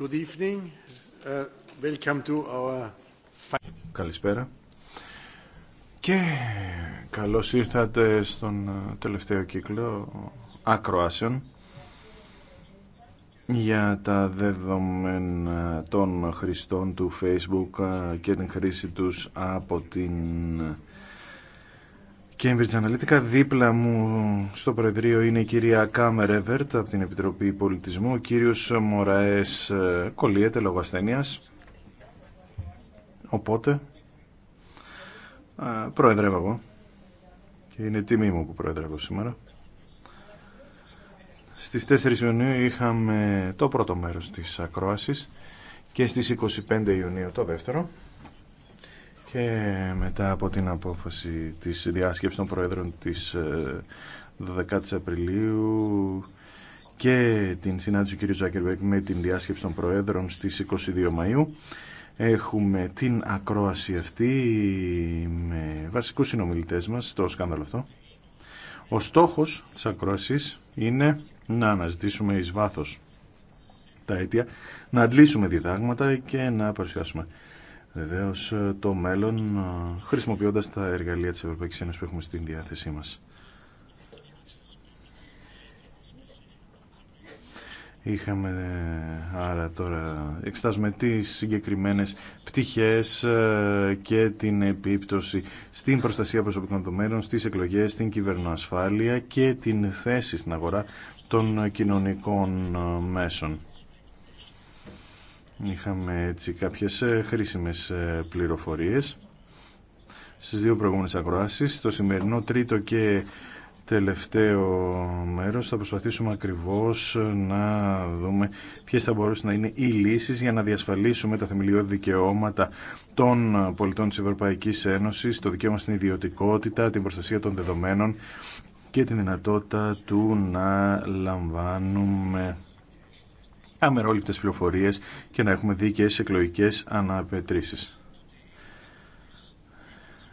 Uh, Καλησπέρα. Και καλώς ήρθατε στον ε, τελευταίο κύκλο ακροάσεων για τα δεδομένα των χρηστών του Facebook ε, και την χρήση τους από την Cambridge Analytica. Δίπλα μου στο Προεδρείο είναι η κυρία Κάμερ Εβερτ από την Επιτροπή Πολιτισμού, ο κύριος Μωραές ε, Κολλίεται λόγω ασθένειας. Οπότε, ε, προεδρεύω εγώ. Και είναι τιμή μου που προεδρεύω σήμερα. Στις 4 Ιουνίου είχαμε το πρώτο μέρος της ακρόασης και στις 25 Ιουνίου το δεύτερο και μετά από την απόφαση της διάσκεψης των Προέδρων της 12 ε, Απριλίου και την συνάντηση του κ. Ζάκερβεκ με την διάσκεψη των Προέδρων στις 22 Μαΐου έχουμε την ακρόαση αυτή με βασικούς συνομιλητές μας στο σκάνδαλο αυτό. Ο στόχος της ακρόασης είναι να αναζητήσουμε εις βάθος τα αίτια, να αντλήσουμε διδάγματα και να παρουσιάσουμε Βεβαίω ε, το μέλλον ε, χρησιμοποιώντας τα εργαλεία της Ευρωπαϊκή Ένωση που έχουμε στην διάθεσή μας. Είχαμε ε, άρα τώρα, εξετάζουμε τις συγκεκριμένες πτυχές και την επίπτωση στην προστασία προσωπικών δεδομένων, στις εκλογές, στην κυβερνοασφάλεια και την θέση στην αγορά των κοινωνικών μέσων. Είχαμε έτσι κάποιες ε, χρήσιμες ε, πληροφορίες στις δύο προηγούμενες ακροάσεις. Το σημερινό τρίτο και τελευταίο μέρος θα προσπαθήσουμε ακριβώς να δούμε ποιες θα μπορούσαν να είναι οι λύσεις για να διασφαλίσουμε τα θεμελιώδη δικαιώματα των πολιτών της Ευρωπαϊκής Ένωσης, το δικαίωμα στην ιδιωτικότητα, την προστασία των δεδομένων και τη δυνατότητα του να λαμβάνουμε αμερόληπτες πληροφορίες και να έχουμε δίκαιες εκλογικές αναπετρήσεις.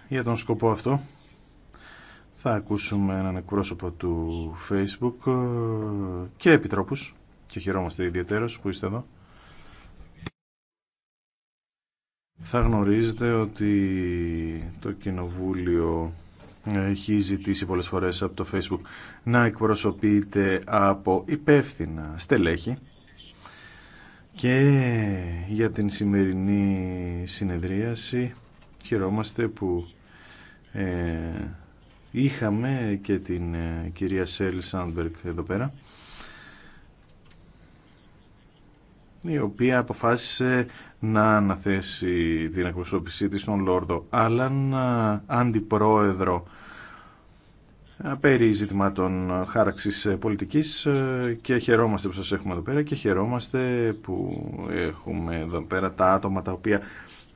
Για τον σκοπό αυτό θα ακούσουμε έναν εκπρόσωπο του Facebook ε, και επιτρόπους και χαιρόμαστε ιδιαίτερος που είστε εδώ. Θα γνωρίζετε ότι το Κοινοβούλιο έχει ζητήσει πολλές φορές από το Facebook να εκπροσωπείται από υπεύθυνα στελέχη και για την σημερινή συνεδρίαση. Χαιρόμαστε που ε, είχαμε και την ε, κυρία Σέλ Σάντμπερκ εδώ πέρα η οποία αποφάσισε να αναθέσει την εκπροσώπησή της στον Λόρδο Άλλαν, ε, αντιπρόεδρο περί ζητημάτων ε, χάραξης ε, πολιτικής ε, και χαιρόμαστε που σας έχουμε εδώ πέρα και χαιρόμαστε που έχουμε εδώ πέρα τα άτομα τα οποία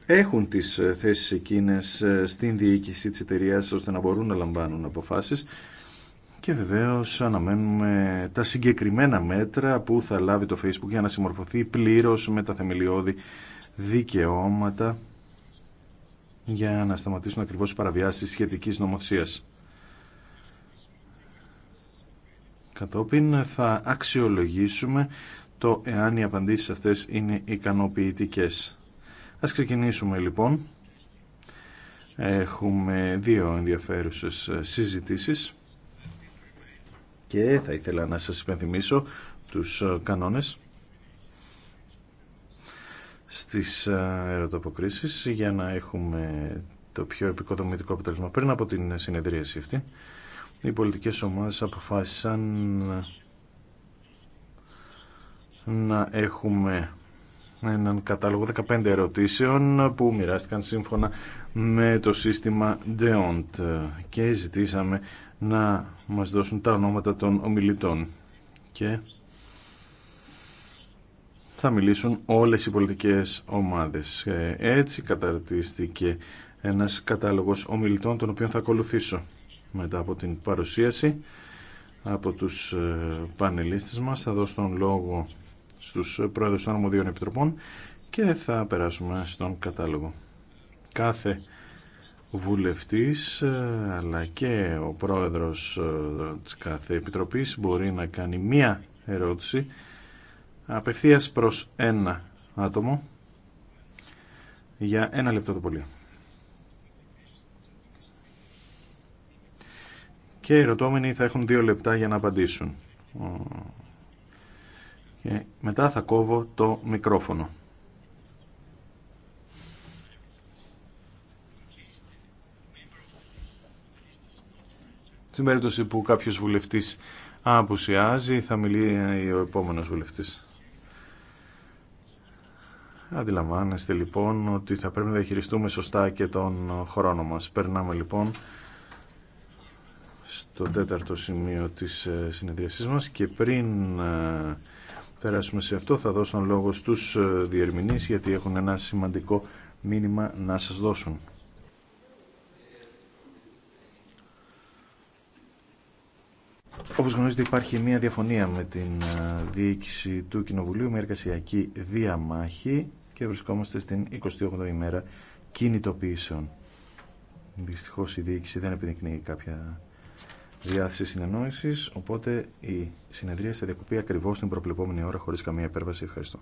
έχουν τις θέσεις εκείνες στην διοίκηση της εταιρεία ώστε να μπορούν να λαμβάνουν αποφάσεις και βεβαίως αναμένουμε τα συγκεκριμένα μέτρα που θα λάβει το Facebook για να συμμορφωθεί πλήρως με τα θεμελιώδη δικαιώματα για να σταματήσουν ακριβώς οι παραβιάσεις σχετικής νομοθεσίας. Κατόπιν θα αξιολογήσουμε το εάν οι απαντήσεις αυτές είναι ικανοποιητικές. Ας ξεκινήσουμε λοιπόν. Έχουμε δύο ενδιαφέρουσες συζητήσεις και θα ήθελα να σας υπενθυμίσω τους κανόνες στις ερωτοποκρίσεις για να έχουμε το πιο επικοδομητικό αποτέλεσμα πριν από την συνεδρίαση αυτή οι πολιτικές ομάδες αποφάσισαν να έχουμε έναν κατάλογο 15 ερωτήσεων που μοιράστηκαν σύμφωνα με το σύστημα DEONT και ζητήσαμε να μας δώσουν τα ονόματα των ομιλητών και θα μιλήσουν όλες οι πολιτικές ομάδες. Ε, έτσι καταρτίστηκε ένας κατάλογος ομιλητών τον οποίο θα ακολουθήσω μετά από την παρουσίαση από τους ε, πανελίστες μας. Θα δώσω τον λόγο στους πρόεδρους των αρμοδίων επιτροπών και θα περάσουμε στον κατάλογο. Κάθε βουλευτής ε, αλλά και ο πρόεδρος ε, της κάθε επιτροπής μπορεί να κάνει μία ερώτηση απευθείας προς ένα άτομο για ένα λεπτό το πολύ. και οι ρωτώμενοι θα έχουν δύο λεπτά για να απαντήσουν. Και μετά θα κόβω το μικρόφωνο. Στην περίπτωση που κάποιος βουλευτής απουσιάζει, θα μιλεί ο επόμενος βουλευτής. Αντιλαμβάνεστε λοιπόν ότι θα πρέπει να διαχειριστούμε σωστά και τον χρόνο μας. Περνάμε λοιπόν στο τέταρτο σημείο της ε, συνεδρίασής μας και πριν ε, περάσουμε σε αυτό θα δώσω τον λόγο στους ε, διερμηνείς γιατί έχουν ένα σημαντικό μήνυμα να σας δώσουν. Όπως γνωρίζετε υπάρχει μια διαφωνία με την διοίκηση του Κοινοβουλίου με εργασιακή διαμάχη και βρισκόμαστε στην 28η ημέρα κινητοποιήσεων. Δυστυχώς η διοίκηση δεν επιδεικνύει κάποια διάθεση συνεννόηση, οπότε η συνεδρία θα διακοπεί ακριβώ την προβλεπόμενη ώρα χωρί καμία υπέρβαση. Ευχαριστώ.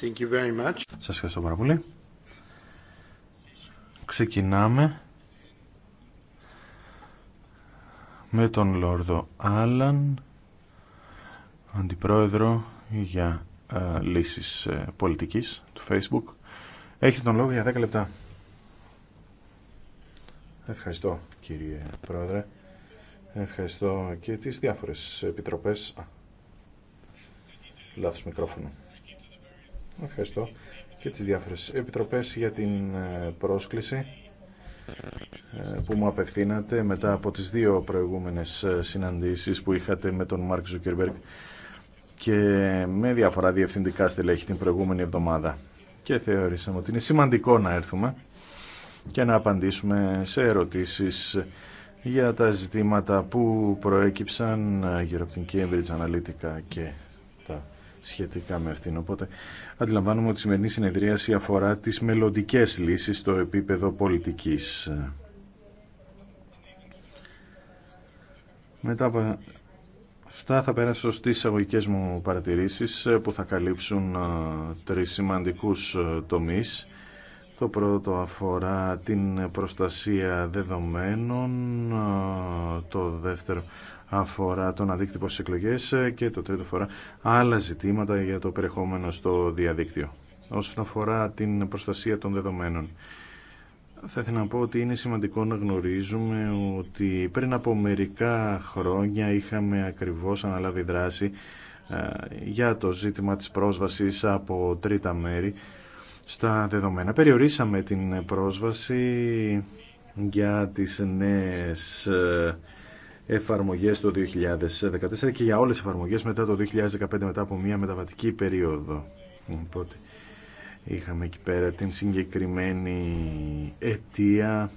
Thank you very much. Σας ευχαριστώ πάρα πολύ. Ξεκινάμε με τον Λόρδο Άλαν Αντιπρόεδρο για ε, λύσεις ε, πολιτικής του Facebook. Έχετε τον λόγο για 10 λεπτά. Ευχαριστώ κύριε Πρόεδρε. Ευχαριστώ και τις διάφορες επιτροπές. Α, λάθος μικρόφωνο. Ευχαριστώ και τις διάφορες επιτροπές για την ε, πρόσκληση που μου απευθύνατε μετά από τις δύο προηγούμενες συναντήσεις που είχατε με τον Μάρκ Ζουκερμπέργκ και με διαφορά διευθυντικά στελέχη την προηγούμενη εβδομάδα και θεωρήσαμε ότι είναι σημαντικό να έρθουμε και να απαντήσουμε σε ερωτήσεις για τα ζητήματα που προέκυψαν γύρω από την Cambridge Analytica και τα σχετικά με αυτήν. Οπότε αντιλαμβάνουμε ότι η σημερινή συνεδρίαση αφορά τις μελλοντικέ λύσεις στο επίπεδο πολιτικής. Αυτά θα πέρασω στις αγωγικέ μου παρατηρήσεις ε, που θα καλύψουν ε, τρεις σημαντικούς ε, τομείς. Το πρώτο αφορά την προστασία δεδομένων, το δεύτερο αφορά τον αντίκτυπο στις εκλογές και το τρίτο αφορά άλλα ζητήματα για το περιεχόμενο στο διαδίκτυο. Όσον αφορά την προστασία των δεδομένων, θα ήθελα να πω ότι είναι σημαντικό να γνωρίζουμε ότι πριν από μερικά χρόνια είχαμε ακριβώς αναλάβει δράση για το ζήτημα της πρόσβασης από τρίτα μέρη στα δεδομένα. Περιορίσαμε την πρόσβαση για τις νέες ε, εφαρμογές το 2014 και για όλες τις εφαρμογές μετά το 2015 μετά από μια μεταβατική περίοδο. Είχαμε εκεί πέρα την συγκεκριμένη αιτία.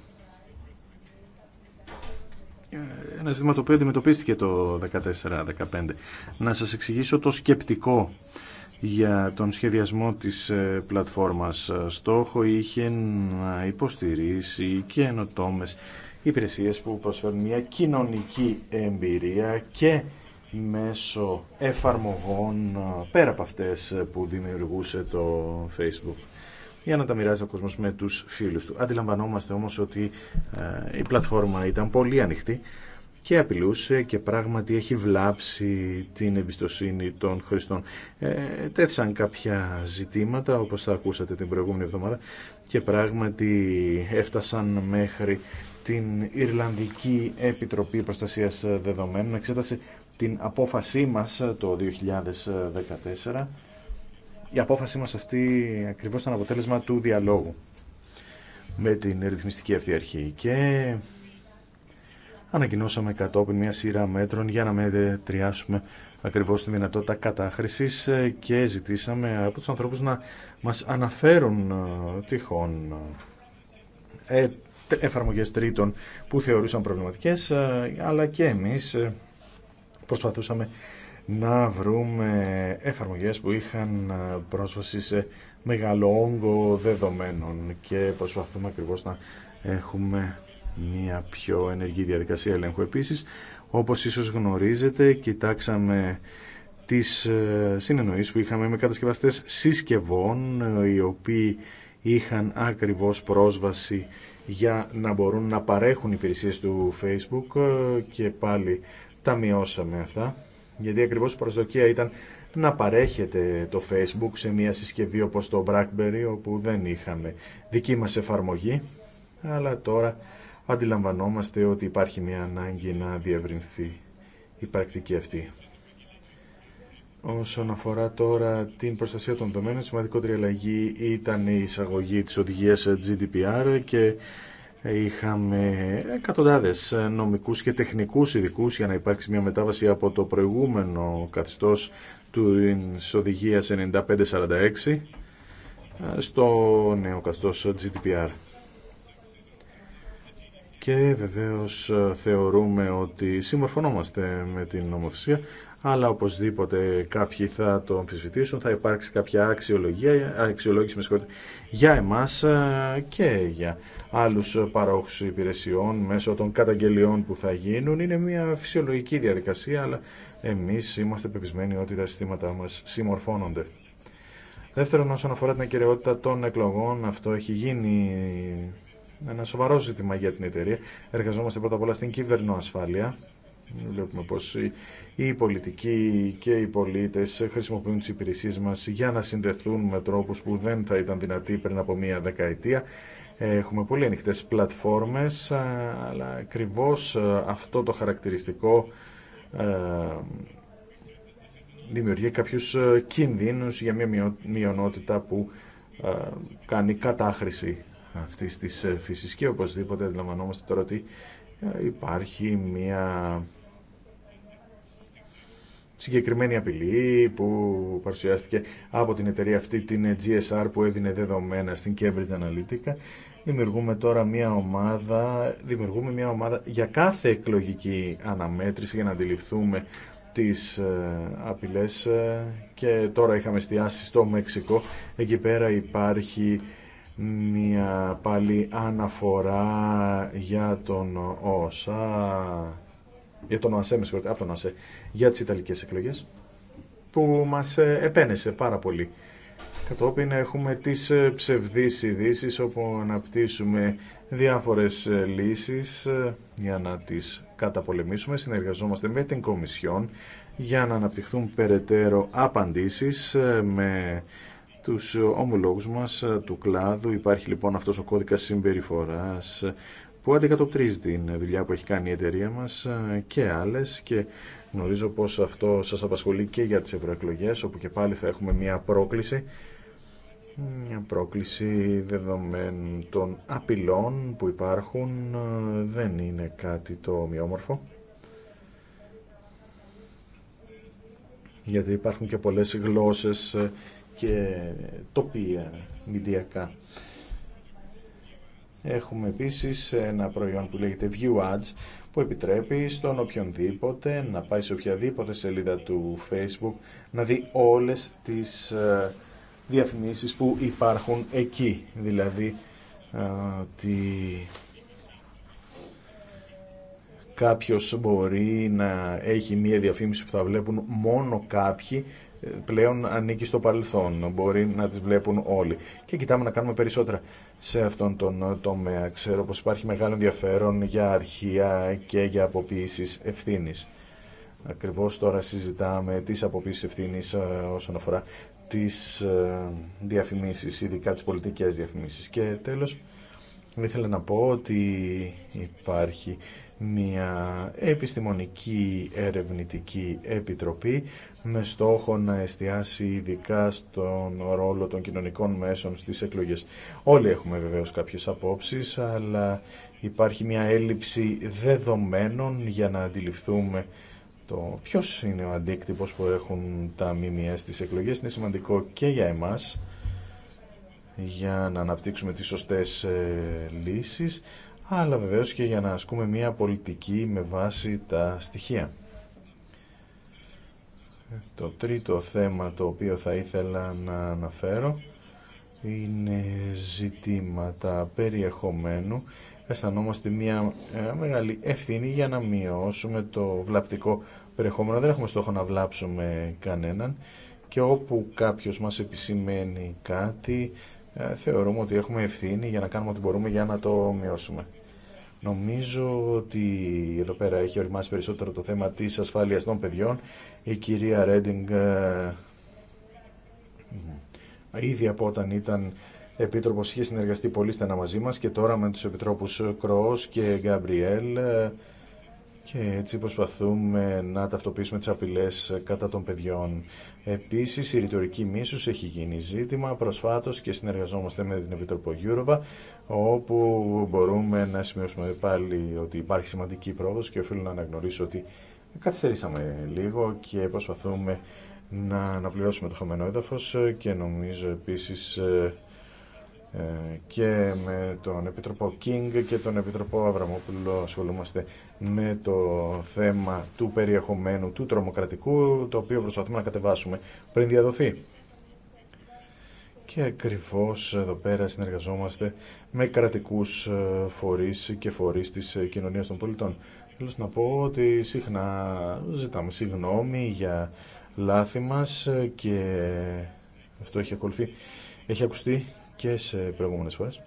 Ε, ένα ζήτημα το οποίο αντιμετωπίστηκε το 14-15. Να σας εξηγήσω το σκεπτικό για τον σχεδιασμό της ε, πλατφόρμας. Ε, στόχο είχε να υποστηρίσει και ενωτόμες υπηρεσίες που προσφέρουν μια κοινωνική εμπειρία και μέσω εφαρμογών πέρα από αυτές που δημιουργούσε το Facebook για να τα μοιράζει ο κόσμος με τους φίλους του. Αντιλαμβανόμαστε όμως ότι η πλατφόρμα ήταν πολύ ανοιχτή και απειλούσε και πράγματι έχει βλάψει την εμπιστοσύνη των χρηστών. Ε, τέθησαν κάποια ζητήματα όπως τα ακούσατε την προηγούμενη εβδομάδα και πράγματι έφτασαν μέχρι την Ιρλανδική Επιτροπή Προστασίας Δεδομένων εξέτασε την απόφασή μας ε, το 2014. Η απόφασή μας αυτή ακριβώς ήταν αποτέλεσμα του διαλόγου με την ρυθμιστική αυτή αρχή και ανακοινώσαμε κατόπιν μια σειρά μέτρων για να μετριάσουμε ακριβώς τη δυνατότητα κατάχρησης ε, και ζητήσαμε από τους ανθρώπους να μας αναφέρουν ε, τυχόν ε, εφαρμογές τρίτων που θεωρούσαν προβληματικές αλλά και εμείς προσπαθούσαμε να βρούμε εφαρμογές που είχαν ε, πρόσβαση σε μεγάλο όγκο δεδομένων και προσπαθούμε ακριβώς να έχουμε μια πιο ενεργή διαδικασία ελέγχου. Επίσης, όπως ίσως γνωρίζετε, κοιτάξαμε τις ε, συνεννοήσεις που είχαμε με κατασκευαστές συσκευών, ε, οι οποίοι είχαν ακριβώς πρόσβαση για να μπορούν να παρέχουν υπηρεσίες του Facebook και πάλι τα μειώσαμε αυτά, γιατί ακριβώς η προσδοκία ήταν να παρέχεται το Facebook σε μια συσκευή όπως το BlackBerry, όπου δεν είχαμε δική μας εφαρμογή, αλλά τώρα αντιλαμβανόμαστε ότι υπάρχει μια ανάγκη να διευρυνθεί η πρακτική αυτή. Όσον αφορά τώρα την προστασία των δεδομένων, σημαντικότερη αλλαγή ήταν η εισαγωγή της οδηγίας GDPR και είχαμε εκατοντάδες νομικούς και τεχνικούς ειδικού για να υπάρξει μια μετάβαση από το προηγούμενο καθιστός του οδηγία 9546 στο νέο καθιστός GDPR. Και βεβαίως θεωρούμε ότι συμμορφωνόμαστε με την νομοθεσία, αλλά οπωσδήποτε κάποιοι θα το αμφισβητήσουν, θα υπάρξει κάποια αξιολογία, αξιολόγηση με για εμάς και για άλλους παρόχους υπηρεσιών μέσω των καταγγελιών που θα γίνουν. Είναι μια φυσιολογική διαδικασία, αλλά εμείς είμαστε πεπισμένοι ότι τα συστήματά μας συμμορφώνονται. Δεύτερον, όσον αφορά την ακυρεότητα των εκλογών, αυτό έχει γίνει ένα σοβαρό ζήτημα για την εταιρεία. Εργαζόμαστε πρώτα απ' όλα στην κυβερνοασφάλεια. Βλέπουμε πως οι πολιτικοί και οι πολίτες χρησιμοποιούν τις υπηρεσίες μας για να συνδεθούν με τρόπους που δεν θα ήταν δυνατοί πριν από μία δεκαετία Έχουμε πολύ ανοιχτέ πλατφόρμες, αλλά ακριβώ αυτό το χαρακτηριστικό δημιουργεί κάποιους κινδύνους για μια μειονότητα που κάνει κατάχρηση αυτής της ε, φύσης και οπωσδήποτε αντιλαμβανόμαστε τώρα ότι ε, υπάρχει μια συγκεκριμένη απειλή που παρουσιάστηκε από την εταιρεία αυτή την GSR που έδινε δεδομένα στην Cambridge Analytica Δημιουργούμε τώρα μια ομάδα, δημιουργούμε μια ομάδα για κάθε εκλογική αναμέτρηση για να αντιληφθούμε τις ε, απειλές ε, και τώρα είχαμε εστιάσει στο Μεξικό. Εκεί πέρα υπάρχει μια πάλι αναφορά για τον ΟΣΑ, για τον από τον για τις Ιταλικές εκλογές, που μας ε, επένεσε πάρα πολύ. Κατόπιν έχουμε τις ε, ψευδείς ειδήσει όπου αναπτύσσουμε διάφορες ε, λύσεις ε, για να τις καταπολεμήσουμε. Συνεργαζόμαστε με την Κομισιόν για να αναπτυχθούν περαιτέρω απαντήσεις με τους ομολόγους μας του κλάδου. Υπάρχει λοιπόν αυτός ο κώδικας συμπεριφοράς που αντικατοπτρίζει την δουλειά που έχει κάνει η εταιρεία μας και άλλες και γνωρίζω πως αυτό σας απασχολεί και για τις ευρωεκλογέ, όπου και πάλι θα έχουμε μια πρόκληση μια πρόκληση δεδομένων των απειλών που υπάρχουν ε, δεν είναι κάτι το ομοιόμορφο. Γιατί υπάρχουν και πολλές γλώσσες ε, και τοπία μηδιακά. Έχουμε επίσης ένα προϊόν που λέγεται View Ads που επιτρέπει στον οποιονδήποτε να πάει σε οποιαδήποτε σελίδα του Facebook να δει όλες τις ε, διαφημίσεις που υπάρχουν εκεί. Δηλαδή ότι κάποιος μπορεί να έχει μία διαφήμιση που θα βλέπουν μόνο κάποιοι πλέον ανήκει στο παρελθόν, μπορεί να τις βλέπουν όλοι. Και κοιτάμε να κάνουμε περισσότερα σε αυτόν τον τομέα. Ξέρω πως υπάρχει μεγάλο ενδιαφέρον για αρχεία και για αποποίησης ευθύνης. Ακριβώς τώρα συζητάμε τις αποποίησεις ευθύνης ε, όσον αφορά τις ε, διαφημίσεις, ειδικά τις πολιτικές διαφημίσεις. Και τέλος, ήθελα να πω ότι υπάρχει μια επιστημονική ερευνητική επιτροπή με στόχο να εστιάσει ειδικά στον ρόλο των κοινωνικών μέσων στις εκλογές. Όλοι έχουμε βεβαίως κάποιες απόψεις, αλλά υπάρχει μια έλλειψη δεδομένων για να αντιληφθούμε το είναι ο αντίκτυπο που έχουν τα ΜΜΕ στις εκλογές είναι σημαντικό και για εμάς για να αναπτύξουμε τις σωστές ε, λύσεις αλλά βεβαίω και για να ασκούμε μια πολιτική με βάση τα στοιχεία. Το τρίτο θέμα το οποίο θα ήθελα να αναφέρω είναι ζητήματα περιεχομένου αισθανόμαστε μια ε, μεγάλη ευθύνη για να μειώσουμε το βλαπτικό περιεχόμενο. Δεν έχουμε στόχο να βλάψουμε κανέναν και όπου κάποιος μας επισημαίνει κάτι ε, θεωρούμε ότι έχουμε ευθύνη για να κάνουμε ό,τι μπορούμε για να το μειώσουμε. Νομίζω ότι εδώ πέρα έχει οριμάσει περισσότερο το θέμα της ασφάλειας των παιδιών. Η κυρία Ρέντινγκ ε, ήδη από όταν ήταν Επίτροπο είχε συνεργαστεί πολύ στενά μαζί μα και τώρα με του επιτρόπου Κρός και Γκαμπριέλ ε, και έτσι προσπαθούμε να ταυτοποιήσουμε τι απειλέ κατά των παιδιών. Επίση, η ρητορική μίσου έχει γίνει ζήτημα προσφάτω και συνεργαζόμαστε με την Επιτροπή Γιούροβα, όπου μπορούμε να σημειώσουμε πάλι ότι υπάρχει σημαντική πρόοδο και οφείλω να αναγνωρίσω ότι καθυστερήσαμε λίγο και προσπαθούμε να αναπληρώσουμε το χαμένο έδαφος και νομίζω επίση. Ε, ε, και με τον Επιτροπό Κίνγκ και τον Επιτροπό Αβραμόπουλο ασχολούμαστε με το θέμα του περιεχομένου του τρομοκρατικού το οποίο προσπαθούμε να κατεβάσουμε πριν διαδοθεί. Και ακριβώς εδώ πέρα συνεργαζόμαστε με κρατικούς ε, φορείς και φορείς της ε, κοινωνίας των πολιτών. Θέλω να πω ότι συχνά ζητάμε συγγνώμη για λάθη μας και αυτό έχει ακολουθεί. Έχει ακουστεί και σε προηγούμενες φορές.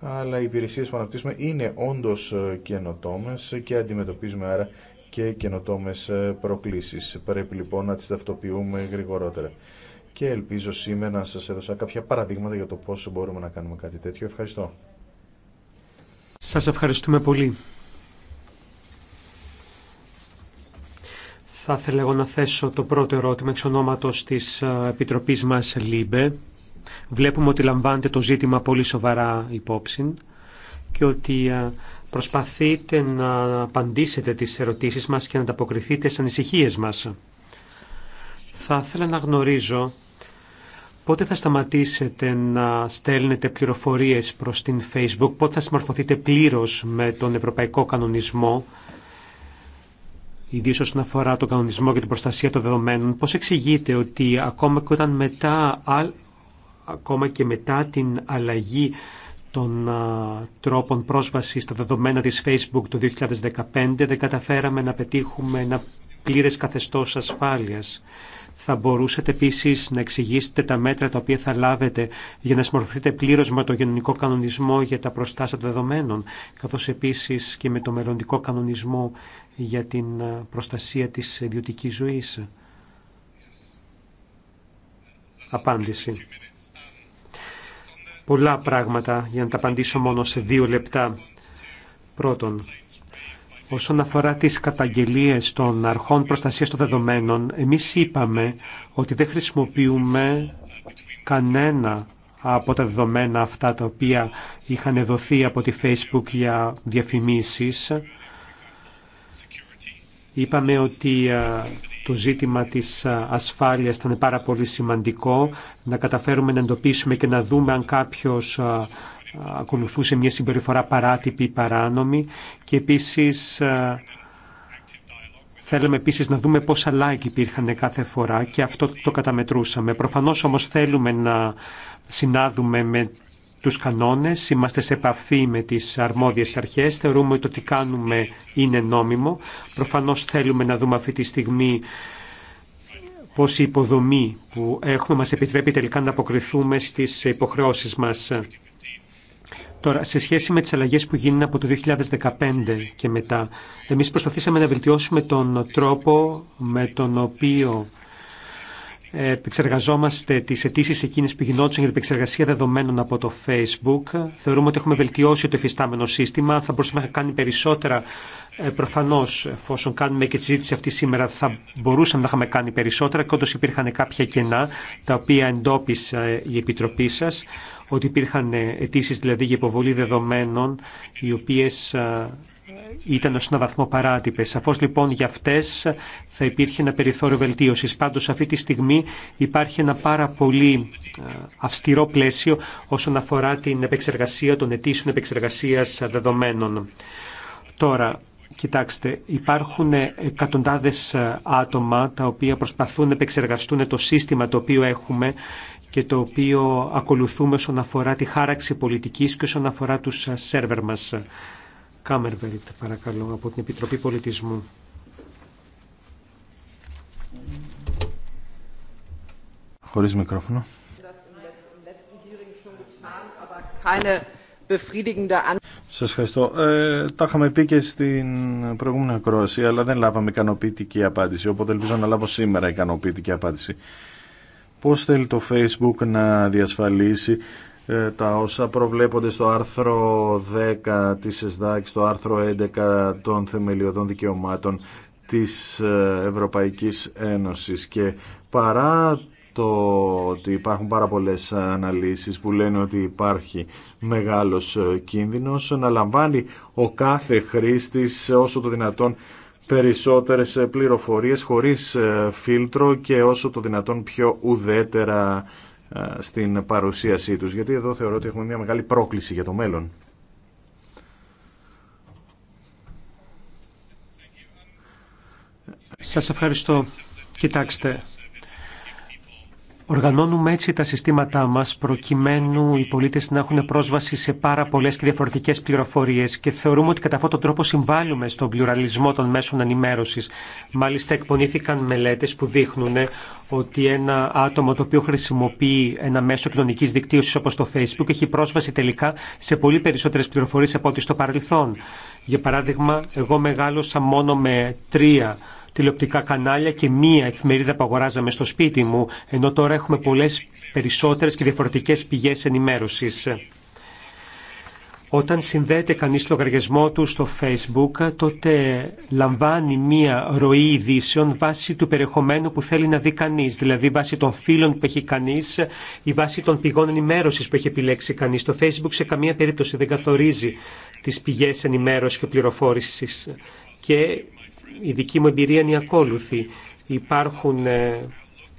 Αλλά οι υπηρεσίες που αναπτύσσουμε είναι όντως ε, καινοτόμες και αντιμετωπίζουμε άρα και καινοτόμες ε, προκλήσεις. Πρέπει λοιπόν να τις ταυτοποιούμε γρηγορότερα. Και ελπίζω σήμερα να σας έδωσα κάποια παραδείγματα για το πώς μπορούμε να κάνουμε κάτι τέτοιο. Ευχαριστώ. Σας ευχαριστούμε πολύ. Θα ήθελα εγώ να θέσω το πρώτο ερώτημα εξ ονόματος της ε, Επιτροπής μας ΛΥΜΠΕ. Βλέπουμε ότι λαμβάνετε το ζήτημα πολύ σοβαρά υπόψη και ότι προσπαθείτε να απαντήσετε τις ερωτήσεις μας και να ανταποκριθείτε στις ανησυχίες μας. Θα ήθελα να γνωρίζω πότε θα σταματήσετε να στέλνετε πληροφορίες προς την Facebook, πότε θα συμμορφωθείτε πλήρως με τον Ευρωπαϊκό Κανονισμό, ιδίως όσον αφορά τον κανονισμό και την προστασία των δεδομένων, πώς εξηγείτε ότι ακόμα και όταν μετά ακόμα και μετά την αλλαγή των τρόπων πρόσβασης στα δεδομένα της Facebook το 2015 δεν καταφέραμε να πετύχουμε ένα πλήρες καθεστώς ασφάλειας. Θα μπορούσατε επίσης να εξηγήσετε τα μέτρα τα οποία θα λάβετε για να συμμορφωθείτε πλήρως με το γενικό κανονισμό για τα προστάσια των δεδομένων, καθώς επίσης και με το μελλοντικό κανονισμό για την προστασία της ιδιωτική ζωής. Απάντηση πολλά πράγματα για να τα απαντήσω μόνο σε δύο λεπτά. Πρώτον, όσον αφορά τις καταγγελίες των αρχών προστασίας των δεδομένων, εμείς είπαμε ότι δεν χρησιμοποιούμε κανένα από τα δεδομένα αυτά τα οποία είχαν δοθεί από τη Facebook για διαφημίσεις. Είπαμε ότι ε, το ζήτημα της ασφάλειας θα είναι πάρα πολύ σημαντικό, να καταφέρουμε να εντοπίσουμε και να δούμε αν κάποιος ακολουθούσε μια συμπεριφορά παράτυπη ή παράνομη και επίσης θέλουμε επίσης να δούμε πόσα like υπήρχαν κάθε φορά και αυτό το καταμετρούσαμε. Προφανώς όμως θέλουμε να συνάδουμε με τους κανόνες, είμαστε σε επαφή με τις αρμόδιες αρχές, θεωρούμε ότι τι κάνουμε είναι νόμιμο. Προφανώς θέλουμε να δούμε αυτή τη στιγμή πώς η υποδομή που έχουμε μας επιτρέπει τελικά να αποκριθούμε στις υποχρεώσεις μας. Τώρα, σε σχέση με τις αλλαγές που γίνουν από το 2015 και μετά, εμείς προσπαθήσαμε να βελτιώσουμε τον τρόπο με τον οποίο επεξεργαζόμαστε τι αιτήσει εκείνε που γινόντουσαν για την επεξεργασία δεδομένων από το Facebook. Θεωρούμε ότι έχουμε βελτιώσει το εφιστάμενο σύστημα. Θα μπορούσαμε να κάνει περισσότερα. Ε, Προφανώ, εφόσον κάνουμε και τη συζήτηση αυτή σήμερα, θα μπορούσαμε να είχαμε κάνει περισσότερα. Και όντω υπήρχαν κάποια κενά τα οποία εντόπισε η Επιτροπή σα, ότι υπήρχαν αιτήσει δηλαδή για υποβολή δεδομένων, οι οποίε ε, ήταν ω ένα βαθμό παράτυπε. Σαφώ λοιπόν για αυτέ θα υπήρχε ένα περιθώριο βελτίωση. Πάντω αυτή τη στιγμή υπάρχει ένα πάρα πολύ ε, αυστηρό πλαίσιο όσον αφορά την επεξεργασία των αιτήσεων επεξεργασία δεδομένων. Τώρα, Κοιτάξτε, υπάρχουν εκατοντάδε ε, άτομα τα οποία προσπαθούν να επεξεργαστούν το σύστημα το οποίο έχουμε και το οποίο ακολουθούμε όσον αφορά τη χάραξη πολιτικής και όσον αφορά τους ε, σερβερ μας. Κάμερβελτ, παρακαλώ, από την Επιτροπή Πολιτισμού. Χωρίς μικρόφωνο. Σας ευχαριστώ. Ε, τα είχαμε πει και στην προηγούμενη ακρόαση, αλλά δεν λάβαμε ικανοποιητική απάντηση, οπότε ελπίζω να λάβω σήμερα ικανοποιητική απάντηση. Πώς θέλει το Facebook να διασφαλίσει ε, τα όσα προβλέπονται στο άρθρο 10 της ΕΣΔΑ και στο άρθρο 11 των θεμελιωδών δικαιωμάτων της ε, Ευρωπαϊκής Ένωσης και παρά το ότι υπάρχουν πάρα πολλές αναλύσεις που λένε ότι υπάρχει μεγάλος ε, κίνδυνος να λαμβάνει ο κάθε χρήστης όσο το δυνατόν περισσότερες πληροφορίες χωρίς φίλτρο και όσο το δυνατόν πιο ουδέτερα ε, στην παρουσίασή τους, γιατί εδώ θεωρώ ότι έχουμε μια μεγάλη πρόκληση για το μέλλον. Σας ευχαριστώ. Κοιτάξτε, Οργανώνουμε έτσι τα συστήματά μα προκειμένου οι πολίτε να έχουν πρόσβαση σε πάρα πολλέ και διαφορετικέ πληροφορίε και θεωρούμε ότι κατά αυτόν τον τρόπο συμβάλλουμε στον πλουραλισμό των μέσων ενημέρωση. Μάλιστα εκπονήθηκαν μελέτε που δείχνουν ότι ένα άτομο το οποίο χρησιμοποιεί ένα μέσο κοινωνική δικτύωση όπω το Facebook έχει πρόσβαση τελικά σε πολύ περισσότερε πληροφορίε από ό,τι στο παρελθόν. Για παράδειγμα, εγώ μεγάλωσα μόνο με τρία τηλεοπτικά κανάλια και μία εφημερίδα που αγοράζαμε στο σπίτι μου, ενώ τώρα έχουμε πολλές περισσότερες και διαφορετικές πηγές ενημέρωσης. Όταν συνδέεται κανείς το λογαριασμό του στο Facebook, τότε λαμβάνει μία ροή ειδήσεων βάσει του περιεχομένου που θέλει να δει κανείς, δηλαδή βάσει των φίλων που έχει κανείς ή βάσει των πηγών ενημέρωσης που έχει επιλέξει κανείς. Το Facebook σε καμία περίπτωση δεν καθορίζει τις πηγές ενημέρωσης και πληροφόρησης και η δική μου εμπειρία είναι η ακόλουθη. Υπάρχουν ε,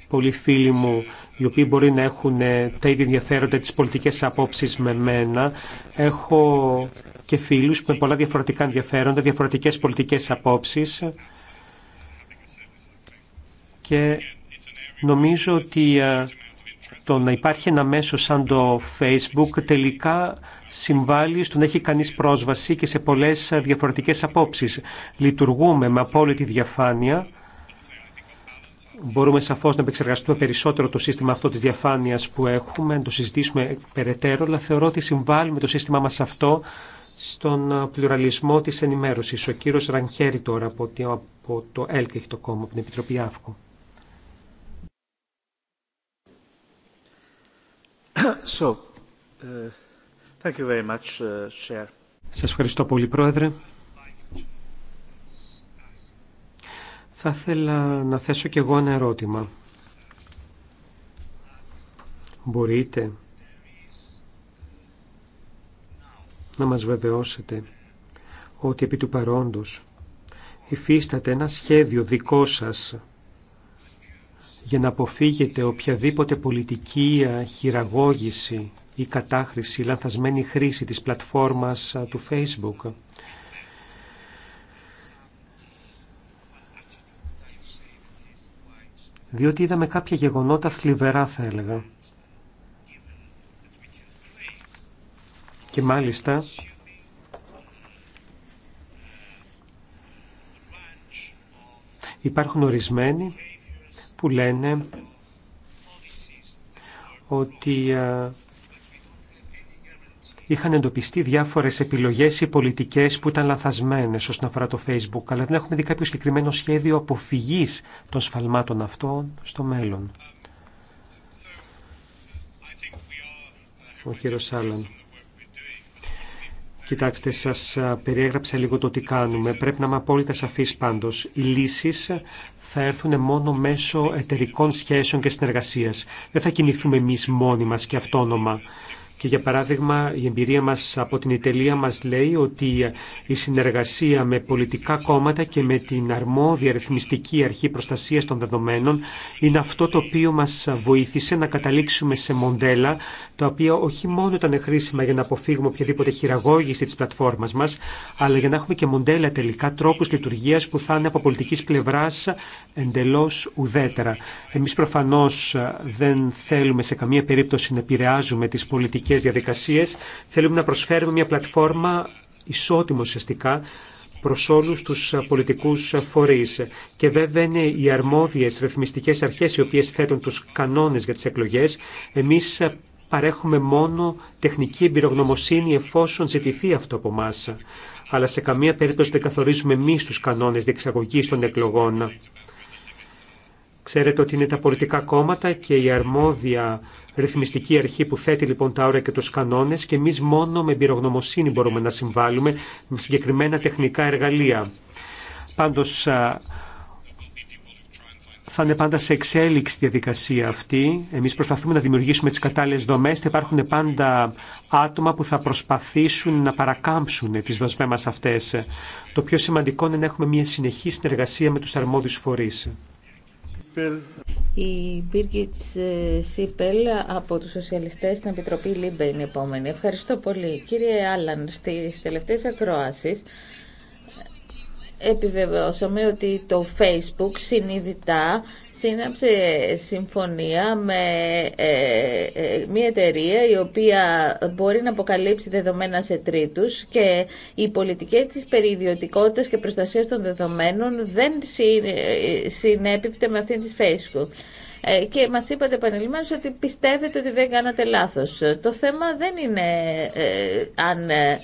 πολλοί φίλοι μου οι οποίοι μπορεί να έχουν ε, τα ίδια ενδιαφέροντα τις πολιτικές απόψεις με μένα. Έχω και φίλους με πολλά διαφορετικά ενδιαφέροντα, διαφορετικές πολιτικές απόψεις και νομίζω ότι ε, το να υπάρχει ένα μέσο σαν το Facebook τελικά συμβάλλει στο να έχει κανείς πρόσβαση και σε πολλές διαφορετικές απόψεις. Λειτουργούμε με απόλυτη διαφάνεια. Μπορούμε σαφώς να επεξεργαστούμε περισσότερο το σύστημα αυτό της διαφάνειας που έχουμε, να το συζητήσουμε περαιτέρω, αλλά θεωρώ ότι συμβάλλουμε το σύστημά μας αυτό στον πλουραλισμό της ενημέρωσης. Ο κύριος Ρανχέρη τώρα από το ΕΛΚ έχει το κόμμα, από την Επιτροπή ΑΦΚΟ. So, ε, Thank uh, Σας ευχαριστώ πολύ, Πρόεδρε. Θα ήθελα να θέσω κι εγώ ένα ερώτημα. Μπορείτε να μας βεβαιώσετε ότι επί του παρόντος υφίσταται ένα σχέδιο δικό σας για να αποφύγετε οποιαδήποτε πολιτική χειραγώγηση η κατάχρηση, η λανθασμένη χρήση της πλατφόρμας του Facebook. Διότι είδαμε κάποια γεγονότα θλιβερά θα έλεγα. Και μάλιστα υπάρχουν ορισμένοι που λένε ότι είχαν εντοπιστεί διάφορε επιλογέ ή πολιτικέ που ήταν λανθασμένε όσον αφορά το Facebook, αλλά δεν έχουμε δει κάποιο συγκεκριμένο σχέδιο αποφυγή των σφαλμάτων αυτών στο μέλλον. Ο κύριο Κοιτάξτε, σας περιέγραψα λίγο το τι κάνουμε. Πρέπει να είμαι απόλυτα σαφή πάντως. Οι λύσει θα έρθουν μόνο μέσω εταιρικών σχέσεων και συνεργασία. Δεν θα κινηθούμε εμεί μόνοι μα και αυτόνομα. Και για παράδειγμα η εμπειρία μας από την Ιταλία μας λέει ότι η συνεργασία με πολιτικά κόμματα και με την αρμόδια ρυθμιστική αρχή προστασίας των δεδομένων είναι αυτό το οποίο μας βοήθησε να καταλήξουμε σε μοντέλα τα οποία όχι μόνο ήταν χρήσιμα για να αποφύγουμε οποιαδήποτε χειραγώγηση της πλατφόρμας μας αλλά για να έχουμε και μοντέλα τελικά τρόπους λειτουργίας που θα είναι από πολιτικής πλευράς εντελώς ουδέτερα. Εμείς προφανώς δεν θέλουμε σε καμία περίπτωση να επηρεάζουμε τις πολιτικές διαδικασίες. Θέλουμε να προσφέρουμε μια πλατφόρμα ισότιμο ουσιαστικά προς όλους τους πολιτικούς φορείς. Και βέβαια είναι οι αρμόδιες ρυθμιστικές αρχές οι οποίες θέτουν τους κανόνες για τις εκλογές. Εμείς παρέχουμε μόνο τεχνική εμπειρογνωμοσύνη εφόσον ζητηθεί αυτό από εμά. Αλλά σε καμία περίπτωση δεν καθορίζουμε εμεί τους κανόνες διεξαγωγή των εκλογών. Ξέρετε ότι είναι τα πολιτικά κόμματα και η αρμόδια ρυθμιστική αρχή που θέτει λοιπόν τα όρια και τους κανόνες και εμεί μόνο με εμπειρογνωμοσύνη μπορούμε να συμβάλλουμε με συγκεκριμένα τεχνικά εργαλεία. Πάντως θα είναι πάντα σε εξέλιξη διαδικασία αυτή. Εμείς προσπαθούμε να δημιουργήσουμε τις κατάλληλες δομές. Θα υπάρχουν πάντα άτομα που θα προσπαθήσουν να παρακάμψουν τις δοσμές μας αυτές. Το πιο σημαντικό είναι να έχουμε μια συνεχή συνεργασία με τους αρμόδιους φορείς. Η Birgit ε, Σίπελ από τους Σοσιαλιστές στην Επιτροπή Λίμπε είναι η επόμενη. Ευχαριστώ πολύ. Κύριε Άλλαν, στις τελευταίες ακροάσεις επιβεβαιώσαμε ότι το Facebook συνειδητά σύναψε συμφωνία με ε, ε, μια εταιρεία η οποία μπορεί να αποκαλύψει δεδομένα σε τρίτους και η πολιτική της περιιδιωτικότητας και προστασίας των δεδομένων δεν ε, συνέπιπτε με αυτήν της Facebook. Ε, και μας είπατε επανειλημμένως ότι πιστεύετε ότι δεν κάνατε λάθος. Το θέμα δεν είναι ε, αν ε,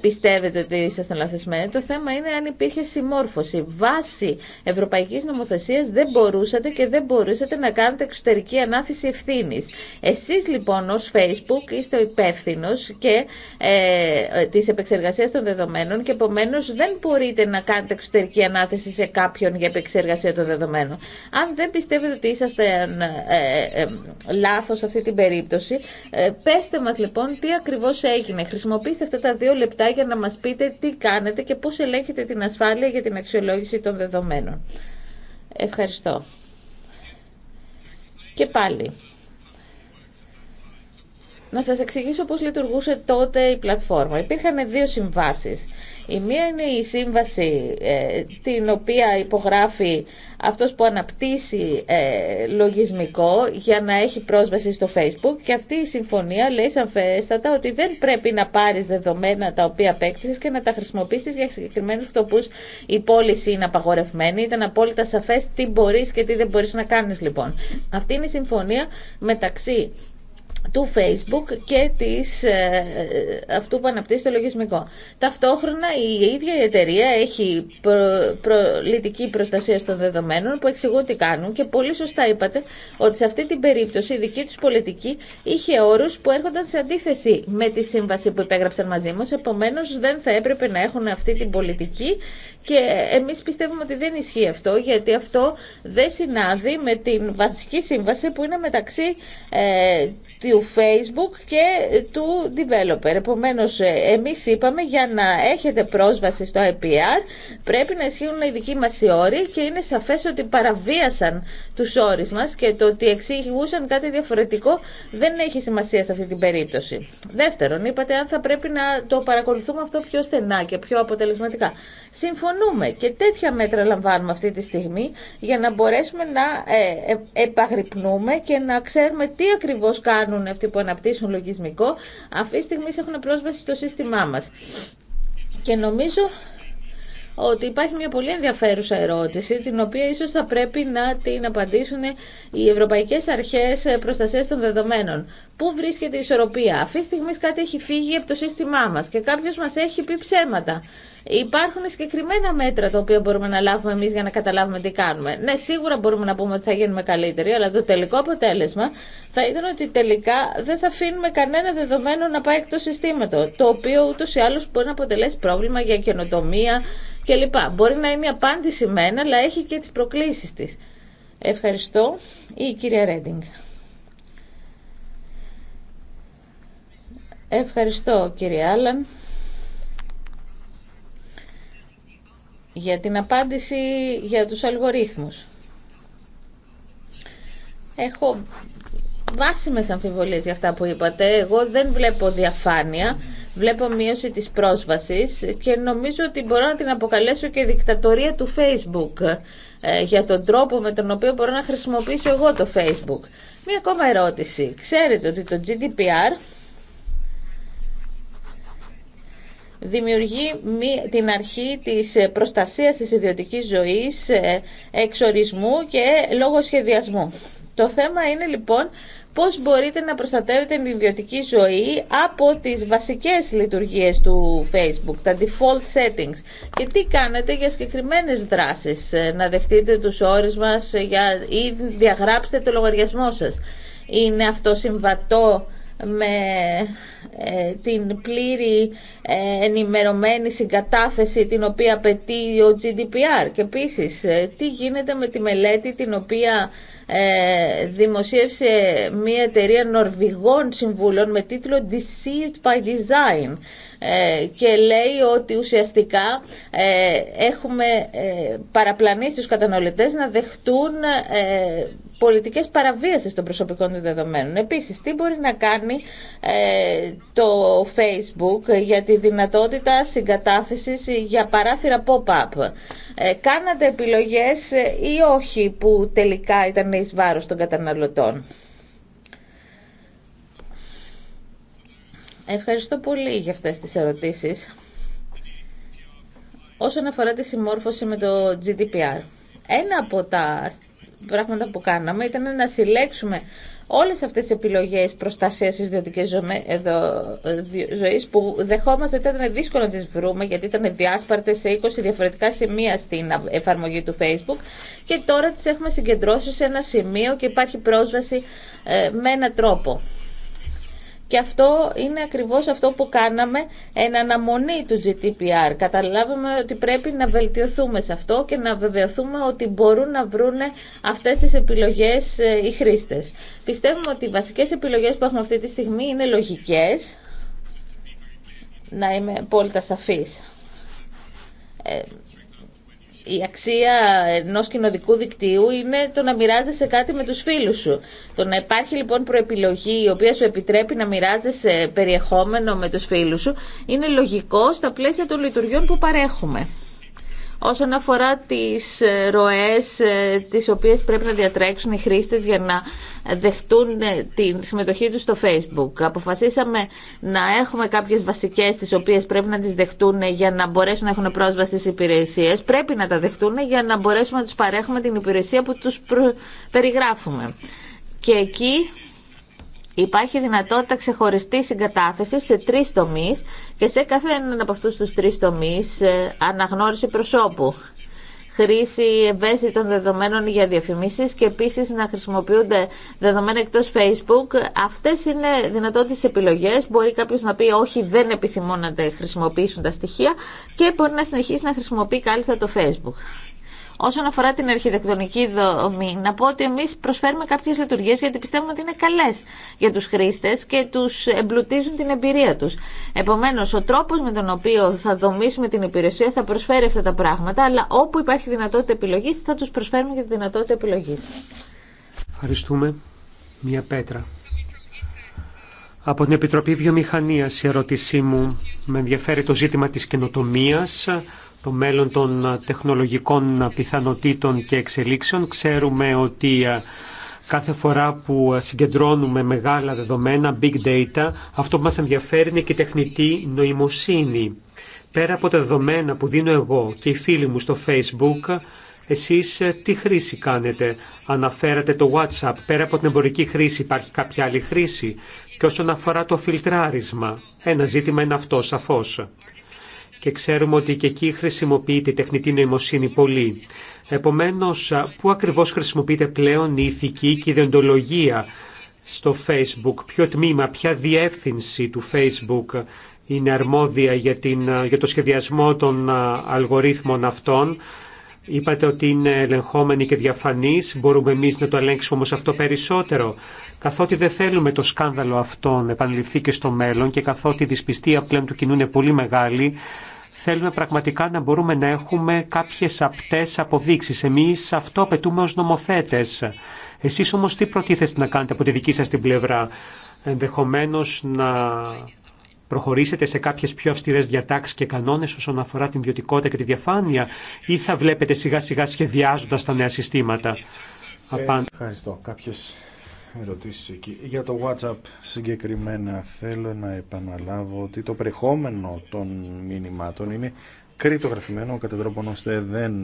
πιστεύετε ότι ήσασταν λαθισμένοι. Το θέμα είναι αν υπήρχε συμμόρφωση. Βάσει ευρωπαϊκής νομοθεσίας δεν μπορούσατε και δεν μπορούσατε να κάνετε εξωτερική ανάθεση ευθύνη. Εσείς λοιπόν ως Facebook είστε ο υπεύθυνο και ε, της επεξεργασίας των δεδομένων και επομένω δεν μπορείτε να κάνετε εξωτερική ανάθεση σε κάποιον για επεξεργασία των δεδομένων. Αν δεν πιστεύετε ότι είσαστε Λάθο ε, ε, ε, λάθος αυτή την περίπτωση. Ε, πέστε μας λοιπόν τι ακριβώς έγινε. Χρησιμοποιήστε αυτά τα δύο λεπτά για να μας πείτε τι κάνετε και πώς ελέγχετε την ασφάλεια για την αξιολόγηση των δεδομένων. Ευχαριστώ. Και πάλι. Να σας εξηγήσω πώς λειτουργούσε τότε η πλατφόρμα. Υπήρχαν δύο συμβάσεις. Η μία είναι η σύμβαση ε, την οποία υπογράφει αυτός που αναπτύσσει ε, λογισμικό για να έχει πρόσβαση στο facebook και αυτή η συμφωνία λέει σαφέστατα ότι δεν πρέπει να πάρεις δεδομένα τα οποία απέκτησες και να τα χρησιμοποιήσεις για συγκεκριμένους σκοπούς. Η πώληση είναι απαγορευμένη, ήταν απόλυτα σαφές τι μπορείς και τι δεν μπορείς να κάνεις λοιπόν. Αυτή είναι η συμφωνία μεταξύ του Facebook και της, ε, αυτού που αναπτύσσει το λογισμικό. Ταυτόχρονα η ίδια η εταιρεία έχει προ, προλητική προστασία των δεδομένων που εξηγούν τι κάνουν και πολύ σωστά είπατε ότι σε αυτή την περίπτωση η δική τους πολιτική είχε όρους που έρχονταν σε αντίθεση με τη σύμβαση που υπέγραψαν μαζί μας, επομένως δεν θα έπρεπε να έχουν αυτή την πολιτική και εμεί πιστεύουμε ότι δεν ισχύει αυτό, γιατί αυτό δεν συνάδει με την βασική σύμβαση που είναι μεταξύ ε, του Facebook και του developer. Επομένως, ε, εμεί είπαμε για να έχετε πρόσβαση στο IPR πρέπει να ισχύουν οι δικοί μα οι όροι και είναι σαφέ ότι παραβίασαν του όρου μα και το ότι εξηγούσαν κάτι διαφορετικό δεν έχει σημασία σε αυτή την περίπτωση. Δεύτερον, είπατε αν θα πρέπει να το παρακολουθούμε αυτό πιο στενά και πιο αποτελεσματικά. Σύμφωνα και τέτοια μέτρα λαμβάνουμε αυτή τη στιγμή για να μπορέσουμε να ε, ε, επαγρυπνούμε και να ξέρουμε τι ακριβώς κάνουν αυτοί που αναπτύσσουν λογισμικό. Αυτή τη στιγμή έχουν πρόσβαση στο σύστημά μας. Και νομίζω ότι υπάρχει μια πολύ ενδιαφέρουσα ερώτηση, την οποία ίσως θα πρέπει να την απαντήσουν οι Ευρωπαϊκές Αρχές Προστασίας των Δεδομένων. Πού βρίσκεται η ισορροπία. Αυτή τη στιγμή κάτι έχει φύγει από το σύστημά μα και κάποιο μα έχει πει ψέματα. Υπάρχουν συγκεκριμένα μέτρα τα οποία μπορούμε να λάβουμε εμεί για να καταλάβουμε τι κάνουμε. Ναι, σίγουρα μπορούμε να πούμε ότι θα γίνουμε καλύτεροι, αλλά το τελικό αποτέλεσμα θα ήταν ότι τελικά δεν θα αφήνουμε κανένα δεδομένο να πάει εκτό συστήματο, το οποίο ούτως ή άλλως μπορεί να αποτελέσει ούτω η απάντηση μένα, αλλά έχει και τι προκλήσει τη. Ευχαριστώ. Η κυρία Ρέντινγκ. Ευχαριστώ κύριε Άλλαν, για την απάντηση για τους αλγορίθμους. Έχω βάσιμες αμφιβολίες για αυτά που είπατε. Εγώ δεν βλέπω διαφάνεια, βλέπω μείωση της πρόσβασης και νομίζω ότι μπορώ να την αποκαλέσω και δικτατορία του Facebook ε, για τον τρόπο με τον οποίο μπορώ να χρησιμοποιήσω εγώ το Facebook. Μία ακόμα ερώτηση. Ξέρετε ότι το GDPR δημιουργεί την αρχή της ε, προστασίας της ιδιωτικής ζωής, ε, εξορισμού και λόγω σχεδιασμού. Το θέμα είναι λοιπόν πώς μπορείτε να προστατεύετε την ιδιωτική ζωή από τις βασικές λειτουργίες του Facebook, τα default settings και τι κάνετε για συγκεκριμένες δράσεις, ε, να δεχτείτε τους όρους μας για, ή διαγράψτε το λογαριασμό σας. Είναι αυτό συμβατό με ε, την πλήρη ε, ενημερωμένη συγκατάθεση την οποία απαιτεί ο GDPR και επίσης ε, τι γίνεται με τη μελέτη την οποία δημοσίευσε μια εταιρεία Νορβηγών συμβούλων με τίτλο Deceived by Design ε, και λέει ότι ουσιαστικά ε, έχουμε ε, παραπλανήσει τους καταναλωτές να δεχτούν πολιτικές παραβίασεις των προσωπικών του δεδομένων. Επίσης, τι μπορεί να κάνει το Facebook για τη δυνατότητα συγκατάθεσης για παράθυρα pop-up. Ε, κάνατε επιλογές ή όχι που τελικά ήταν εις βάρος των καταναλωτών. Ευχαριστώ πολύ για αυτές τις ερωτήσεις. Όσον αφορά τη συμμόρφωση με το GDPR, ένα από τα πράγματα που κάναμε ήταν να συλλέξουμε όλες αυτές τις επιλογές προστασίας ιδιωτικής ζωής που δεχόμαστε ότι ήταν δύσκολο να τις βρούμε γιατί ήταν διάσπαρτες σε 20 διαφορετικά σημεία στην εφαρμογή του Facebook και τώρα τις έχουμε συγκεντρώσει σε ένα σημείο και υπάρχει πρόσβαση ε, με έναν τρόπο. Και αυτό είναι ακριβώς αυτό που κάναμε εν αναμονή του GDPR. Καταλάβουμε ότι πρέπει να βελτιωθούμε σε αυτό και να βεβαιωθούμε ότι μπορούν να βρουνε αυτές τις επιλογές ε, οι χρήστες. Πιστεύουμε ότι οι βασικές επιλογές που έχουμε αυτή τη στιγμή είναι λογικές, να είμαι απόλυτα σαφής. Ε, η αξία ενός κοινωνικού δικτύου είναι το να μοιράζεσαι κάτι με τους φίλους σου. Το να υπάρχει λοιπόν προεπιλογή η οποία σου επιτρέπει να μοιράζεσαι περιεχόμενο με τους φίλους σου είναι λογικό στα πλαίσια των λειτουργιών που παρέχουμε όσον αφορά τις ε, ροές ε, τις οποίες πρέπει να διατρέξουν οι χρήστες για να δεχτούν ε, τη συμμετοχή τους στο Facebook. Αποφασίσαμε να έχουμε κάποιες βασικές τις οποίες πρέπει να τις δεχτούν για να μπορέσουν να έχουν πρόσβαση στις υπηρεσίες. Πρέπει να τα δεχτούν για να μπορέσουμε να τους παρέχουμε την υπηρεσία που τους περιγράφουμε. Και εκεί Υπάρχει δυνατότητα ξεχωριστή συγκατάθεση σε τρει τομεί και σε κάθε έναν από αυτού του τρει τομεί ε, αναγνώριση προσώπου. Χρήση ευαίσθητων δεδομένων για διαφημίσει και επίση να χρησιμοποιούνται δεδομένα εκτό Facebook. Αυτέ είναι δυνατότητε επιλογέ. Μπορεί κάποιο να πει όχι, δεν επιθυμώ να χρησιμοποιήσουν τα στοιχεία και μπορεί να συνεχίσει να χρησιμοποιεί κάλλιστα το Facebook. Όσον αφορά την αρχιτεκτονική δομή, να πω ότι εμεί προσφέρουμε κάποιε λειτουργίε γιατί πιστεύουμε ότι είναι καλέ για του χρήστε και του εμπλουτίζουν την εμπειρία του. Επομένω, ο τρόπο με τον οποίο θα δομήσουμε την υπηρεσία θα προσφέρει αυτά τα πράγματα, αλλά όπου υπάρχει δυνατότητα επιλογή θα του προσφέρουμε και τη δυνατότητα επιλογή. Ευχαριστούμε. Μία πέτρα. Από την Επιτροπή Βιομηχανίας η ερώτησή μου με ενδιαφέρει το ζήτημα της καινοτομία το μέλλον των τεχνολογικών πιθανοτήτων και εξελίξεων. Ξέρουμε ότι κάθε φορά που συγκεντρώνουμε μεγάλα δεδομένα, big data, αυτό που μας ενδιαφέρει είναι και η τεχνητή νοημοσύνη. Πέρα από τα δεδομένα που δίνω εγώ και οι φίλοι μου στο Facebook, εσείς ε, τι χρήση κάνετε. Αναφέρατε το WhatsApp. Πέρα από την εμπορική χρήση υπάρχει κάποια άλλη χρήση. Και όσον αφορά το φιλτράρισμα, ένα ζήτημα είναι αυτό σαφώς και ξέρουμε ότι και εκεί χρησιμοποιείται η τεχνητή νοημοσύνη πολύ. Επομένως, πού ακριβώς χρησιμοποιείται πλέον η ηθική και η δεντολογία στο Facebook, ποιο τμήμα, ποια διεύθυνση του Facebook είναι αρμόδια για, την, για το σχεδιασμό των αλγορίθμων αυτών. Είπατε ότι είναι ελεγχόμενοι και διαφανείς, μπορούμε εμείς να το ελέγξουμε όμως αυτό περισσότερο, καθότι δεν θέλουμε το σκάνδαλο αυτό να επαναληφθεί και στο μέλλον και καθότι η δυσπιστία πλέον του κοινού είναι πολύ μεγάλη, Θέλουμε πραγματικά να μπορούμε να έχουμε κάποιες απτές αποδείξεις. Εμείς αυτό απαιτούμε ως νομοθέτες. Εσείς όμως τι προτίθεστε να κάνετε από τη δική σας την πλευρά. Ενδεχομένως να προχωρήσετε σε κάποιες πιο αυστηρές διατάξεις και κανόνες όσον αφορά την ιδιωτικότητα και τη διαφάνεια ή θα βλέπετε σιγά σιγά σχεδιάζοντας τα νέα συστήματα. Ε, ευχαριστώ. Κάποιες ερωτήσεις Για το WhatsApp συγκεκριμένα θέλω να επαναλάβω ότι το περιεχόμενο των μηνυμάτων είναι κρυπτογραφημένο κατά τρόπον ώστε δεν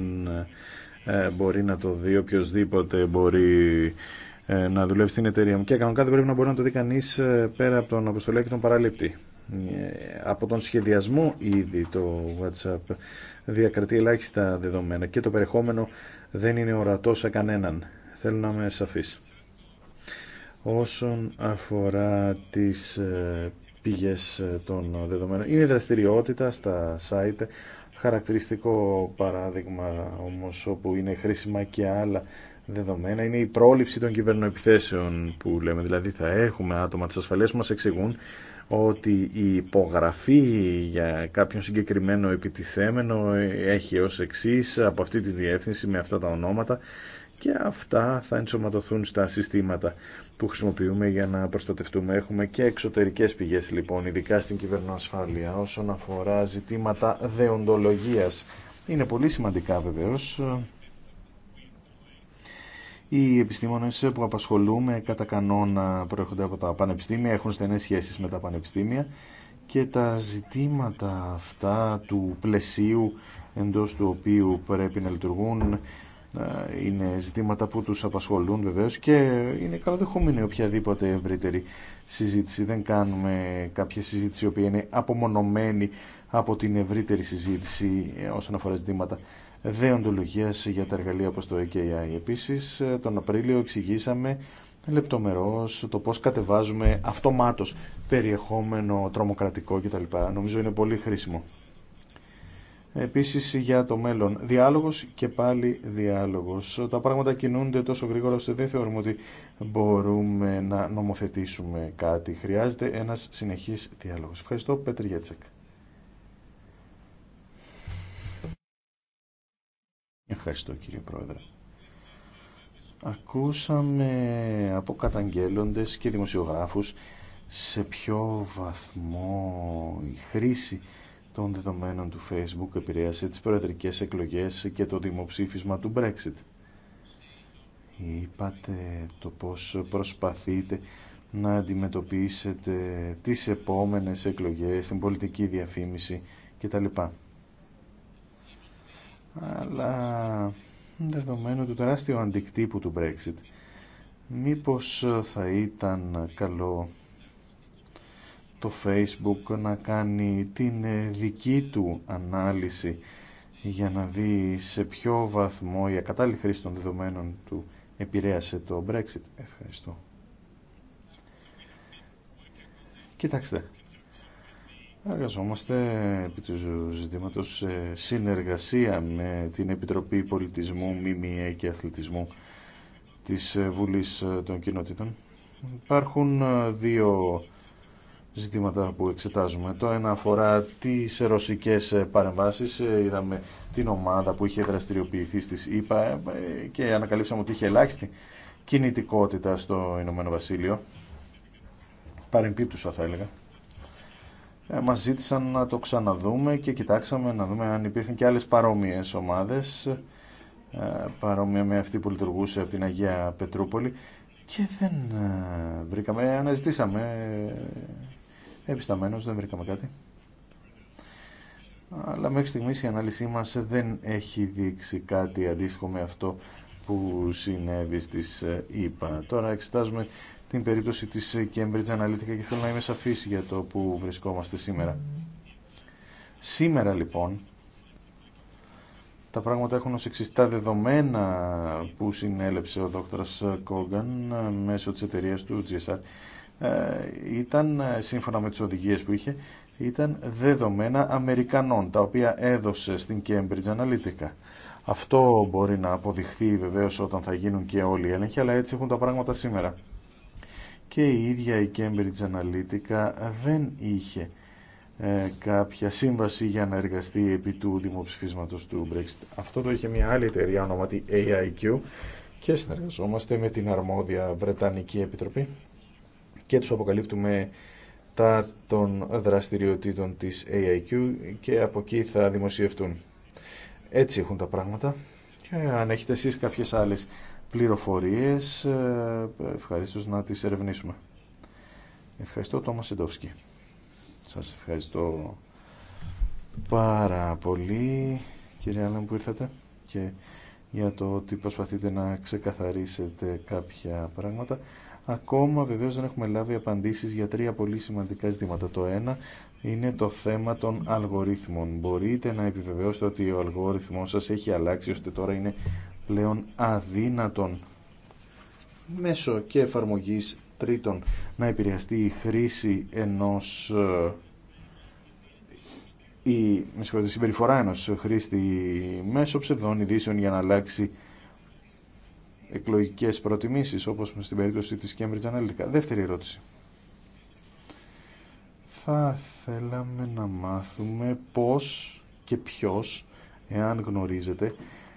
ε, μπορεί να το δει οποιοδήποτε μπορεί ε, να δουλεύει στην εταιρεία μου. Και κανονικά δεν πρέπει να μπορεί να το δει κανεί ε, πέρα από τον αποστολέα και τον παραλήπτη. Από τον σχεδιασμό ήδη το WhatsApp διακρατεί ελάχιστα δεδομένα και το περιεχόμενο δεν είναι ορατό σε κανέναν. Θέλω να είμαι σαφής όσον αφορά τις ε, πηγές ε, των δεδομένων. Είναι δραστηριότητα στα site, χαρακτηριστικό παράδειγμα όμως όπου είναι χρήσιμα και άλλα δεδομένα είναι η πρόληψη των κυβερνοεπιθέσεων που λέμε. Δηλαδή θα έχουμε άτομα της ασφαλείας που μας εξηγούν ότι η υπογραφή για κάποιον συγκεκριμένο επιτιθέμενο έχει ως εξή από αυτή τη διεύθυνση με αυτά τα ονόματα και αυτά θα ενσωματωθούν στα συστήματα που χρησιμοποιούμε για να προστατευτούμε. Έχουμε και εξωτερικές πηγές λοιπόν, ειδικά στην κυβερνοασφάλεια, όσον αφορά ζητήματα δεοντολογίας. Είναι πολύ σημαντικά βεβαίως. Οι επιστήμονες που απασχολούμε κατά κανόνα προέρχονται από τα πανεπιστήμια, έχουν στενές σχέσεις με τα πανεπιστήμια και τα ζητήματα αυτά του πλαισίου εντός του οποίου πρέπει να λειτουργούν ε, είναι ζητήματα που τους απασχολούν βεβαίως και είναι καλοδεχόμενη οποιαδήποτε ευρύτερη συζήτηση. Δεν κάνουμε κάποια συζήτηση η οποία είναι απομονωμένη από την ευρύτερη συζήτηση ε, όσον αφορά ζητήματα δεοντολογίας για τα εργαλεία όπως το EKI. Επίσης, ε, τον Απρίλιο εξηγήσαμε λεπτομερώς το πώς κατεβάζουμε αυτομάτως περιεχόμενο τρομοκρατικό κτλ. Νομίζω είναι πολύ χρήσιμο. Επίση για το μέλλον. διάλογο και πάλι διάλογο. Τα πράγματα κινούνται τόσο γρήγορα ώστε δεν θεωρούμε ότι μπορούμε να νομοθετήσουμε κάτι. Χρειάζεται ένας συνεχής διάλογο. Ευχαριστώ Πετριέτσεκ. Γέτσεκ. Ευχαριστώ κύριε Πρόεδρε. Ακούσαμε από καταγγέλλοντες και δημοσιογράφους σε ποιο βαθμό η χρήση των δεδομένων του Facebook επηρέασε τις προεδρικές εκλογές και το δημοψήφισμα του Brexit. Είπατε το πώς προσπαθείτε να αντιμετωπίσετε τις επόμενες εκλογές, την πολιτική διαφήμιση κτλ. Αλλά δεδομένου του τεράστιου αντικτύπου του Brexit, μήπως θα ήταν καλό το Facebook να κάνει την ε, δική του ανάλυση για να δει σε ποιο βαθμό η ακατάλληλη χρήση των δεδομένων του επηρέασε το Brexit. Ευχαριστώ. Κοιτάξτε, εργαζόμαστε επί του ζητήματος ε, συνεργασία με την Επιτροπή Πολιτισμού, ΜΜΕ και Αθλητισμού της ε, Βουλής των Κοινότητων. Υπάρχουν δύο ζητήματα που εξετάζουμε. Το ένα αφορά τι ρωσικέ παρεμβάσει. Είδαμε την ομάδα που είχε δραστηριοποιηθεί στις ΗΠΑ και ανακαλύψαμε ότι είχε ελάχιστη κινητικότητα στο Ηνωμένο Βασίλειο. Παρεμπίπτουσα θα έλεγα. Ε, μας ζήτησαν να το ξαναδούμε και κοιτάξαμε να δούμε αν υπήρχαν και άλλες παρόμοιες ομάδες ε, παρόμοια με αυτή που λειτουργούσε από την Αγία Πετρούπολη και δεν ε, βρήκαμε, αναζητήσαμε ε, Επισταμένος δεν βρήκαμε κάτι. Αλλά μέχρι στιγμής η ανάλυση μας δεν έχει δείξει κάτι αντίστοιχο με αυτό που συνέβη στις ΕΠΑ. Τώρα εξετάζουμε την περίπτωση της ε, Cambridge Analytica και θέλω να είμαι σαφής για το που βρισκόμαστε σήμερα. Σήμερα λοιπόν τα πράγματα έχουν ως εξής τα δεδομένα που συνέλεψε ο δόκτωρας Κόγκαν ε, μέσω της εταιρείας του GSR ε, ήταν, ε, σύμφωνα με τις οδηγίες που είχε, ήταν δεδομένα Αμερικανών, τα οποία έδωσε στην Cambridge Analytica. Αυτό μπορεί να αποδειχθεί βεβαίως όταν θα γίνουν και όλοι οι έλεγχοι, αλλά έτσι έχουν τα πράγματα σήμερα. Και η ίδια η Cambridge Analytica δεν είχε ε, κάποια σύμβαση για να εργαστεί επί του δημοψηφίσματος του Brexit. Αυτό το είχε μια άλλη εταιρεία ονόματι AIQ και συνεργαζόμαστε με την αρμόδια Βρετανική Επιτροπή και τους αποκαλύπτουμε τα των δραστηριοτήτων της AIQ και από εκεί θα δημοσιευτούν. Έτσι έχουν τα πράγματα. Και αν έχετε εσείς κάποιες άλλες πληροφορίες, ε, ευχαριστώ να τις ερευνήσουμε. Ευχαριστώ Τόμα Σεντόφσκι. Σας ευχαριστώ πάρα πολύ κύριε Άλλαν που ήρθατε και για το ότι προσπαθείτε να ξεκαθαρίσετε κάποια πράγματα. Ακόμα βεβαίως δεν έχουμε λάβει απαντήσεις για τρία πολύ σημαντικά ζητήματα. Το ένα είναι το θέμα των αλγορίθμων. Μπορείτε να επιβεβαιώσετε ότι ο αλγόριθμός σας έχει αλλάξει ώστε τώρα είναι πλέον αδύνατον μέσω και εφαρμογής τρίτων να επηρεαστεί η χρήση ενός ε, η συμπεριφορά ενός χρήστη μέσω ψευδών ειδήσεων για να αλλάξει εκλογικές προτιμήσεις, όπως στην περίπτωση της Cambridge Analytica. Δεύτερη ερώτηση. Θα θέλαμε να μάθουμε πώς και ποιο, εάν γνωρίζετε,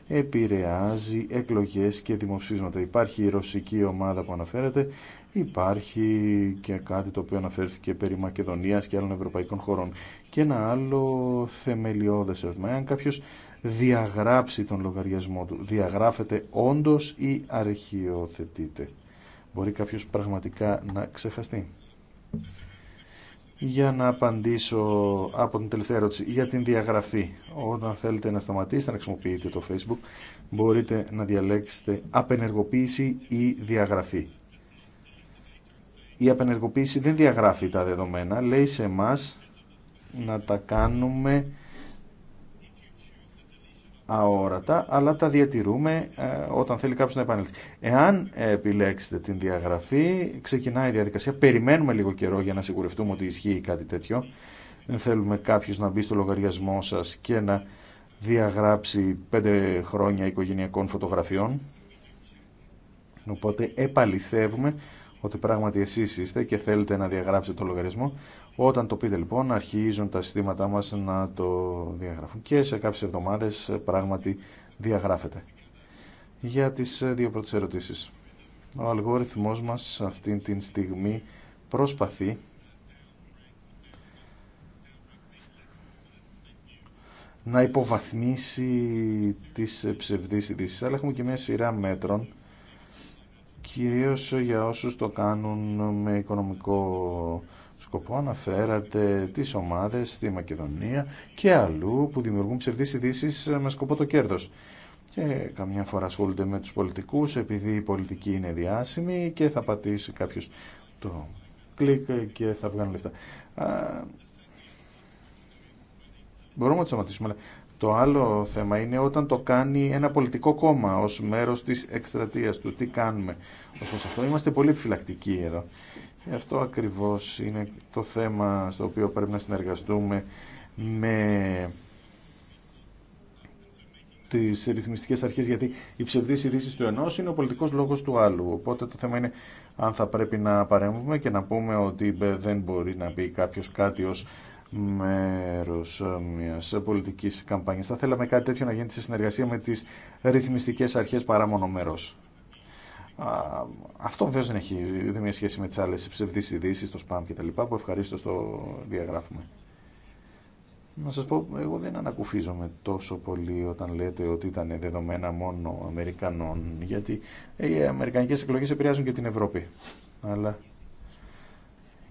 επηρεάζει εκλογές και δημοψήφισματα. Υπάρχει η ρωσική ομάδα που αναφέρεται, υπάρχει και κάτι το οποίο αναφέρθηκε περί Μακεδονίας και άλλων ευρωπαϊκών χωρών. Και ένα άλλο θεμελιώδες ερώτημα. Εάν κάποιος διαγράψει τον λογαριασμό του. Διαγράφεται όντως ή αρχιοθετείται. Μπορεί κάποιος πραγματικά να ξεχαστεί. Για να απαντήσω από την τελευταία ερώτηση για την διαγραφή. Όταν θέλετε να σταματήσετε να χρησιμοποιείτε το Facebook, μπορείτε να διαλέξετε απενεργοποίηση ή διαγραφή. Η απενεργοποίηση δεν διαγράφει τα δεδομένα, λέει σε εμά να τα κάνουμε αόρατα, αλλά τα διατηρούμε ε, όταν θέλει κάποιος να επανέλθει. Εάν επιλέξετε την διαγραφή, ξεκινάει η διαδικασία. Περιμένουμε λίγο καιρό για να σιγουρευτούμε ότι ισχύει κάτι τέτοιο. Δεν θέλουμε κάποιος να μπει στο λογαριασμό σας και να διαγράψει πέντε χρόνια οικογενειακών φωτογραφιών. Οπότε επαληθεύουμε ότι πράγματι εσείς είστε και θέλετε να διαγράψετε το λογαριασμό όταν το πείτε λοιπόν αρχίζουν τα συστήματά μας να το διαγράφουν και σε κάποιες εβδομάδες ε, πράγματι διαγράφεται. Για τις ε, δύο πρώτες ερωτήσεις. Ο αλγόριθμός μας αυτή τη στιγμή προσπαθεί να υποβαθμίσει τις ε, ψευδείς ειδήσει. Αλλά έχουμε και μια σειρά μέτρων, κυρίως για όσους το κάνουν με οικονομικό σκοπό αναφέρατε τις ομάδες στη Μακεδονία και αλλού που δημιουργούν ψευδείς ειδήσει με σκοπό το κέρδος. Και καμιά φορά ασχολούνται με τους πολιτικούς επειδή η πολιτική είναι διάσημη και θα πατήσει κάποιος το κλικ και θα βγάλουν λεφτά. μπορούμε να το το άλλο θέμα είναι όταν το κάνει ένα πολιτικό κόμμα ως μέρος της εκστρατείας του. Τι κάνουμε ως αυτό. Είμαστε πολύ επιφυλακτικοί εδώ. Ε, αυτό ακριβώς είναι το θέμα στο οποίο πρέπει να συνεργαστούμε με τις ρυθμιστικές αρχές γιατί οι ψευδείς ειδήσει του ενός είναι ο πολιτικός λόγος του άλλου. Οπότε το θέμα είναι αν θα πρέπει να παρέμβουμε και να πούμε ότι δεν μπορεί να πει κάποιος κάτι ως μέρος μιας πολιτικής καμπάνιας. Θα θέλαμε κάτι τέτοιο να γίνεται σε συνεργασία με τις ρυθμιστικές αρχές παρά μόνο μέρος αυτό βέβαια δεν έχει μια σχέση με τι άλλε ψευδεί ειδήσει, το spam κτλ. που ευχαρίστω το διαγράφουμε. Να σα πω, εγώ δεν ανακουφίζομαι τόσο πολύ όταν λέτε ότι ήταν δεδομένα μόνο Αμερικανών, γιατί οι Αμερικανικές εκλογές επηρεάζουν και την Ευρώπη. Αλλά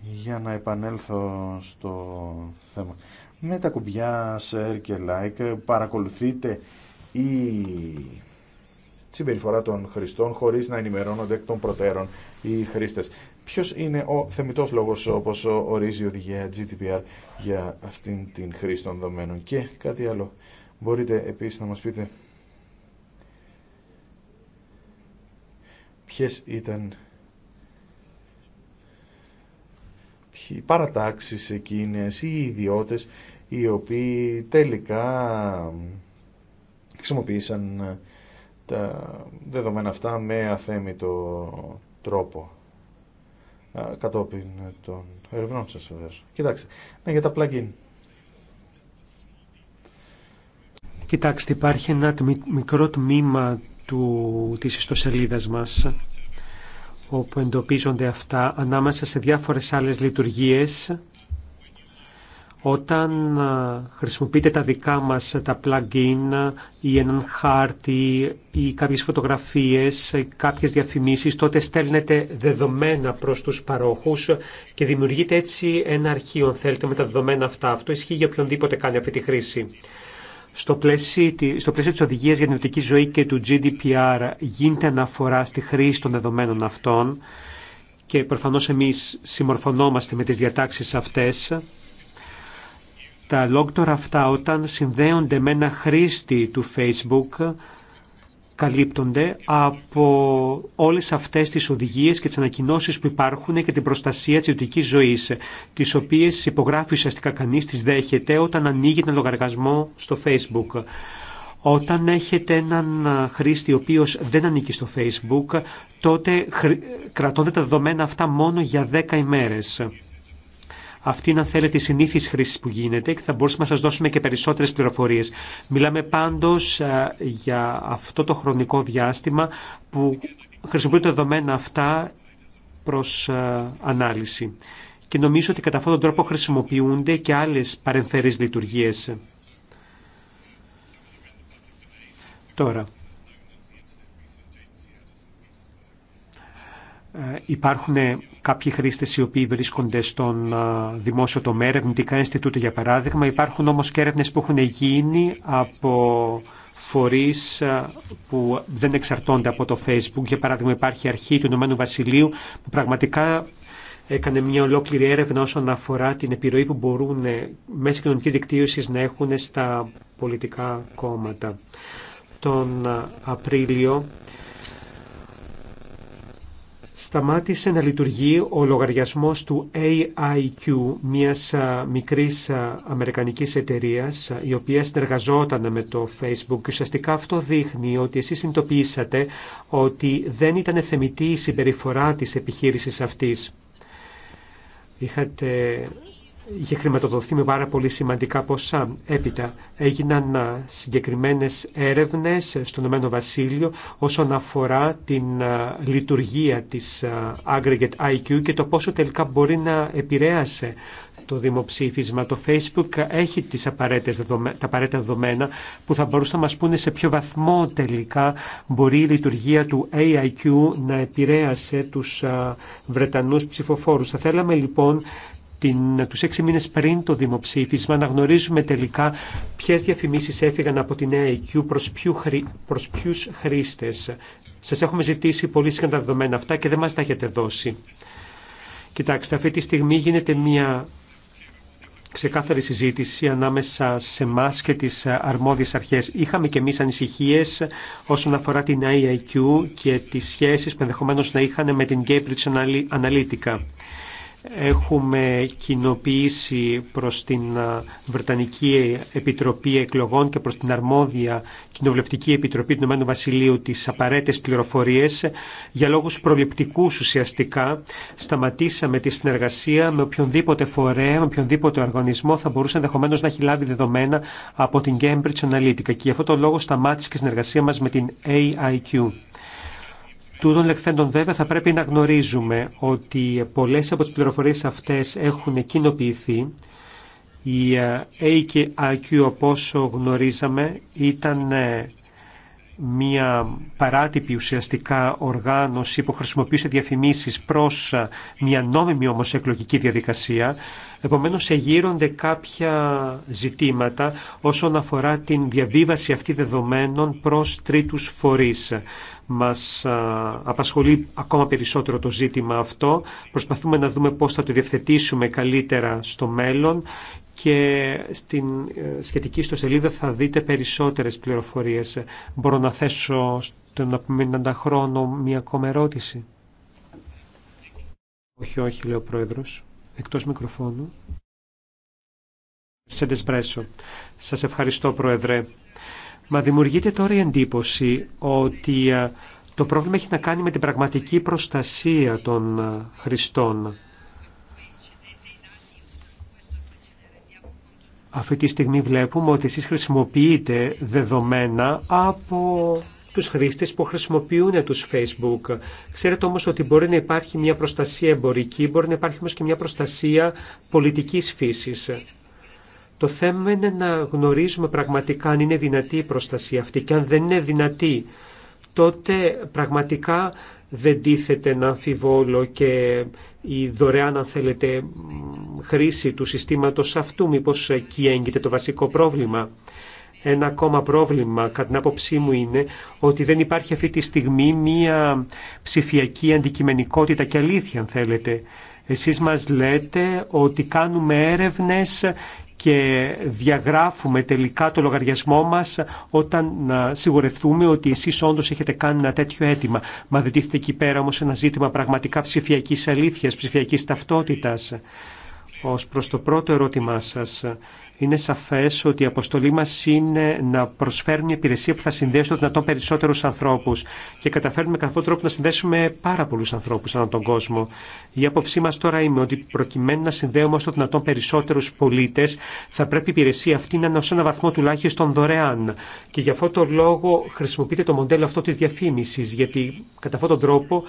για να επανέλθω στο θέμα. Με τα κουμπιά share και like παρακολουθείτε ή συμπεριφορά των χρηστών χωρίς να ενημερώνονται εκ των προτέρων οι χρήστες. Ποιος είναι ο θεμητός λόγος όπως ορίζει η οδηγία GDPR για αυτήν την χρήση των δεδομένων. Και κάτι άλλο. Μπορείτε επίσης να μας πείτε ποιες ήταν οι παρατάξεις εκείνες ή οι ιδιώτες οι οποίοι τελικά χρησιμοποίησαν τα δεδομένα αυτά με αθέμητο τρόπο κατόπιν των ερευνών σας βεβαίως. Κοιτάξτε, ναι, για τα plugin. Κοιτάξτε, υπάρχει ένα μικρό τμήμα του, της ιστοσελίδας μας όπου εντοπίζονται αυτά ανάμεσα σε διάφορες άλλες λειτουργίες όταν χρησιμοποιείτε τα δικά μας τα plug-in ή έναν χάρτη ή κάποιες φωτογραφίες, κάποιες διαφημίσεις, τότε στέλνετε δεδομένα προς τους παρόχους και δημιουργείτε έτσι ένα αρχείο, αν θέλετε, με τα δεδομένα αυτά. Αυτό ισχύει για οποιονδήποτε κάνει αυτή τη χρήση. Στο πλαίσιο, στο πλαίσιο της οδηγίας για την ιδιωτική ζωή και του GDPR γίνεται αναφορά στη χρήση των δεδομένων αυτών και προφανώς εμείς συμμορφωνόμαστε με τις διατάξεις αυτές τα λόγκτορα αυτά όταν συνδέονται με ένα χρήστη του Facebook καλύπτονται από όλες αυτές τις οδηγίες και τις ανακοινώσεις που υπάρχουν και την προστασία της ιδιωτικής ζωής, τις οποίες υπογράφει ουσιαστικά κανείς, τις δέχεται όταν ανοίγει ένα λογαριασμό στο Facebook. Όταν έχετε έναν χρήστη ο οποίος δεν ανήκει στο Facebook, τότε κρατώνται τα δεδομένα αυτά μόνο για 10 ημέρες. Αυτή είναι, αν θέλετε, η συνήθι χρήση που γίνεται και θα μπορούσαμε να σας δώσουμε και περισσότερες πληροφορίες. Μιλάμε πάντω ε, για αυτό το χρονικό διάστημα που χρησιμοποιούνται δεδομένα αυτά προ ε, ανάλυση. Και νομίζω ότι κατά αυτόν τον τρόπο χρησιμοποιούνται και άλλες παρεμφερείς λειτουργίες. Τώρα, Ε, υπάρχουν κάποιοι χρήστε οι οποίοι βρίσκονται στον ε, δημόσιο τομέα, ερευνητικά Ινστιτούτα για παράδειγμα. Υπάρχουν όμω και έρευνε που έχουν γίνει από φορεί ε, που δεν εξαρτώνται από το Facebook. Για παράδειγμα, υπάρχει η αρχή του Ηνωμένου Βασιλείου που πραγματικά έκανε μια ολόκληρη έρευνα όσον αφορά την επιρροή που μπορούν μέσα κοινωνική δικτύωση να έχουν στα πολιτικά κόμματα. Τον Απρίλιο σταμάτησε να λειτουργεί ο λογαριασμός του AIQ, μιας μικρής αμερικανικής εταιρείας, η οποία συνεργαζόταν με το Facebook. και Ουσιαστικά αυτό δείχνει ότι εσείς συνειδητοποιήσατε ότι δεν ήταν θεμητή η συμπεριφορά της επιχείρησης αυτής. Είχατε είχε χρηματοδοθεί με πάρα πολύ σημαντικά ποσά. Έπειτα έγιναν συγκεκριμένες έρευνες στον Ηνωμένο Βασίλειο όσον αφορά την λειτουργία της Aggregate IQ και το πόσο τελικά μπορεί να επηρέασε το δημοψήφισμα. Το Facebook έχει τις απαραίτητες τα απαραίτητα δεδομένα που θα μπορούσαν να μας πούνε σε ποιο βαθμό τελικά μπορεί η λειτουργία του AIQ να επηρέασε τους Βρετανούς ψηφοφόρους. Θα θέλαμε λοιπόν την, τους έξι μήνες πριν το δημοψήφισμα να γνωρίζουμε τελικά ποιες διαφημίσεις έφυγαν από την AIQ προς, ποιου, προς ποιους χρήστες. Σας έχουμε ζητήσει πολύ συχνά τα δεδομένα αυτά και δεν μας τα έχετε δώσει. Κοιτάξτε, αυτή τη στιγμή γίνεται μια ξεκάθαρη συζήτηση ανάμεσα σε εμά και τι αρμόδιε αρχέ. Είχαμε και εμεί ανησυχίε όσον αφορά την AIQ και τις σχέσεις που ενδεχομένω να είχαν με την Cambridge Analytica. Έχουμε κοινοποιήσει προς την Βρετανική Επιτροπή Εκλογών και προς την αρμόδια Κοινοβουλευτική Επιτροπή του Ηνωμένου Βασιλείου τις απαραίτητες πληροφορίες. Για λόγους προληπτικούς ουσιαστικά σταματήσαμε τη συνεργασία με οποιονδήποτε φορέα, με οποιονδήποτε οργανισμό θα μπορούσε ενδεχομένω να έχει λάβει δεδομένα από την Cambridge Analytica και γι' αυτό το λόγο σταμάτησε και η συνεργασία μας με την AIQ. Τούτων λεκθέντων, βέβαια θα πρέπει να γνωρίζουμε ότι πολλές από τις πληροφορίες αυτές έχουν κοινοποιηθεί. Η ε, AQ όπως γνωρίζαμε ήταν ε, μια παράτυπη ουσιαστικά οργάνωση που χρησιμοποιούσε διαφημίσεις προς ε, μια νόμιμη όμως εκλογική διαδικασία. Επομένως εγείρονται κάποια ζητήματα όσον αφορά την διαβίβαση αυτή δεδομένων προς τρίτους φορείς μας απασχολεί ακόμα περισσότερο το ζήτημα αυτό. Προσπαθούμε να δούμε πώς θα το διευθετήσουμε καλύτερα στο μέλλον και στην ε, σχετική στο σελίδα θα δείτε περισσότερες πληροφορίες. Μπορώ να θέσω στον απομείναντα χρόνο μία ακόμα ερώτηση. Όχι, όχι, λέει ο Πρόεδρος. Εκτός μικροφώνου. Σε Σας ευχαριστώ, Πρόεδρε. Μα δημιουργείται τώρα η εντύπωση ότι ε, το πρόβλημα έχει να κάνει με την πραγματική προστασία των ε, χρηστών. Αυτή τη στιγμή βλέπουμε ότι εσείς χρησιμοποιείτε δεδομένα από τους χρήστες που χρησιμοποιούν τους Facebook. Ξέρετε όμως ότι μπορεί να υπάρχει μια προστασία εμπορική, μπορεί να υπάρχει όμως και μια προστασία πολιτικής φύσης. Το θέμα είναι να γνωρίζουμε πραγματικά αν είναι δυνατή η προστασία αυτή και αν δεν είναι δυνατή, τότε πραγματικά δεν τίθεται να αμφιβόλο και η δωρεάν, αν θέλετε, χρήση του συστήματος αυτού, μήπως εκεί έγκυται το βασικό πρόβλημα. Ένα ακόμα πρόβλημα, κατά την άποψή μου, είναι ότι δεν υπάρχει αυτή τη στιγμή μία ψηφιακή αντικειμενικότητα και αλήθεια, αν θέλετε. Εσείς μας λέτε ότι κάνουμε έρευνες και διαγράφουμε τελικά το λογαριασμό μας όταν να σιγουρευτούμε ότι εσείς όντως έχετε κάνει ένα τέτοιο αίτημα. Μα δεν τίθεται εκεί πέρα όμως ένα ζήτημα πραγματικά ψηφιακής αλήθειας, ψηφιακής ταυτότητας. Ως προς το πρώτο ερώτημά σας, είναι σαφές ότι η αποστολή μας είναι να προσφέρουμε μια υπηρεσία που θα συνδέσει το δυνατόν περισσότερους ανθρώπους και καταφέρνουμε κατά αυτόν τον τρόπο να συνδέσουμε πάρα πολλούς ανθρώπους ανά τον κόσμο. Η άποψή μας τώρα είναι ότι προκειμένου να συνδέουμε όσο δυνατόν περισσότερους πολίτες θα πρέπει η υπηρεσία αυτή να είναι ω ένα βαθμό τουλάχιστον δωρεάν και γι' αυτό το λόγο χρησιμοποιείται το μοντέλο αυτό της διαφήμισης γιατί κατά αυτόν τον τρόπο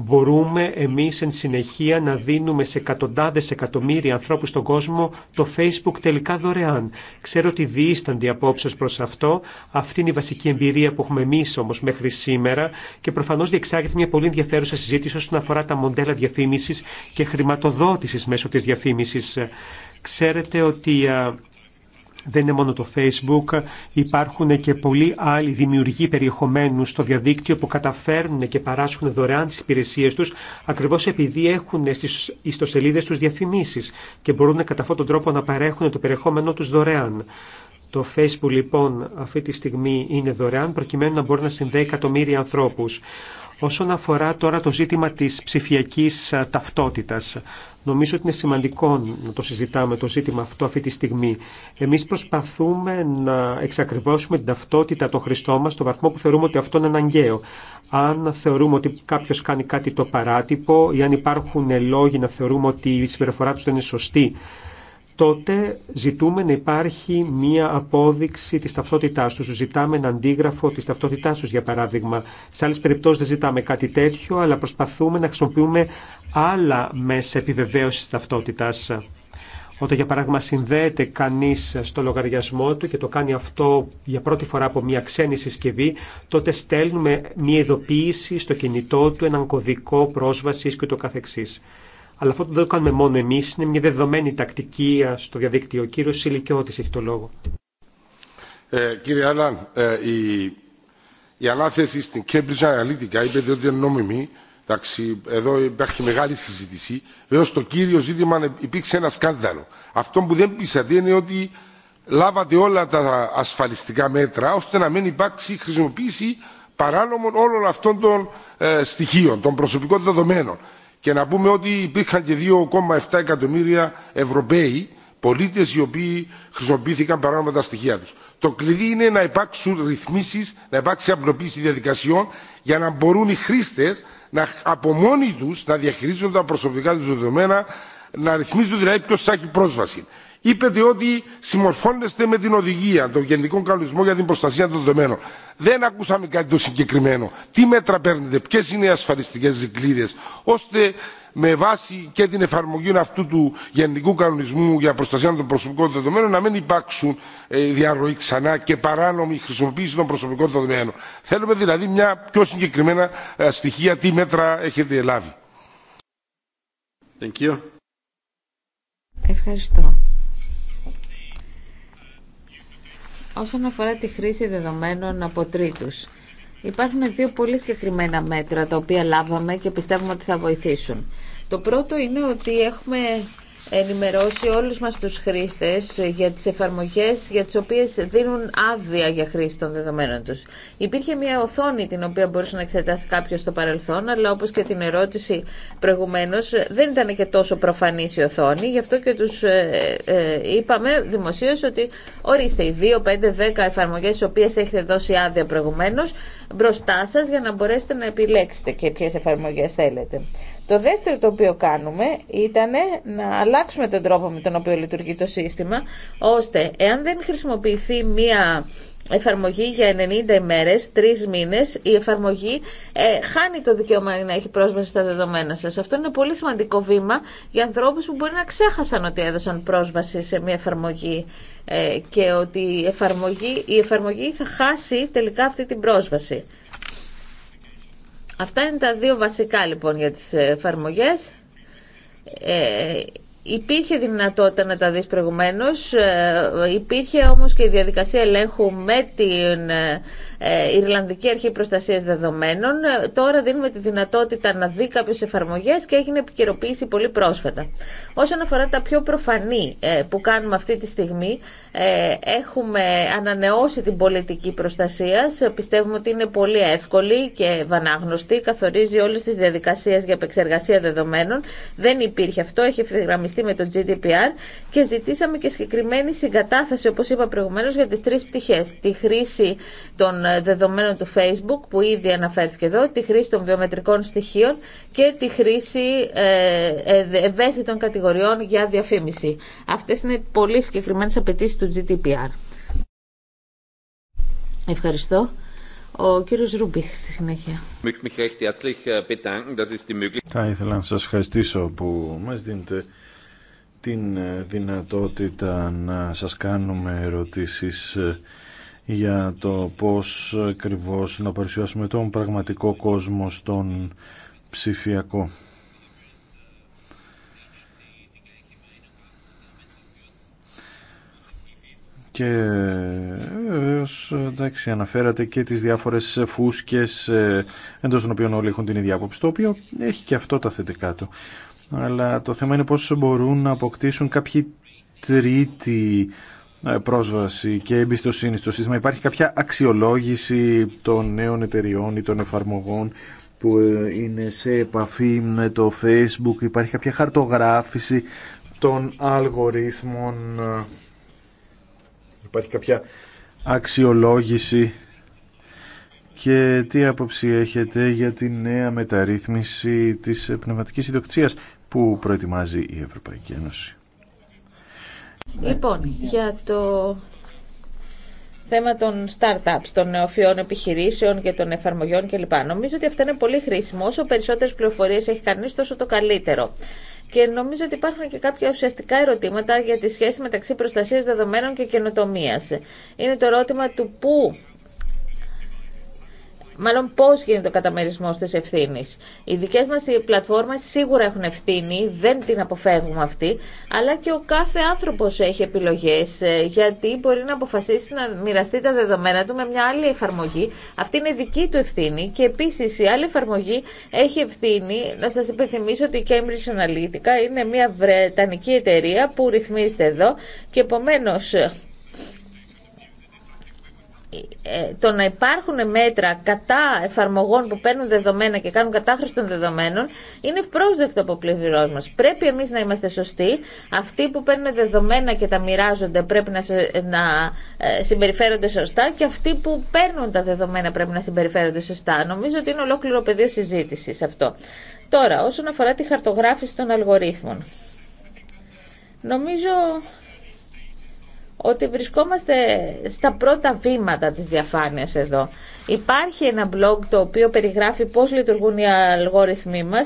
μπορούμε εμείς εν συνεχεία να δίνουμε σε εκατοντάδες εκατομμύρια ανθρώπους στον κόσμο το Facebook τελικά δωρεάν. Ξέρω ότι διήστανται απόψεως προς αυτό. Αυτή είναι η βασική εμπειρία που έχουμε εμείς όμως μέχρι σήμερα και προφανώς διεξάγεται μια πολύ ενδιαφέρουσα συζήτηση όσον αφορά τα μοντέλα διαφήμισης και χρηματοδότησης μέσω της διαφήμισης. Ξέρετε ότι α, δεν είναι μόνο το Facebook, υπάρχουν και πολλοί άλλοι δημιουργοί περιεχομένου στο διαδίκτυο που καταφέρνουν και παράσχουν δωρεάν τις υπηρεσίε τους ακριβώς επειδή έχουν στις ιστοσελίδες τους διαφημίσει και μπορούν κατά αυτόν τον τρόπο να παρέχουν το περιεχόμενό τους δωρεάν. Το Facebook λοιπόν αυτή τη στιγμή είναι δωρεάν προκειμένου να μπορεί να συνδέει εκατομμύρια ανθρώπους. Όσον αφορά τώρα το ζήτημα της ψηφιακής ταυτότητας, Νομίζω ότι είναι σημαντικό να το συζητάμε το ζήτημα αυτό αυτή τη στιγμή. Εμείς προσπαθούμε να εξακριβώσουμε την ταυτότητα των χριστό μας στο βαθμό που θεωρούμε ότι αυτό είναι αναγκαίο. Αν θεωρούμε ότι κάποιο κάνει κάτι το παράτυπο ή αν υπάρχουν λόγοι να θεωρούμε ότι η συμπεριφορά του δεν είναι σωστή τότε ζητούμε να υπάρχει μία απόδειξη της ταυτότητάς τους. Ζητάμε ένα αντίγραφο της ταυτότητάς τους, για παράδειγμα. Σε άλλες περιπτώσεις δεν ζητάμε κάτι τέτοιο, αλλά προσπαθούμε να χρησιμοποιούμε άλλα μέσα επιβεβαίωσης της ταυτότητάς. Όταν, για παράδειγμα, συνδέεται κανείς στο λογαριασμό του και το κάνει αυτό για πρώτη φορά από μια ξένη συσκευή, τότε στέλνουμε μια ειδοποίηση στο κινητό του, έναν κωδικό πρόσβασης και το καθεξής. Αλλά αυτό δεν το κάνουμε μόνο εμεί, είναι μια δεδομένη τακτική ε, στο διαδίκτυο. Ο κύριο Σιλικιώτη έχει το λόγο. Ε, κύριε Άλαν, ε, η, η ανάθεση στην Cambridge Analytica είπε ότι είναι νόμιμη. Εντάξει, εδώ υπάρχει μεγάλη συζήτηση. Βέβαια, στο κύριο ζήτημα υπήρξε ένα σκάνδαλο. Αυτό που δεν πείσατε είναι ότι λάβατε όλα τα ασφαλιστικά μέτρα ώστε να μην υπάρξει χρησιμοποίηση παράνομων όλων αυτών των ε, στοιχείων, των προσωπικών δεδομένων. Και να πούμε ότι υπήρχαν και 2,7 εκατομμύρια Ευρωπαίοι πολίτε οι οποίοι χρησιμοποιήθηκαν παράνομα τα στοιχεία του. Το κλειδί είναι να υπάρξουν ρυθμίσει, να υπάρξει απλοποίηση διαδικασιών για να μπορούν οι χρήστε να, από μόνοι του να διαχειρίζονται τα προσωπικά του δεδομένα, να ρυθμίζουν δηλαδή ποιο έχει πρόσβαση είπε ότι συμμορφώνεστε με την οδηγία, τον Γενικό Κανονισμό για την Προστασία των Δεδομένων. Δεν ακούσαμε κάτι το συγκεκριμένο. Τι μέτρα παίρνετε, ποιε είναι οι ασφαλιστικέ δικλείδε, ώστε με βάση και την εφαρμογή αυτού του Γενικού Κανονισμού για Προστασία των Προσωπικών Δεδομένων να μην υπάρξουν ε, διαρροή ξανά και παράνομη χρησιμοποίηση των προσωπικών δεδομένων. Θέλουμε δηλαδή μια πιο συγκεκριμένα ε, στοιχεία, τι μέτρα έχετε λάβει. Thank you. Ευχαριστώ. Όσον αφορά τη χρήση δεδομένων από τρίτους, υπάρχουν δύο πολύ συγκεκριμένα μέτρα τα οποία λάβαμε και πιστεύουμε ότι θα βοηθήσουν. Το πρώτο είναι ότι έχουμε ενημερώσει όλους μας τους χρήστες για τις εφαρμογές για τις οποίες δίνουν άδεια για χρήση των δεδομένων τους. Υπήρχε μια οθόνη την οποία μπορούσε να εξετάσει κάποιος στο παρελθόν, αλλά όπως και την ερώτηση προηγουμένως δεν ήταν και τόσο προφανής η οθόνη, γι' αυτό και τους ε, ε, είπαμε δημοσίως ότι ορίστε οι 2, 5, 10 εφαρμογές τις οποίες έχετε δώσει άδεια προηγουμένως μπροστά σας για να μπορέσετε να επιλέξετε και ποιες εφαρμογές θέλετε. Το δεύτερο το οποίο κάνουμε ήταν να αλλάξουμε τον τρόπο με τον οποίο λειτουργεί το σύστημα, ώστε εάν δεν χρησιμοποιηθεί μία εφαρμογή για 90 ημέρες, 3 μήνες, η εφαρμογή ε, χάνει το δικαίωμα να έχει πρόσβαση στα δεδομένα σας. Αυτό είναι πολύ σημαντικό βήμα για ανθρώπους που μπορεί να ξέχασαν ότι έδωσαν πρόσβαση σε μια εφαρμογή ε, και ότι η εφαρμογή, η εφαρμογή θα χάσει τελικά αυτή την πρόσβαση. Αυτά είναι τα δύο βασικά λοιπόν για τις εφαρμογέ. Ε, υπήρχε δυνατότητα να τα δεις προηγουμένως, ε, υπήρχε όμως και η διαδικασία ελέγχου με την ε, ε, Ιρλανδική Αρχή Προστασία Δεδομένων. Ε, τώρα δίνουμε τη δυνατότητα να δει κάποιε εφαρμογέ και έγινε επικαιροποίηση πολύ πρόσφατα. Όσον αφορά τα πιο προφανή ε, που κάνουμε αυτή τη στιγμή, έχουμε ανανεώσει την πολιτική προστασία. Πιστεύουμε ότι είναι πολύ εύκολη και βανάγνωστη. Καθορίζει όλε τι διαδικασίε για επεξεργασία δεδομένων. Δεν υπήρχε αυτό, έχει ευθυγραμμιστεί με το GDPR και ζητήσαμε και συγκεκριμένη συγκατάθεση, όπω είπα προηγουμένω, για τι τρει πτυχέ. Τη χρήση των ε, δεδομένων του Facebook που ήδη αναφέρθηκε εδώ, τη χρήση των βιομετρικών στοιχείων και τη χρήση ε, ε, ευαίσθητων κατηγοριών για διαφήμιση. Αυτές είναι πολύ συγκεκριμένες απαιτήσει του GDPR. Ευχαριστώ. Ο κύριος Ρούμπιχ στη συνέχεια. Θα ήθελα να σας ευχαριστήσω που μας δίνετε την δυνατότητα να σας κάνουμε ερωτήσεις για το πώς ακριβώ να παρουσιάσουμε τον πραγματικό κόσμο στον ψηφιακό. Και βεβαίως, εντάξει, αναφέρατε και τις διάφορες φούσκες ε, εντός των οποίων όλοι έχουν την ίδια άποψη, το οποίο έχει και αυτό τα θετικά του. Αλλά το θέμα είναι πώς μπορούν να αποκτήσουν κάποιοι τρίτη ε, πρόσβαση και εμπιστοσύνη στο σύστημα. Υπάρχει κάποια αξιολόγηση των νέων εταιριών ή των εφαρμογών που ε, είναι σε επαφή με το Facebook. Υπάρχει κάποια χαρτογράφηση των αλγορίθμων. Ε, υπάρχει κάποια αξιολόγηση. Και τι άποψη έχετε για τη νέα μεταρρύθμιση της πνευματικής ιδιοκτησίας που προετοιμάζει η Ευρωπαϊκή Ένωση. Ναι. Λοιπόν, για το θέμα των startups, των νεοφιών επιχειρήσεων και των εφαρμογιών κλπ. Νομίζω ότι αυτό είναι πολύ χρήσιμο. Όσο περισσότερες πληροφορίες έχει κανείς, τόσο το καλύτερο. Και νομίζω ότι υπάρχουν και κάποια ουσιαστικά ερωτήματα για τη σχέση μεταξύ προστασίας δεδομένων και καινοτομίας. Είναι το ερώτημα του πού μάλλον πώ γίνεται ο καταμερισμό τη ευθύνη. Οι δικέ μας οι πλατφόρμες σίγουρα έχουν ευθύνη, δεν την αποφεύγουμε αυτή, αλλά και ο κάθε άνθρωπος έχει επιλογές, ε, γιατί μπορεί να αποφασίσει να μοιραστεί τα δεδομένα του με μια άλλη εφαρμογή. Αυτή είναι δική του ευθύνη και επίσης η άλλη εφαρμογή έχει ευθύνη. Να σα υπενθυμίσω ότι η Cambridge Analytica είναι μια βρετανική εταιρεία που ρυθμίζεται εδώ και επομένω. Ε, το να υπάρχουν μέτρα κατά εφαρμογών που παίρνουν δεδομένα και κάνουν κατάχρηση των δεδομένων είναι πρόσδεκτο από πλευρό μα. Πρέπει εμεί να είμαστε σωστοί. Αυτοί που παίρνουν δεδομένα και τα μοιράζονται πρέπει να, να ε, συμπεριφέρονται σωστά και αυτοί που παίρνουν τα δεδομένα πρέπει να συμπεριφέρονται σωστά. Νομίζω ότι είναι ολόκληρο πεδίο συζήτηση αυτό. Τώρα, όσον αφορά τη χαρτογράφηση των αλγορίθμων. Νομίζω ότι βρισκόμαστε στα πρώτα βήματα της διαφάνειας εδώ. Υπάρχει ένα blog το οποίο περιγράφει πώ λειτουργούν οι αλγόριθμοί μα,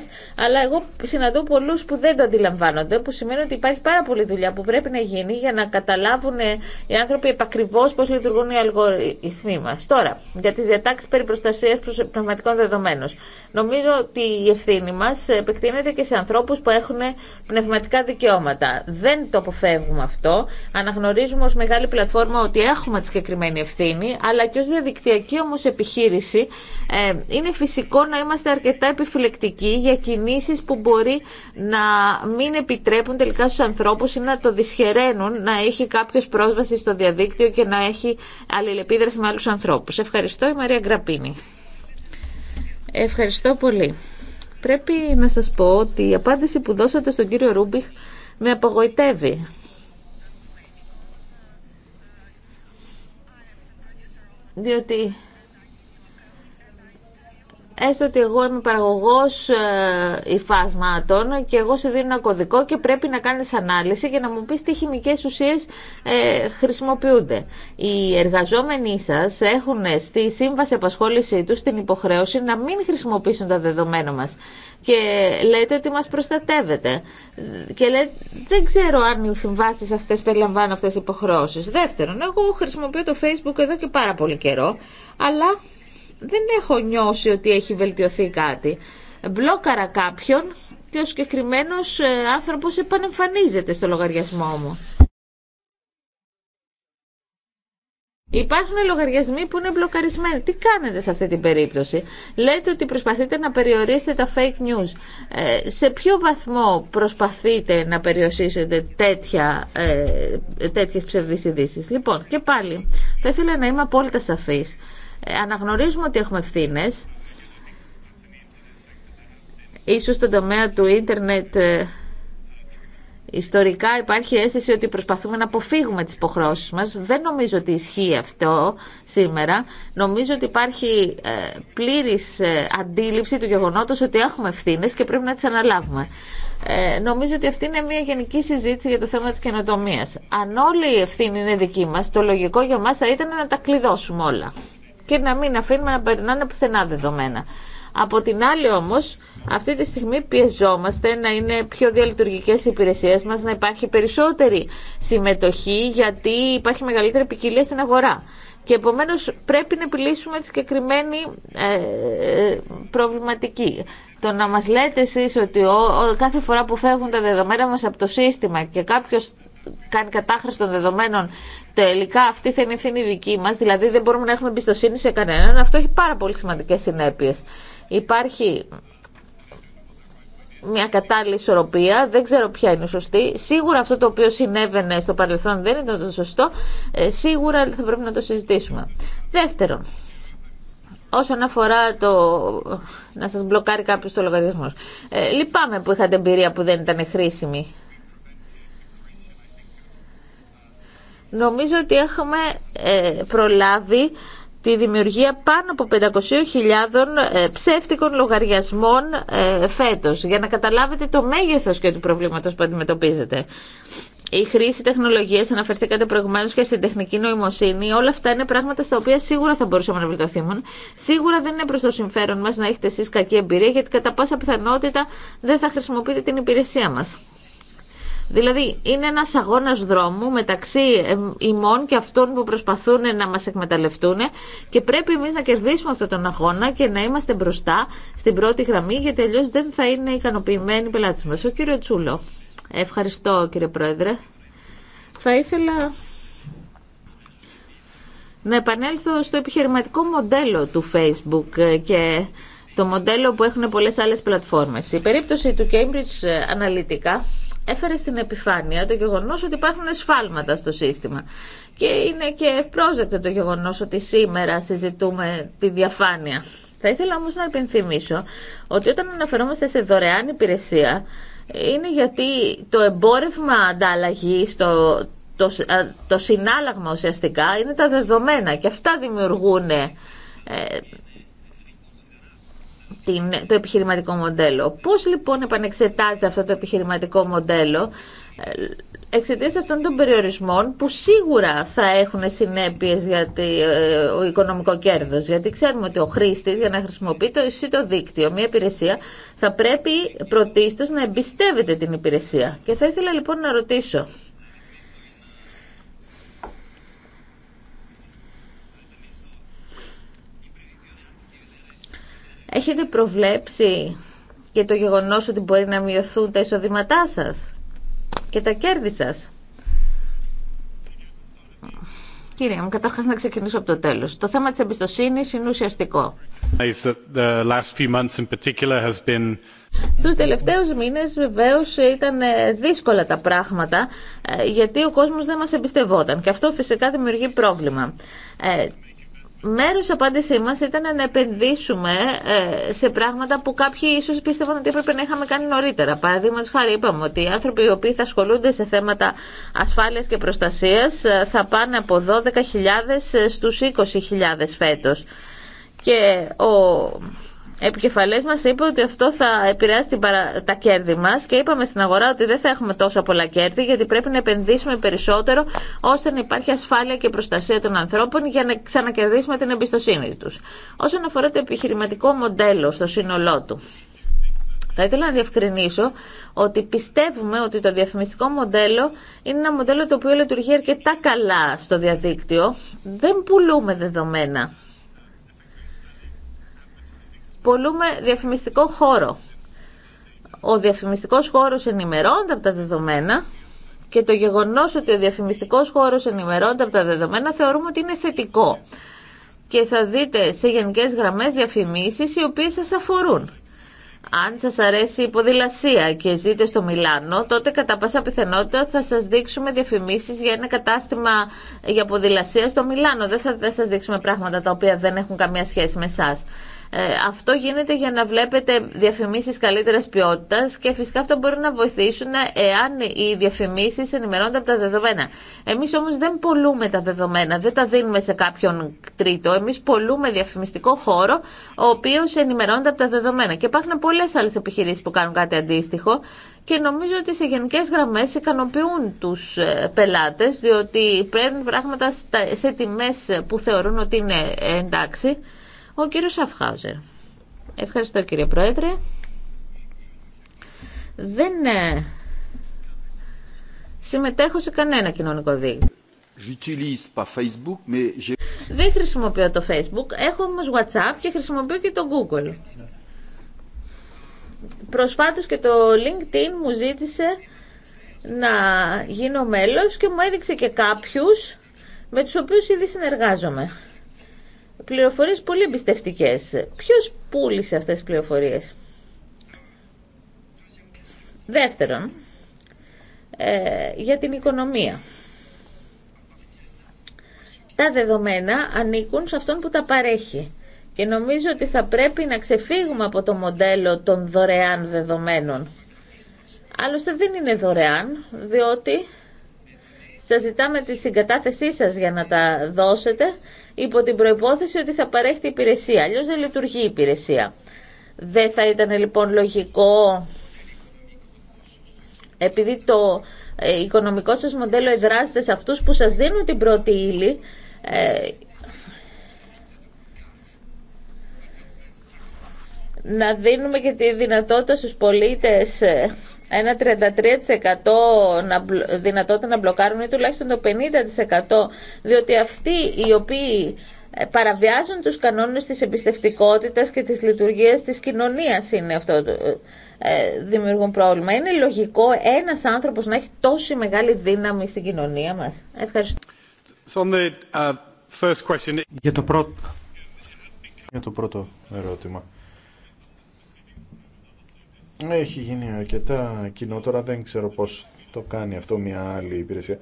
αλλά εγώ συναντώ πολλού που δεν το αντιλαμβάνονται, που σημαίνει ότι υπάρχει πάρα πολλή δουλειά που πρέπει να γίνει για να καταλάβουν οι άνθρωποι επακριβώ πώ λειτουργούν οι αλγόριθμοί μα. Τώρα, για τι διατάξει περί προστασίας πνευματικών δεδομένων. Νομίζω ότι η ευθύνη μα επεκτείνεται και σε ανθρώπου που έχουν πνευματικά δικαιώματα. Δεν το αποφεύγουμε αυτό. Αναγνωρίζουμε ω μεγάλη πλατφόρμα ότι έχουμε τη συγκεκριμένη ευθύνη, αλλά και ω διαδικτυακή επιχείρηση, ε, είναι φυσικό να είμαστε αρκετά επιφυλεκτικοί για κινήσεις που μπορεί να μην επιτρέπουν τελικά στους ανθρώπους ή να το δυσχεραίνουν να έχει κάποιο πρόσβαση στο διαδίκτυο και να έχει αλληλεπίδραση με άλλους ανθρώπους. Ευχαριστώ η Μαρία Γκραπίνη. Ευχαριστώ πολύ. Πρέπει να σας πω ότι η απάντηση που δώσατε στον κύριο Ρούμπιχ με απογοητεύει. Διότι έστω ότι εγώ είμαι παραγωγός ε, υφάσματων και εγώ σου δίνω ένα κωδικό και πρέπει να κάνεις ανάλυση για να μου πεις τι χημικές ουσίες ε, χρησιμοποιούνται. Οι εργαζόμενοι σας έχουν στη σύμβαση απασχόλησή τους την υποχρέωση να μην χρησιμοποιήσουν τα δεδομένα μας και λέτε ότι μας προστατεύετε. Και λέτε, δεν ξέρω αν οι συμβάσει αυτέ περιλαμβάνουν αυτέ τις υποχρεώσεις. Δεύτερον, εγώ χρησιμοποιώ το Facebook εδώ και πάρα πολύ καιρό, αλλά δεν έχω νιώσει ότι έχει βελτιωθεί κάτι. Μπλόκαρα κάποιον και ο συγκεκριμένο ε, άνθρωπος επανεμφανίζεται στο λογαριασμό μου. Υπάρχουν λογαριασμοί που είναι μπλοκαρισμένοι. Τι κάνετε σε αυτή την περίπτωση. Λέτε ότι προσπαθείτε να περιορίσετε τα fake news. Ε, σε ποιο βαθμό προσπαθείτε να περιορίσετε τέτοια, ε, τέτοιες ψευδείς Λοιπόν, και πάλι, θα ήθελα να είμαι απόλυτα σαφής. Ε, αναγνωρίζουμε ότι έχουμε ευθύνε. Ίσως στον τομέα του ίντερνετ ε, ιστορικά υπάρχει αίσθηση ότι προσπαθούμε να αποφύγουμε τις υποχρώσεις μας. Δεν νομίζω ότι ισχύει αυτό σήμερα. Νομίζω ότι υπάρχει ε, πλήρης αντίληψη του γεγονότος ότι έχουμε ευθύνε και πρέπει να τις αναλάβουμε. νομίζω ότι αυτή είναι μια γενική συζήτηση για το θέμα της καινοτομία. Αν όλη η ευθύνη είναι δική μας, το λογικό για μας θα ήταν να τα κλειδώσουμε όλα και να μην αφήνουμε να περνάνε πουθενά δεδομένα. Από την άλλη όμως, αυτή τη στιγμή πιεζόμαστε να είναι πιο διαλειτουργικές οι υπηρεσίες μας, να υπάρχει περισσότερη συμμετοχή γιατί υπάρχει μεγαλύτερη ποικιλία στην αγορά. Και επομένως πρέπει να επιλύσουμε τη συγκεκριμένη ε, προβληματική. Το να μας λέτε εσείς ότι κάθε φορά που φεύγουν τα δεδομένα μας από το σύστημα και κάποιος κάνει κατάχρηση των δεδομένων τελικά αυτή θα είναι η ευθύνη δική μας, δηλαδή δεν μπορούμε να έχουμε εμπιστοσύνη σε κανέναν, αυτό έχει πάρα πολύ σημαντικές συνέπειες. Υπάρχει μια κατάλληλη ισορροπία, δεν ξέρω ποια είναι σωστή. Σίγουρα αυτό το οποίο συνέβαινε στο παρελθόν δεν ήταν το σωστό, ε, σίγουρα θα πρέπει να το συζητήσουμε. Δεύτερον, όσον αφορά το να σας μπλοκάρει κάποιος το λογαριασμό. Ε, λυπάμαι που είχατε εμπειρία που δεν ήταν χρήσιμη. Νομίζω ότι έχουμε ε, προλάβει τη δημιουργία πάνω από 500.000 ε, ψεύτικων λογαριασμών ε, φέτος, για να καταλάβετε το μέγεθος και του προβλήματος που αντιμετωπίζετε. Η χρήση τεχνολογίας, αναφερθήκατε προηγουμένως και στην τεχνική νοημοσύνη, όλα αυτά είναι πράγματα στα οποία σίγουρα θα μπορούσαμε να βελτιωθούμε. Σίγουρα δεν είναι προς το συμφέρον μας να έχετε εσείς κακή εμπειρία, γιατί κατά πάσα πιθανότητα δεν θα χρησιμοποιείτε την υπηρεσία μα. Δηλαδή είναι ένας αγώνας δρόμου μεταξύ ημών και αυτών που προσπαθούν να μας εκμεταλλευτούν και πρέπει εμείς να κερδίσουμε αυτόν τον αγώνα και να είμαστε μπροστά στην πρώτη γραμμή γιατί αλλιώ δεν θα είναι ικανοποιημένοι οι πελάτες μας. Ο κύριο Τσούλο. Ευχαριστώ κύριε Πρόεδρε. Θα ήθελα να επανέλθω στο επιχειρηματικό μοντέλο του Facebook και το μοντέλο που έχουν πολλές άλλες πλατφόρμες. Η περίπτωση του Cambridge Analytica έφερε στην επιφάνεια το γεγονός ότι υπάρχουν εσφάλματα στο σύστημα. Και είναι και ευπρόσδεκτο το γεγονός ότι σήμερα συζητούμε τη διαφάνεια. Θα ήθελα όμως να υπενθυμίσω ότι όταν αναφερόμαστε σε δωρεάν υπηρεσία είναι γιατί το εμπόρευμα ανταλλαγή στο το, το συνάλλαγμα ουσιαστικά είναι τα δεδομένα και αυτά δημιουργούν ε, την, το επιχειρηματικό μοντέλο. Πώς λοιπόν επανεξετάζεται αυτό το επιχειρηματικό μοντέλο ε, εξαιτίας αυτών των περιορισμών που σίγουρα θα έχουν συνέπειες για το ε, οικονομικό κέρδος. Γιατί ξέρουμε ότι ο χρήστης για να χρησιμοποιεί το, το δίκτυο, μια υπηρεσία, θα πρέπει πρωτίστως να εμπιστεύεται την υπηρεσία. Και θα ήθελα λοιπόν να ρωτήσω, Έχετε προβλέψει και το γεγονός ότι μπορεί να μειωθούν τα εισοδήματά σας και τα κέρδη σας. Κύριε μου, καταρχάς να ξεκινήσω από το τέλος. Το θέμα της εμπιστοσύνης είναι ουσιαστικό. Στους τελευταίους μήνες βεβαίως ήταν ε, δύσκολα τα πράγματα ε, γιατί ο κόσμος δεν μας εμπιστευόταν και αυτό φυσικά δημιουργεί πρόβλημα. Ε, μέρος απάντησή μας ήταν να επενδύσουμε ε, σε πράγματα που κάποιοι ίσως πίστευαν ότι έπρεπε να είχαμε κάνει νωρίτερα. Παραδείγματος χάρη είπαμε ότι οι άνθρωποι οι οποίοι θα ασχολούνται σε θέματα ασφάλειας και προστασίας ε, θα πάνε από 12.000 ε, στους 20.000 φέτος. Και ο επικεφαλές μας είπε ότι αυτό θα επηρεάσει την τα κέρδη μας και είπαμε στην αγορά ότι δεν θα έχουμε τόσο πολλά κέρδη γιατί πρέπει να επενδύσουμε περισσότερο ώστε να υπάρχει ασφάλεια και προστασία των ανθρώπων για να ξανακερδίσουμε την εμπιστοσύνη τους. Όσον αφορά το επιχειρηματικό μοντέλο στο σύνολό του, θα ήθελα να διευκρινίσω ότι πιστεύουμε ότι το διαφημιστικό μοντέλο είναι ένα μοντέλο το οποίο λειτουργεί αρκετά καλά στο διαδίκτυο. Δεν πουλούμε δεδομένα πολλούμε διαφημιστικό χώρο. Ο διαφημιστικός χώρος ενημερώνεται από τα δεδομένα και το γεγονός ότι ο διαφημιστικός χώρος ενημερώνεται από τα δεδομένα θεωρούμε ότι είναι θετικό. Και θα δείτε σε γενικές γραμμές διαφημίσεις οι οποίες σας αφορούν. Αν σας αρέσει η ποδηλασία και ζείτε στο Μιλάνο, τότε κατά πάσα πιθανότητα θα σας δείξουμε διαφημίσεις για ένα κατάστημα για ποδηλασία στο Μιλάνο. Δεν θα δεν σας δείξουμε πράγματα τα οποία δεν έχουν καμία σχέση με εσά. Ε, αυτό γίνεται για να βλέπετε διαφημίσεις καλύτερας ποιότητας και φυσικά αυτό μπορεί να βοηθήσουν εάν οι διαφημίσεις ενημερώνονται από τα δεδομένα. Εμείς όμως δεν πολλούμε τα δεδομένα, δεν τα δίνουμε σε κάποιον τρίτο. Εμείς πολλούμε διαφημιστικό χώρο ο οποίος ενημερώνεται από τα δεδομένα. Και υπάρχουν πολλές άλλες επιχειρήσεις που κάνουν κάτι αντίστοιχο και νομίζω ότι σε γενικέ γραμμέ ικανοποιούν τους ε, πελάτε, διότι παίρνουν πράγματα σε τιμέ που θεωρούν ότι είναι ε, εντάξει. Ο κύριο αφχάζερ. Ευχαριστώ κύριε Πρόεδρε. Δεν ε, συμμετέχω σε κανένα κοινωνικό δίκτυο. Δεν χρησιμοποιώ το Facebook, έχω όμως WhatsApp και χρησιμοποιώ και το Google. Προσφάτως και το LinkedIn μου ζήτησε να γίνω μέλος και μου έδειξε και κάποιους με τους οποίους ήδη συνεργάζομαι πληροφορίες πολύ εμπιστευτικέ. Ποιος πούλησε αυτές τις πληροφορίες. Δεύτερον, ε, για την οικονομία. Τα δεδομένα ανήκουν σε αυτόν που τα παρέχει. Και νομίζω ότι θα πρέπει να ξεφύγουμε από το μοντέλο των δωρεάν δεδομένων. Άλλωστε δεν είναι δωρεάν, διότι σας ζητάμε τη συγκατάθεσή σας για να τα δώσετε υπό την προϋπόθεση ότι θα παρέχεται υπηρεσία. Αλλιώς δεν λειτουργεί η υπηρεσία. Δεν θα ήταν λοιπόν λογικό, επειδή το ε, οικονομικό σας μοντέλο εδράζεται σε αυτούς που σας δίνουν την πρώτη ύλη, ε, να δίνουμε και τη δυνατότητα στους πολίτες ε, ένα 33% δυνατότητα να μπλοκάρουν ή τουλάχιστον το 50% διότι αυτοί οι οποίοι ε, παραβιάζουν τους κανόνες της εμπιστευτικότητας και της λειτουργίας της κοινωνίας είναι αυτό ε, δημιουργούν πρόβλημα. Είναι λογικό ένας άνθρωπος να έχει τόση μεγάλη δύναμη στην κοινωνία μας. Ευχαριστώ. Uh, για το πρώτο, για το πρώτο ερώτημα. Έχει γίνει αρκετά κοινό, τώρα δεν ξέρω πώς το κάνει αυτό μια άλλη υπηρεσία.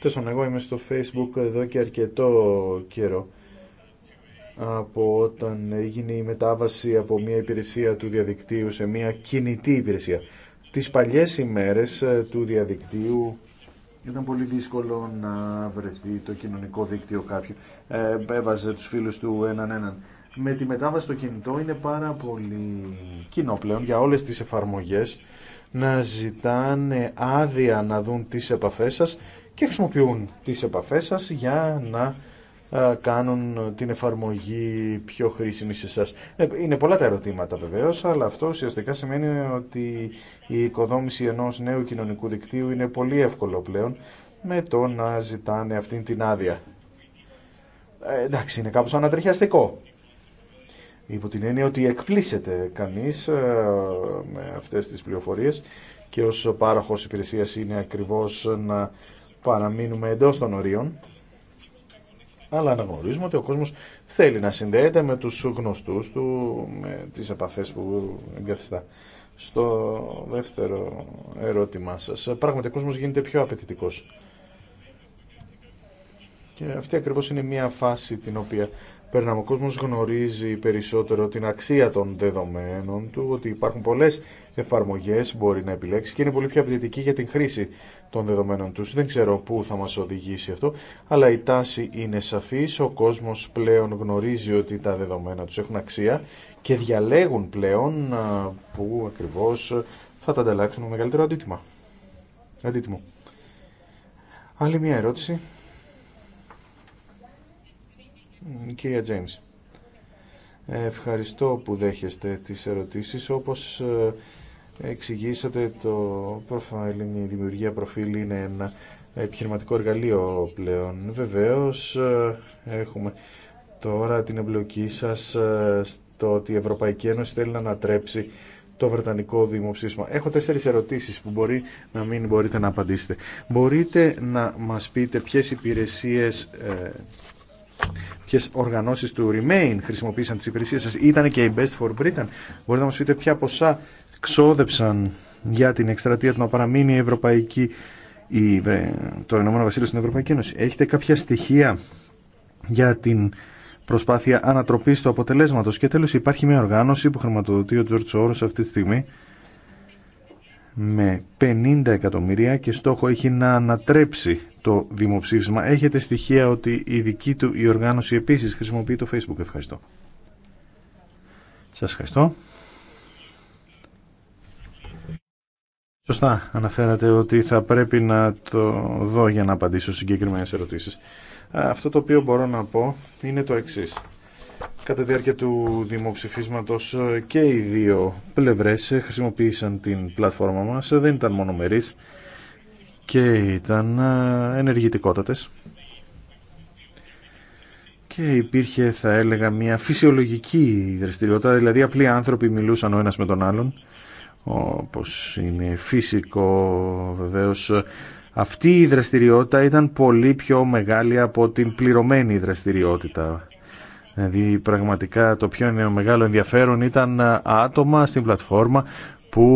Τόσο εγώ είμαι στο facebook εδώ και αρκετό καιρό από όταν έγινε η μετάβαση από μια υπηρεσία του διαδικτύου σε μια κινητή υπηρεσία. Τις παλιές ημέρες ε, του διαδικτύου ήταν πολύ δύσκολο να βρεθεί το κοινωνικό δίκτυο κάποιου. Ε, έβαζε τους φίλους του έναν έναν με τη μετάβαση στο κινητό είναι πάρα πολύ κοινό πλέον για όλες τις εφαρμογές να ζητάνε άδεια να δουν τις επαφές σας και χρησιμοποιούν τις επαφές σας για να κάνουν την εφαρμογή πιο χρήσιμη σε εσάς. Ε, είναι πολλά τα ερωτήματα βεβαίως, αλλά αυτό ουσιαστικά σημαίνει ότι η οικοδόμηση ενός νέου κοινωνικού δικτύου είναι πολύ εύκολο πλέον με το να ζητάνε αυτήν την άδεια. Ε, εντάξει, είναι κάπως ανατριχιαστικό υπό την έννοια ότι εκπλήσεται κανείς ε, με αυτές τις πληροφορίες και ως πάροχος υπηρεσίας είναι ακριβώς να παραμείνουμε εντός των ορίων αλλά αναγνωρίζουμε ότι ο κόσμος θέλει να συνδέεται με τους γνωστούς του, με τις επαφές που εγκαθιστά. Στο δεύτερο ερώτημά σας, πράγματι ο κόσμος γίνεται πιο απαιτητικός. Και αυτή ακριβώς είναι μια φάση την οποία περνάμε. Ο κόσμος γνωρίζει περισσότερο την αξία των δεδομένων του, ότι υπάρχουν πολλές εφαρμογές που μπορεί να επιλέξει και είναι πολύ πιο απαιτητική για την χρήση των δεδομένων τους. Δεν ξέρω πού θα μας οδηγήσει αυτό, αλλά η τάση είναι σαφής. Ο κόσμος πλέον γνωρίζει ότι τα δεδομένα τους έχουν αξία και διαλέγουν πλέον που ακριβώς θα τα ανταλλάξουν με μεγαλύτερο αντίτιμο. Άλλη μια ερώτηση Κυρία Τζέιμς, ευχαριστώ που δέχεστε τις ερωτήσεις. Όπως ε, εξηγήσατε, το προφίλ, η δημιουργία προφίλ είναι ένα επιχειρηματικό εργαλείο πλέον. Βεβαίως, ε, έχουμε τώρα την εμπλοκή σας ε, στο ότι η Ευρωπαϊκή Ένωση θέλει να ανατρέψει το Βρετανικό Δημοψήφισμα. Έχω τέσσερις ερωτήσεις που μπορεί να μην μπορείτε να απαντήσετε. Μπορείτε να μας πείτε ποιες υπηρεσίες ποιε οργανώσει του Remain χρησιμοποίησαν τι υπηρεσίε σα. Ήταν και η Best for Britain. Μπορείτε να μα πείτε ποια ποσά ξόδεψαν για την εκστρατεία του να παραμείνει η Ευρωπαϊκή, η, το Ηνωμένο Βασίλειο στην Ευρωπαϊκή Ένωση. Έχετε κάποια στοιχεία για την προσπάθεια ανατροπή του αποτελέσματο. Και τέλο, υπάρχει μια οργάνωση που χρηματοδοτεί ο Τζορτ Σόρο αυτή τη στιγμή με 50 εκατομμύρια και στόχο έχει να ανατρέψει το δημοψήφισμα. Έχετε στοιχεία ότι η δική του η οργάνωση επίσης χρησιμοποιεί το Facebook. Ευχαριστώ. Σας ευχαριστώ. Σωστά αναφέρατε ότι θα πρέπει να το δω για να απαντήσω συγκεκριμένες ερωτήσεις. Αυτό το οποίο μπορώ να πω είναι το εξής. Κατά τη διάρκεια του δημοψηφίσματος ε, και οι δύο πλευρές ε, χρησιμοποίησαν την πλατφόρμα μας. Ε, δεν ήταν μονομερής και ήταν ενεργητικότατες και υπήρχε θα έλεγα μια φυσιολογική δραστηριότητα δηλαδή απλοί άνθρωποι μιλούσαν ο ένας με τον άλλον όπως είναι φυσικό βεβαίως αυτή η δραστηριότητα ήταν πολύ πιο μεγάλη από την πληρωμένη δραστηριότητα δηλαδή πραγματικά το πιο μεγάλο ενδιαφέρον ήταν άτομα στην πλατφόρμα που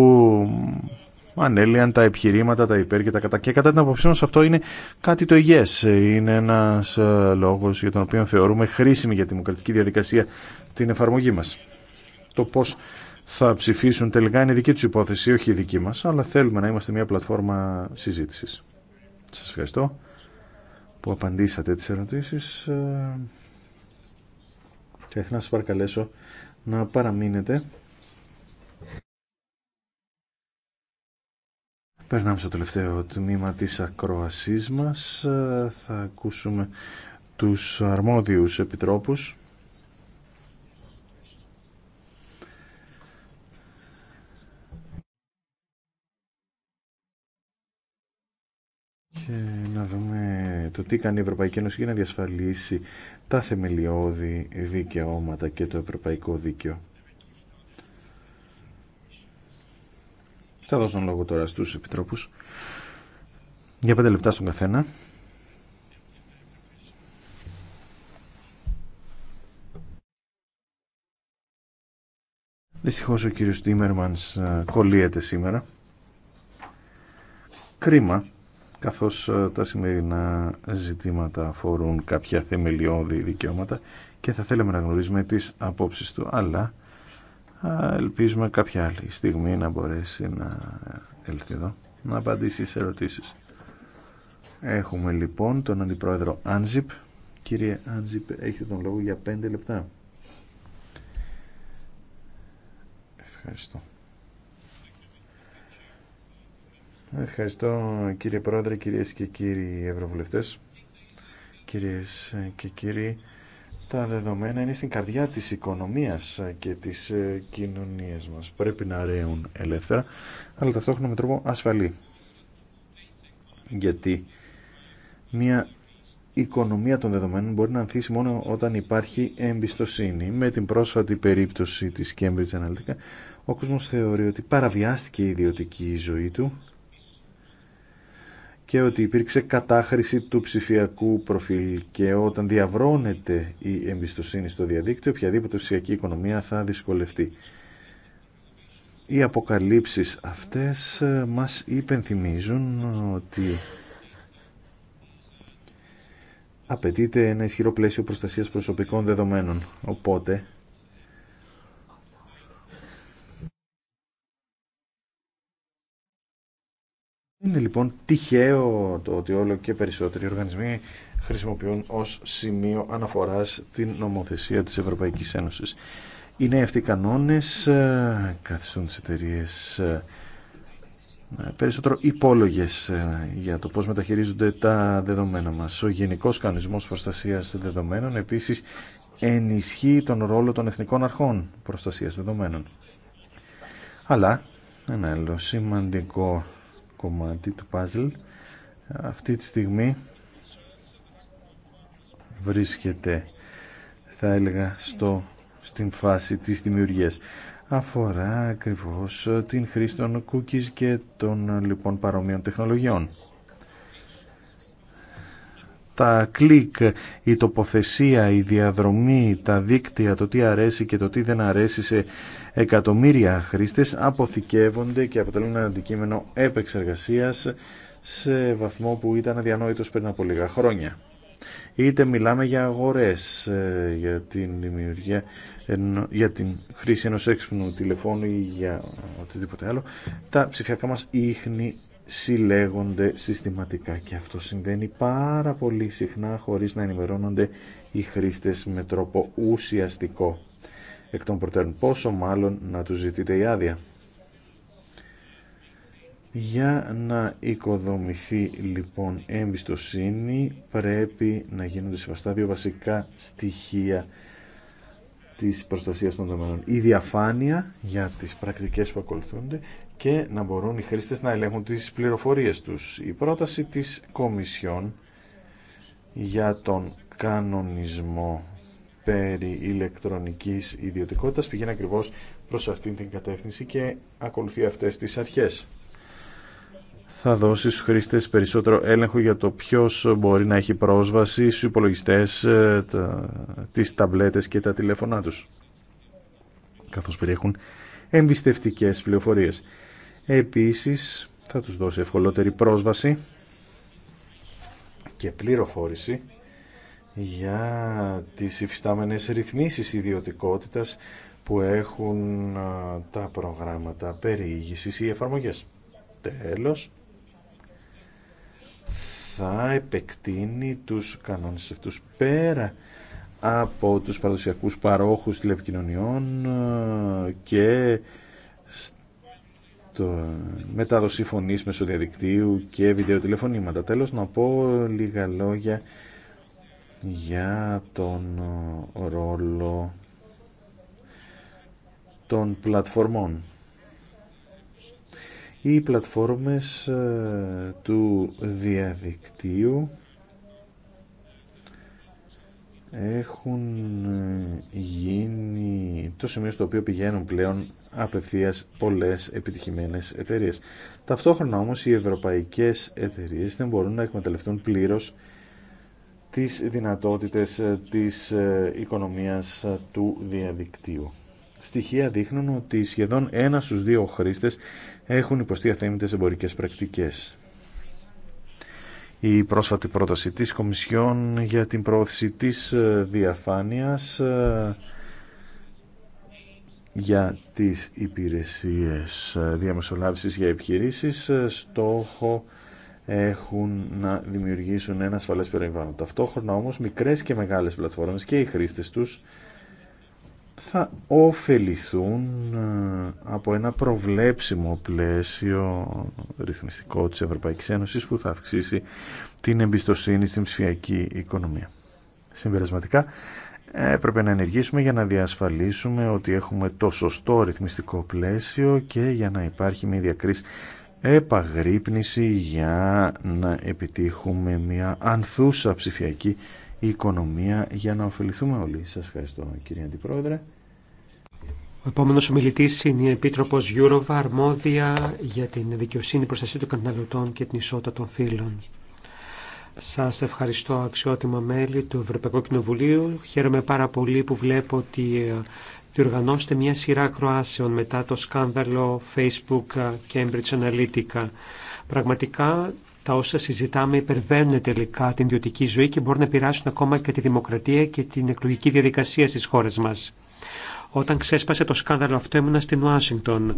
ανέλυαν τα επιχειρήματα, τα υπέρ και τα κατά. Και κατά την αποψή μας αυτό είναι κάτι το υγιές. Είναι ένας ε, λόγος για τον οποίο θεωρούμε χρήσιμη για τη δημοκρατική διαδικασία την εφαρμογή μας. Το πώς θα ψηφίσουν τελικά είναι δική τους υπόθεση, όχι η δική μας, αλλά θέλουμε να είμαστε μια πλατφόρμα συζήτησης. Σας ευχαριστώ που απαντήσατε τις ερωτήσεις. Ε. Θα ήθελα να σας παρακαλέσω να παραμείνετε Περνάμε στο τελευταίο τμήμα της ακροασής μας. Θα ακούσουμε τους αρμόδιους επιτρόπους. Και να δούμε το τι κάνει η Ευρωπαϊκή Ένωση για να διασφαλίσει τα θεμελιώδη δικαιώματα και το ευρωπαϊκό δίκαιο. Θα δώσω τον λόγο τώρα στους επιτρόπους. Για πέντε λεπτά στον καθένα. Δυστυχώ ο κύριος Τίμερμανς ε, κολλείεται σήμερα. Κρίμα, καθώς ε, τα σημερινά ζητήματα αφορούν κάποια θεμελιώδη δικαιώματα και θα θέλαμε να γνωρίζουμε τις απόψεις του, αλλά Ελπίζουμε κάποια άλλη στιγμή να μπορέσει να έλθει εδώ να απαντήσει σε ερωτήσεις. Έχουμε λοιπόν τον Αντιπρόεδρο Άνζιπ. Κύριε Άνζιπ, έχετε τον λόγο για πέντε λεπτά. Ευχαριστώ. Ευχαριστώ κύριε Πρόεδρε, κυρίες και κύριοι Ευρωβουλευτές, κυρίες και κύριοι τα δεδομένα είναι στην καρδιά της οικονομίας και της ε, κοινωνίας μας. Πρέπει να ρέουν ελεύθερα, αλλά ταυτόχρονα με τρόπο ασφαλή. Γιατί μια οικονομία των δεδομένων μπορεί να ανθίσει μόνο όταν υπάρχει εμπιστοσύνη. Με την πρόσφατη περίπτωση της Cambridge Analytica, ο κόσμος θεωρεί ότι παραβιάστηκε η ιδιωτική ζωή του και ότι υπήρξε κατάχρηση του ψηφιακού προφίλ και όταν διαβρώνεται η εμπιστοσύνη στο διαδίκτυο οποιαδήποτε ψηφιακή οικονομία θα δυσκολευτεί. Οι αποκαλύψεις αυτές ε, μας υπενθυμίζουν ότι απαιτείται ένα ισχυρό πλαίσιο προστασίας προσωπικών δεδομένων. Οπότε Είναι λοιπόν τυχαίο το ότι όλο και περισσότεροι οργανισμοί χρησιμοποιούν ως σημείο αναφοράς την νομοθεσία της Ευρωπαϊκής Ένωσης. Είναι αυτοί οι κανόνες ε, καθιστούν τις εταιρείε ε, ε, περισσότερο υπόλογες για το πώς μεταχειρίζονται τα δεδομένα μας. Ο Γενικός Κανονισμός Προστασίας Δεδομένων επίσης ενισχύει τον ρόλο των Εθνικών Αρχών Προστασίας Δεδομένων. Αλλά ένα άλλο σημαντικό κομμάτι του παζλ. Αυτή τη στιγμή βρίσκεται, θα έλεγα, στο, στην φάση της δημιουργίας. Αφορά ακριβώς την χρήση των cookies και των λοιπόν παρομοίων τεχνολογιών. Τα κλικ, η τοποθεσία, η διαδρομή, τα δίκτυα, το τι αρέσει και το τι δεν αρέσει σε εκατομμύρια χρήστες αποθηκεύονται και αποτελούν ένα αντικείμενο επεξεργασίας σε βαθμό που ήταν αδιανόητος πριν από λίγα χρόνια. Είτε μιλάμε για αγορές, ε, για την δημιουργία, για την χρήση ενός έξυπνου τηλεφώνου ή για οτιδήποτε άλλο, τα ψηφιακά μας ίχνη συλλέγονται συστηματικά και αυτό συμβαίνει πάρα πολύ συχνά χωρίς να ενημερώνονται οι χρήστες με τρόπο ουσιαστικό εκ των προτέρων. Πόσο μάλλον να του ζητείτε η άδεια. Για να οικοδομηθεί λοιπόν εμπιστοσύνη πρέπει να γίνονται σεβαστά δύο βασικά στοιχεία της προστασίας των δεδομένων. Η διαφάνεια για τις πρακτικές που ακολουθούνται και να μπορούν οι χρήστες να ελέγχουν τις πληροφορίες τους. Η πρόταση της Κομισιόν για τον κανονισμό περί ηλεκτρονικής ιδιωτικότητας πηγαίνει ακριβώς προς αυτήν την κατεύθυνση και ακολουθεί αυτές τις αρχές. Θα δώσει στους χρήστες περισσότερο έλεγχο για το ποιος μπορεί να έχει πρόσβαση στους υπολογιστές, ε, τα, τις ταμπλέτες και τα τηλέφωνά τους, καθώς περιέχουν εμπιστευτικές πληροφορίες. Επίσης, θα τους δώσει ευκολότερη πρόσβαση και πληροφόρηση για τις υφιστάμενες ρυθμίσεις ιδιωτικότητας που έχουν τα προγράμματα περιήγησης ή εφαρμογές. Τέλος, θα επεκτείνει τους κανόνες αυτούς πέρα από τους παραδοσιακούς παρόχους τηλεπικοινωνιών και το μετάδοση φωνής μέσω διαδικτύου και βιντεοτηλεφωνήματα. Τέλος, να πω λίγα λόγια για τον ε, ρόλο των πλατφορμών. Οι πλατφόρμες ε, του διαδικτύου έχουν ε, γίνει το σημείο στο οποίο πηγαίνουν πλέον απευθείας πολλές επιτυχημένες εταιρείες. Ταυτόχρονα όμως οι ευρωπαϊκές εταιρείες δεν μπορούν να εκμεταλλευτούν πλήρως τις δυνατότητες ε, της ε, οικονομίας ε, του διαδικτύου. Στοιχεία δείχνουν ότι σχεδόν ένα στους δύο χρήστες έχουν υποστεί αθέμητες εμπορικές πρακτικές. Η πρόσφατη πρόταση της Κομισιόν για την πρόθεση της διαφάνειας για τις υπηρεσίες διαμεσολάβησης για επιχειρήσεις στόχο έχουν να δημιουργήσουν ένα ασφαλές περιβάλλον. Ταυτόχρονα όμως μικρές και μεγάλες πλατφόρμες και οι χρήστες τους θα ωφεληθούν ε, από ένα προβλέψιμο πλαίσιο ρυθμιστικό της Ευρωπαϊκής Ένωσης που θα αυξήσει την εμπιστοσύνη στην ψηφιακή οικονομία. Συμπερασματικά, έπρεπε να ενεργήσουμε για να διασφαλίσουμε ότι έχουμε το σωστό ρυθμιστικό πλαίσιο και για να υπάρχει μια διακρίση επαγρύπνηση για να επιτύχουμε μια ανθούσα ψηφιακή οικονομία για να ωφεληθούμε όλοι. Σας ευχαριστώ κύριε Αντιπρόεδρε. Ο επόμενος ομιλητής είναι η Επίτροπος Γιούροβα, αρμόδια για την δικαιοσύνη, προστασία των καταναλωτών και την ισότητα των φύλων. Σας ευχαριστώ αξιότιμα μέλη του Ευρωπαϊκού Κοινοβουλίου. Χαίρομαι πάρα πολύ που βλέπω ότι ε, Διοργανώστε μια σειρά Κροάσεων μετά το σκάνδαλο Facebook Cambridge Analytica. Πραγματικά τα όσα συζητάμε υπερβαίνουν τελικά την ιδιωτική ζωή και μπορούν να πειράσουν ακόμα και τη δημοκρατία και την εκλογική διαδικασία στις χώρες μας. Όταν ξέσπασε το σκάνδαλο αυτό ήμουνα στην Ουάσιγκτον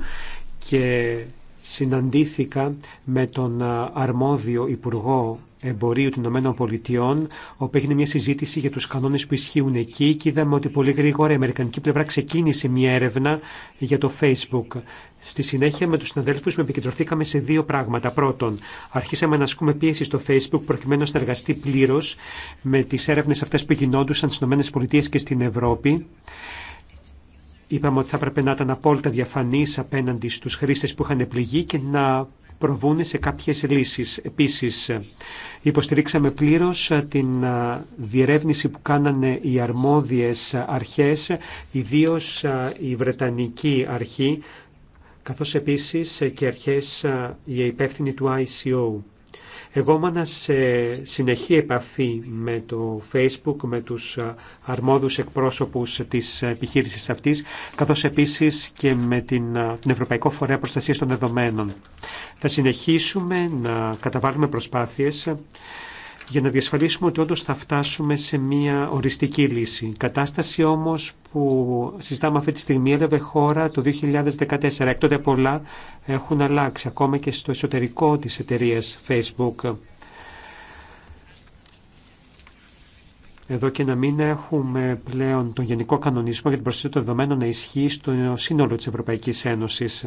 και συναντήθηκα με τον αρμόδιο Υπουργό Εμπορίου των Ηνωμένων Πολιτειών, όπου έγινε μια συζήτηση για τους κανόνες που ισχύουν εκεί και είδαμε ότι πολύ γρήγορα η Αμερικανική πλευρά ξεκίνησε μια έρευνα για το Facebook. Στη συνέχεια με τους συναδέλφους με επικεντρωθήκαμε σε δύο πράγματα. Πρώτον, αρχίσαμε να ασκούμε πίεση στο Facebook προκειμένου να συνεργαστεί πλήρω με τις έρευνες αυτές που γινόντουσαν στις ΗΠΑ και στην Ευρώπη Είπαμε ότι θα έπρεπε να ήταν απόλυτα απέναντι στους χρήστες που είχαν πληγεί και να προβούν σε κάποιες λύσεις. Επίσης, υποστηρίξαμε πλήρως την διερεύνηση που κάνανε οι αρμόδιες αρχές, ιδίως η Βρετανική αρχή, καθώς επίσης και αρχές οι υπεύθυνοι του ICO. Εγώ ήμουν σε συνεχή επαφή με το Facebook, με τους αρμόδους εκπρόσωπους της επιχείρησης αυτής, καθώς επίσης και με την, την Ευρωπαϊκό Φορέα Προστασίας των Δεδομένων. Θα συνεχίσουμε να καταβάλουμε προσπάθειες για να διασφαλίσουμε ότι όντω θα φτάσουμε σε μια οριστική λύση. Η κατάσταση όμως που συζητάμε αυτή τη στιγμή έλαβε χώρα το 2014. Έκτοτε πολλά έχουν αλλάξει, ακόμα και στο εσωτερικό τη εταιρεία Facebook. Εδώ και να μην έχουμε πλέον τον Γενικό Κανονισμό για την Προστασία των Δεδομένων να ισχύει στο σύνολο της Ευρωπαϊκής Ένωσης.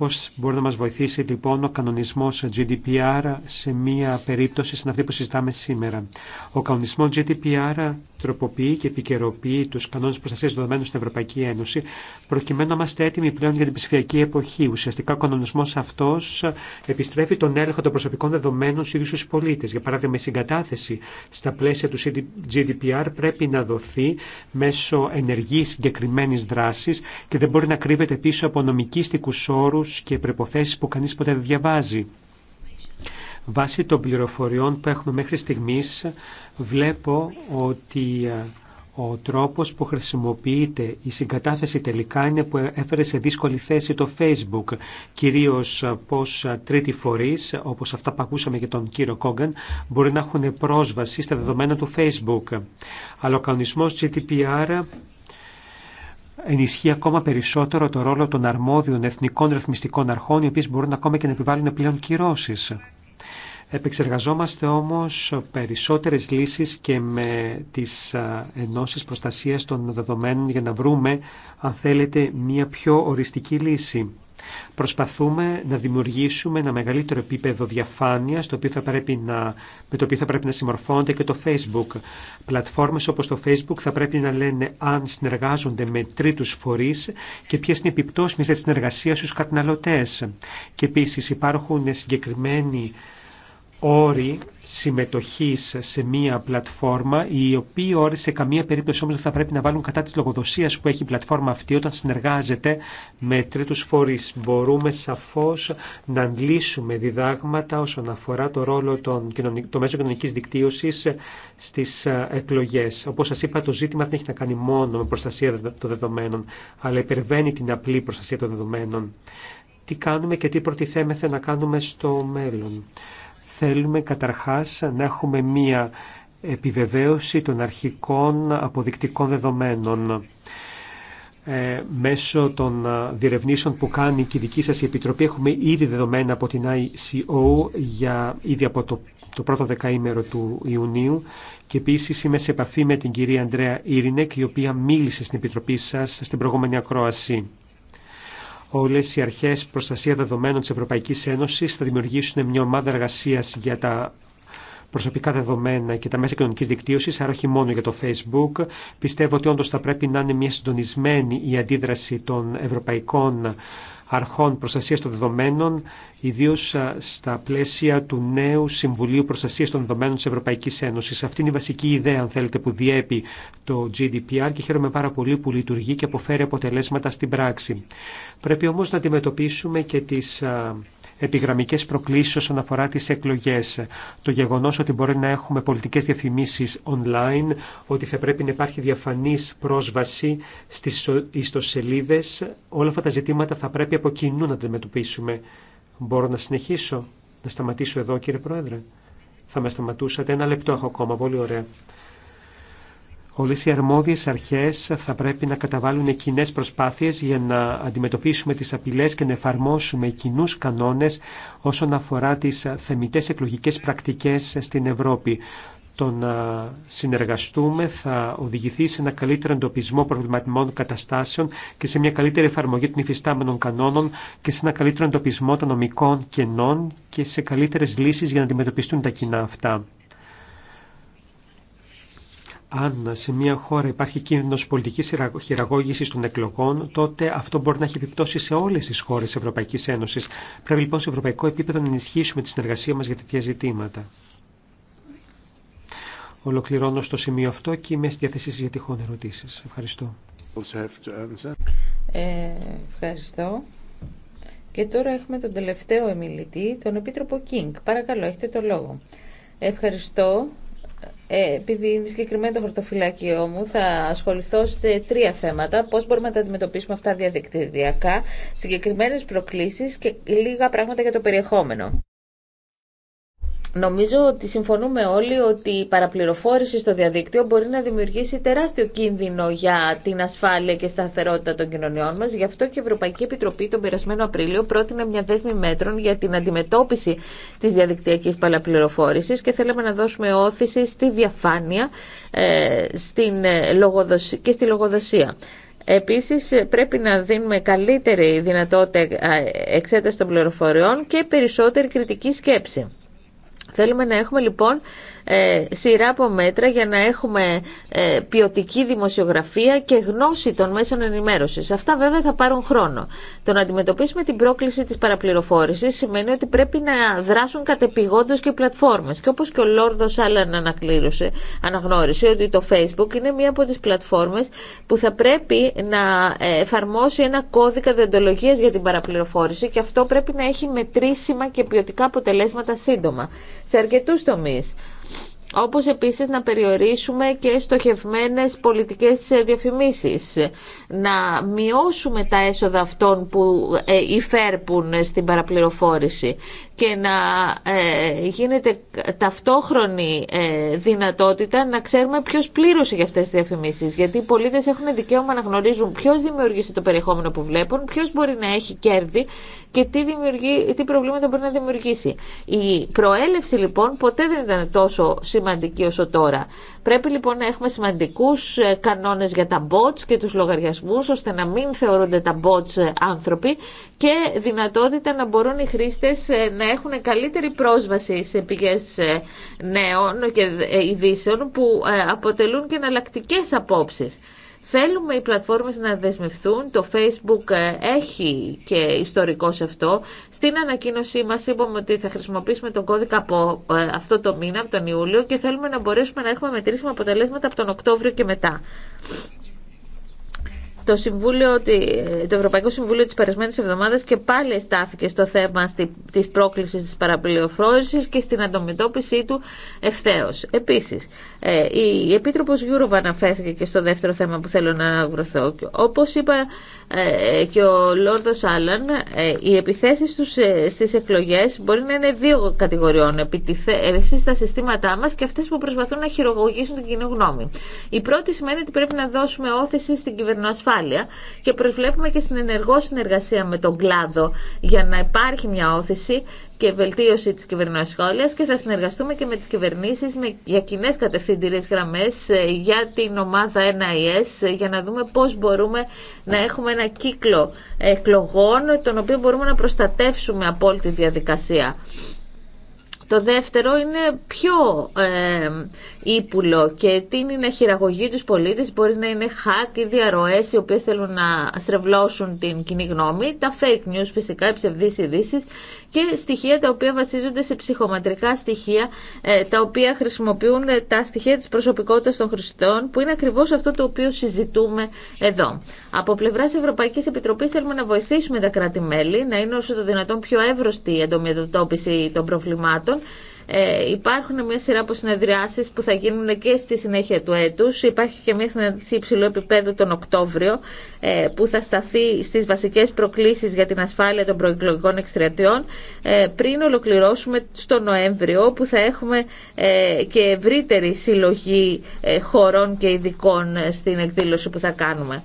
Πώς μπορεί να μας βοηθήσει λοιπόν ο κανονισμός GDPR σε μία περίπτωση σαν αυτή που συζητάμε σήμερα. Ο κανονισμός GDPR τροποποιεί και επικαιροποιεί του κανόνε προστασία δεδομένων στην Ευρωπαϊκή Ένωση, προκειμένου να είμαστε έτοιμοι πλέον για την ψηφιακή εποχή. Ουσιαστικά, ο κανονισμό αυτό επιστρέφει τον έλεγχο των προσωπικών δεδομένων στου ίδιου του πολίτε. Για παράδειγμα, η συγκατάθεση στα πλαίσια του GDPR πρέπει να δοθεί μέσω ενεργή συγκεκριμένη δράση και δεν μπορεί να κρύβεται πίσω από νομικήστικου όρου και προποθέσει που κανεί ποτέ δεν διαβάζει. Βάσει των πληροφοριών που έχουμε μέχρι στιγμής βλέπω ότι ε, ο τρόπος που χρησιμοποιείται η συγκατάθεση τελικά είναι που έφερε σε δύσκολη θέση το Facebook, κυρίως ε, πως ε, τρίτη φορείς, όπως αυτά που ακούσαμε για τον κύριο Κόγκαν, μπορεί να έχουν πρόσβαση στα δεδομένα του Facebook. Αλλά ο κανονισμός GDPR ενισχύει ακόμα περισσότερο το ρόλο των αρμόδιων εθνικών ρυθμιστικών αρχών, οι οποίες μπορούν ακόμα και να επιβάλλουν πλέον κυρώσεις. Επεξεργαζόμαστε όμως περισσότερες λύσεις και με τις ενώσεις προστασίας των δεδομένων για να βρούμε, αν θέλετε, μια πιο οριστική λύση. Προσπαθούμε να δημιουργήσουμε ένα μεγαλύτερο επίπεδο διαφάνειας το οποίο θα πρέπει να, με το οποίο θα πρέπει να συμμορφώνεται και το Facebook. Πλατφόρμες όπως το Facebook θα πρέπει να λένε αν συνεργάζονται με τρίτους φορείς και ποιες είναι οι επιπτώσεις της συνεργασία στους καταναλωτές. Και επίσης υπάρχουν συγκεκριμένοι όροι συμμετοχής σε μία πλατφόρμα, οι οποίοι όροι σε καμία περίπτωση όμως δεν θα πρέπει να βάλουν κατά της λογοδοσίας που έχει η πλατφόρμα αυτή όταν συνεργάζεται με τρίτους φορείς. Μπορούμε σαφώς να αντλήσουμε διδάγματα όσον αφορά το ρόλο των το μέσο κοινωνικής δικτύωσης στις ε, εκλογές. Όπως σας είπα, το ζήτημα δεν έχει να κάνει μόνο με προστασία των δεδομένων, αλλά υπερβαίνει την απλή προστασία των δεδομένων. Τι κάνουμε και τι προτιθέμεθα να κάνουμε στο μέλλον. Θέλουμε καταρχάς να έχουμε μία επιβεβαίωση των αρχικών αποδεικτικών δεδομένων ε, μέσω των διερευνήσεων που κάνει και η δική σας η Επιτροπή έχουμε ήδη δεδομένα από την ICO για, ήδη από το, το πρώτο δεκαήμερο του Ιουνίου και επίσης είμαι σε επαφή με την κυρία Αντρέα Ήρινεκ η οποία μίλησε στην Επιτροπή σας στην προηγούμενη ακρόαση όλες οι αρχές προστασία δεδομένων της Ευρωπαϊκής Ένωσης θα δημιουργήσουν μια ομάδα εργασία για τα προσωπικά δεδομένα και τα μέσα κοινωνική δικτύωση, άρα όχι μόνο για το Facebook. Πιστεύω ότι όντω θα πρέπει να είναι μια συντονισμένη η αντίδραση των ευρωπαϊκών αρχών προστασίας των δεδομένων, ιδίως στα πλαίσια του νέου Συμβουλίου Προστασίας των Δεδομένων της Ευρωπαϊκής Ένωσης. Αυτή είναι η βασική ιδέα, αν θέλετε, που διέπει το GDPR και χαίρομαι πάρα πολύ που λειτουργεί και αποφέρει αποτελέσματα στην πράξη. Πρέπει όμως να αντιμετωπίσουμε και τις επιγραμμικέ προκλήσει όσον αφορά τι εκλογέ. Το γεγονό ότι μπορεί να έχουμε πολιτικέ διαφημίσει online, ότι θα πρέπει να υπάρχει διαφανή πρόσβαση στι ιστοσελίδε, όλα αυτά τα ζητήματα θα πρέπει από κοινού να αντιμετωπίσουμε. Μπορώ να συνεχίσω, να σταματήσω εδώ κύριε Πρόεδρε. Θα με σταματούσατε. Ένα λεπτό έχω ακόμα. Πολύ ωραία. Όλε οι αρμόδιες αρχές θα πρέπει να καταβάλουν κοινέ προσπάθειες για να αντιμετωπίσουμε τι απειλέ και να εφαρμόσουμε κοινού κανόνε όσον αφορά τι θεμητέ εκλογικέ πρακτικέ στην Ευρώπη. Το να συνεργαστούμε θα οδηγηθεί σε ένα καλύτερο εντοπισμό προβληματιμών καταστάσεων και σε μια καλύτερη εφαρμογή των υφιστάμενων κανόνων και σε ένα καλύτερο εντοπισμό των νομικών κενών και σε καλύτερε λύσει για να αντιμετωπιστούν τα κοινά αυτά. Αν σε μια χώρα υπάρχει κίνδυνο πολιτική χειραγώγηση των εκλογών, τότε αυτό μπορεί να έχει επιπτώσει σε όλε τι χώρε της Ευρωπαϊκής Ένωσης. Πρέπει λοιπόν σε ευρωπαϊκό επίπεδο να ενισχύσουμε τη συνεργασία μα για τέτοια ζητήματα. Ολοκληρώνω στο σημείο αυτό και είμαι στη διάθεσή για τυχόν ερωτήσει. Ευχαριστώ. Ε, ευχαριστώ. Και τώρα έχουμε τον τελευταίο εμιλητή, τον Επίτροπο Κίνγκ. Παρακαλώ, έχετε το λόγο. Ευχαριστώ ε, επειδή είναι συγκεκριμένο το χαρτοφυλάκιό μου, θα ασχοληθώ σε τρία θέματα. Πώ μπορούμε να τα αντιμετωπίσουμε αυτά διαδικτυακά, συγκεκριμένε προκλήσει και λίγα πράγματα για το περιεχόμενο. Νομίζω ότι συμφωνούμε όλοι ότι η παραπληροφόρηση στο διαδίκτυο μπορεί να δημιουργήσει τεράστιο κίνδυνο για την ασφάλεια και σταθερότητα των κοινωνιών μα Γι' αυτό και η Ευρωπαϊκή Επιτροπή τον περασμένο Απρίλιο πρότεινε μια δέσμη μέτρων για την αντιμετώπιση τη διαδικτυακή παραπληροφόρηση και θέλαμε να δώσουμε όθηση στη διαφάνεια ε, στην ε, και στη λογοδοσία. Επίσης ε, πρέπει να δίνουμε καλύτερη δυνατότητα εξέταση των πληροφοριών και περισσότερη κριτική σκέψη. Θέλουμε να έχουμε λοιπόν ε, σειρά από μέτρα για να έχουμε ε, ποιοτική δημοσιογραφία και γνώση των μέσων ενημέρωσης. Αυτά βέβαια θα πάρουν χρόνο. Το να αντιμετωπίσουμε την πρόκληση της παραπληροφόρησης σημαίνει ότι πρέπει να δράσουν κατεπηγόντως και πλατφόρμες. Και όπως και ο Λόρδος Άλλαν ανακλήρωσε, αναγνώρισε ότι το Facebook είναι μία από τις πλατφόρμες που θα πρέπει να ε, εφαρμόσει ένα κώδικα διοντολογίας για την παραπληροφόρηση και αυτό πρέπει να έχει μετρήσιμα και ποιοτικά αποτελέσματα σύντομα σε αρκετούς τομεί. Όπως επίσης να περιορίσουμε και στοχευμένες πολιτικές διαφημίσεις. Να μειώσουμε τα έσοδα αυτών που ε, υφέρπουν στην παραπληροφόρηση και να ε, γίνεται ταυτόχρονη ε, δυνατότητα να ξέρουμε ποιος πλήρωσε για αυτές τις διαφημίσεις. Γιατί οι πολίτες έχουν δικαίωμα να γνωρίζουν ποιος δημιούργησε το περιεχόμενο που βλέπουν, ποιος μπορεί να έχει κέρδη και τι, δημιουργεί, τι προβλήματα μπορεί να δημιουργήσει. Η προέλευση λοιπόν ποτέ δεν ήταν τόσο σημαντική όσο τώρα. Πρέπει λοιπόν να έχουμε σημαντικούς ε, κανόνες για τα bots και τους λογαριασμούς ώστε να μην θεωρούνται τα bots ε, άνθρωποι και δυνατότητα να μπορούν οι χρήστες ε, να έχουν καλύτερη πρόσβαση σε πηγές νέων και ειδήσεων που αποτελούν και εναλλακτικέ απόψεις. Θέλουμε οι πλατφόρμες να δεσμευθούν. Το Facebook ε, έχει και ιστορικό σε αυτό. Στην ανακοίνωσή μας είπαμε ότι θα χρησιμοποιήσουμε τον κώδικα από ε, αυτό το μήνα, από τον Ιούλιο και θέλουμε να μπορέσουμε να έχουμε μετρήσιμα αποτελέσματα από τον Οκτώβριο και μετά το, Συμβούλιο, το Ευρωπαϊκό Συμβούλιο τη περασμένη Εβδομάδα και πάλι εστάθηκε στο θέμα της πρόκλησης της παραπληροφόρησης και στην αντιμετώπιση του ευθέως. Επίσης, ε, η Επίτροπος Γιούροβα αναφέρθηκε και στο δεύτερο θέμα που θέλω να βρωθώ. Όπως είπα ε, και ο Λόρδος Άλλαν, ε, οι επιθέσεις στι στις εκλογές μπορεί να είναι δύο κατηγοριών. Επιθέσεις στα συστήματά μας και αυτές που προσπαθούν να χειρογωγήσουν την κοινή γνώμη. Η πρώτη σημαίνει ότι πρέπει να δώσουμε όθηση στην κυβερνοασφάλεια και προσβλέπουμε και στην ενεργό συνεργασία με τον κλάδο για να υπάρχει μια όθηση και βελτίωση της κυβερνοασφάλειας και θα συνεργαστούμε και με τις κυβερνήσεις για κοινέ κατευθυντήριες γραμμές ε, για την ομάδα NIS ε, για να δούμε πώς μπορούμε να έχουμε ένα κύκλο εκλογών τον οποίο μπορούμε να προστατεύσουμε από όλη τη διαδικασία. Το δεύτερο είναι πιο ε, ύπουλο και είναι να χειραγωγεί τους πολίτες, μπορεί να είναι hack ή διαρροές οι οποίες θέλουν να στρεβλώσουν την κοινή γνώμη, τα fake news φυσικά, οι ψευδείς ειδήσει και στοιχεία τα οποία βασίζονται σε ψυχοματρικά στοιχεία, ε, τα οποία χρησιμοποιούν ε, τα στοιχεία της προσωπικότητας των χρηστών, που είναι ακριβώς αυτό το οποίο συζητούμε εδώ. Από πλευρά Ευρωπαϊκής Επιτροπής θέλουμε να βοηθήσουμε τα κράτη-μέλη να είναι όσο το δυνατόν πιο εύρωστη η εντομιατοτόπιση των προβλημάτων ε, υπάρχουν μια σειρά από συνεδριάσεις που θα γίνουν και στη συνέχεια του έτους. Υπάρχει και μια συνέντευξη υψηλού επίπεδου τον Οκτώβριο ε, που θα σταθεί στις βασικές προκλήσεις για την ασφάλεια των προεκλογικών εκστρατιών ε, πριν ολοκληρώσουμε στο Νοέμβριο που θα έχουμε ε, και ευρύτερη συλλογή ε, χωρών και ειδικών στην εκδήλωση που θα κάνουμε.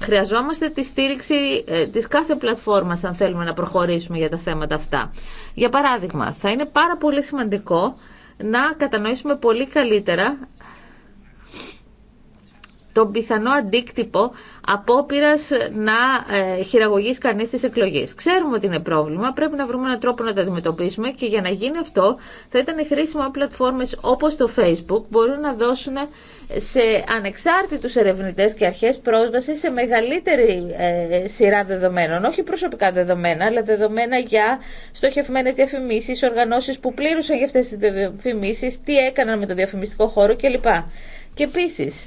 Χρειαζόμαστε τη στήριξη ε, της κάθε πλατφόρμας αν θέλουμε να προχωρήσουμε για τα θέματα αυτά. Για παράδειγμα, θα είναι πάρα πολύ σημαντικό να κατανοήσουμε πολύ καλύτερα τον πιθανό αντίκτυπο απόπειρα να ε, χειραγωγεί κανεί τι εκλογέ. Ξέρουμε ότι είναι πρόβλημα, πρέπει να βρούμε έναν τρόπο να τα αντιμετωπίσουμε και για να γίνει αυτό θα ήταν χρήσιμο πλατφόρμες όπως το Facebook μπορούν να δώσουν σε ανεξάρτητους ερευνητές και αρχές πρόσβαση σε μεγαλύτερη ε, σειρά δεδομένων, όχι προσωπικά δεδομένα, αλλά δεδομένα για στοχευμένες διαφημίσεις, οργανώσεις που πλήρωσαν για αυτές τις διαφημίσεις, τι έκαναν με το διαφημιστικό χώρο κλπ. Και επίσης,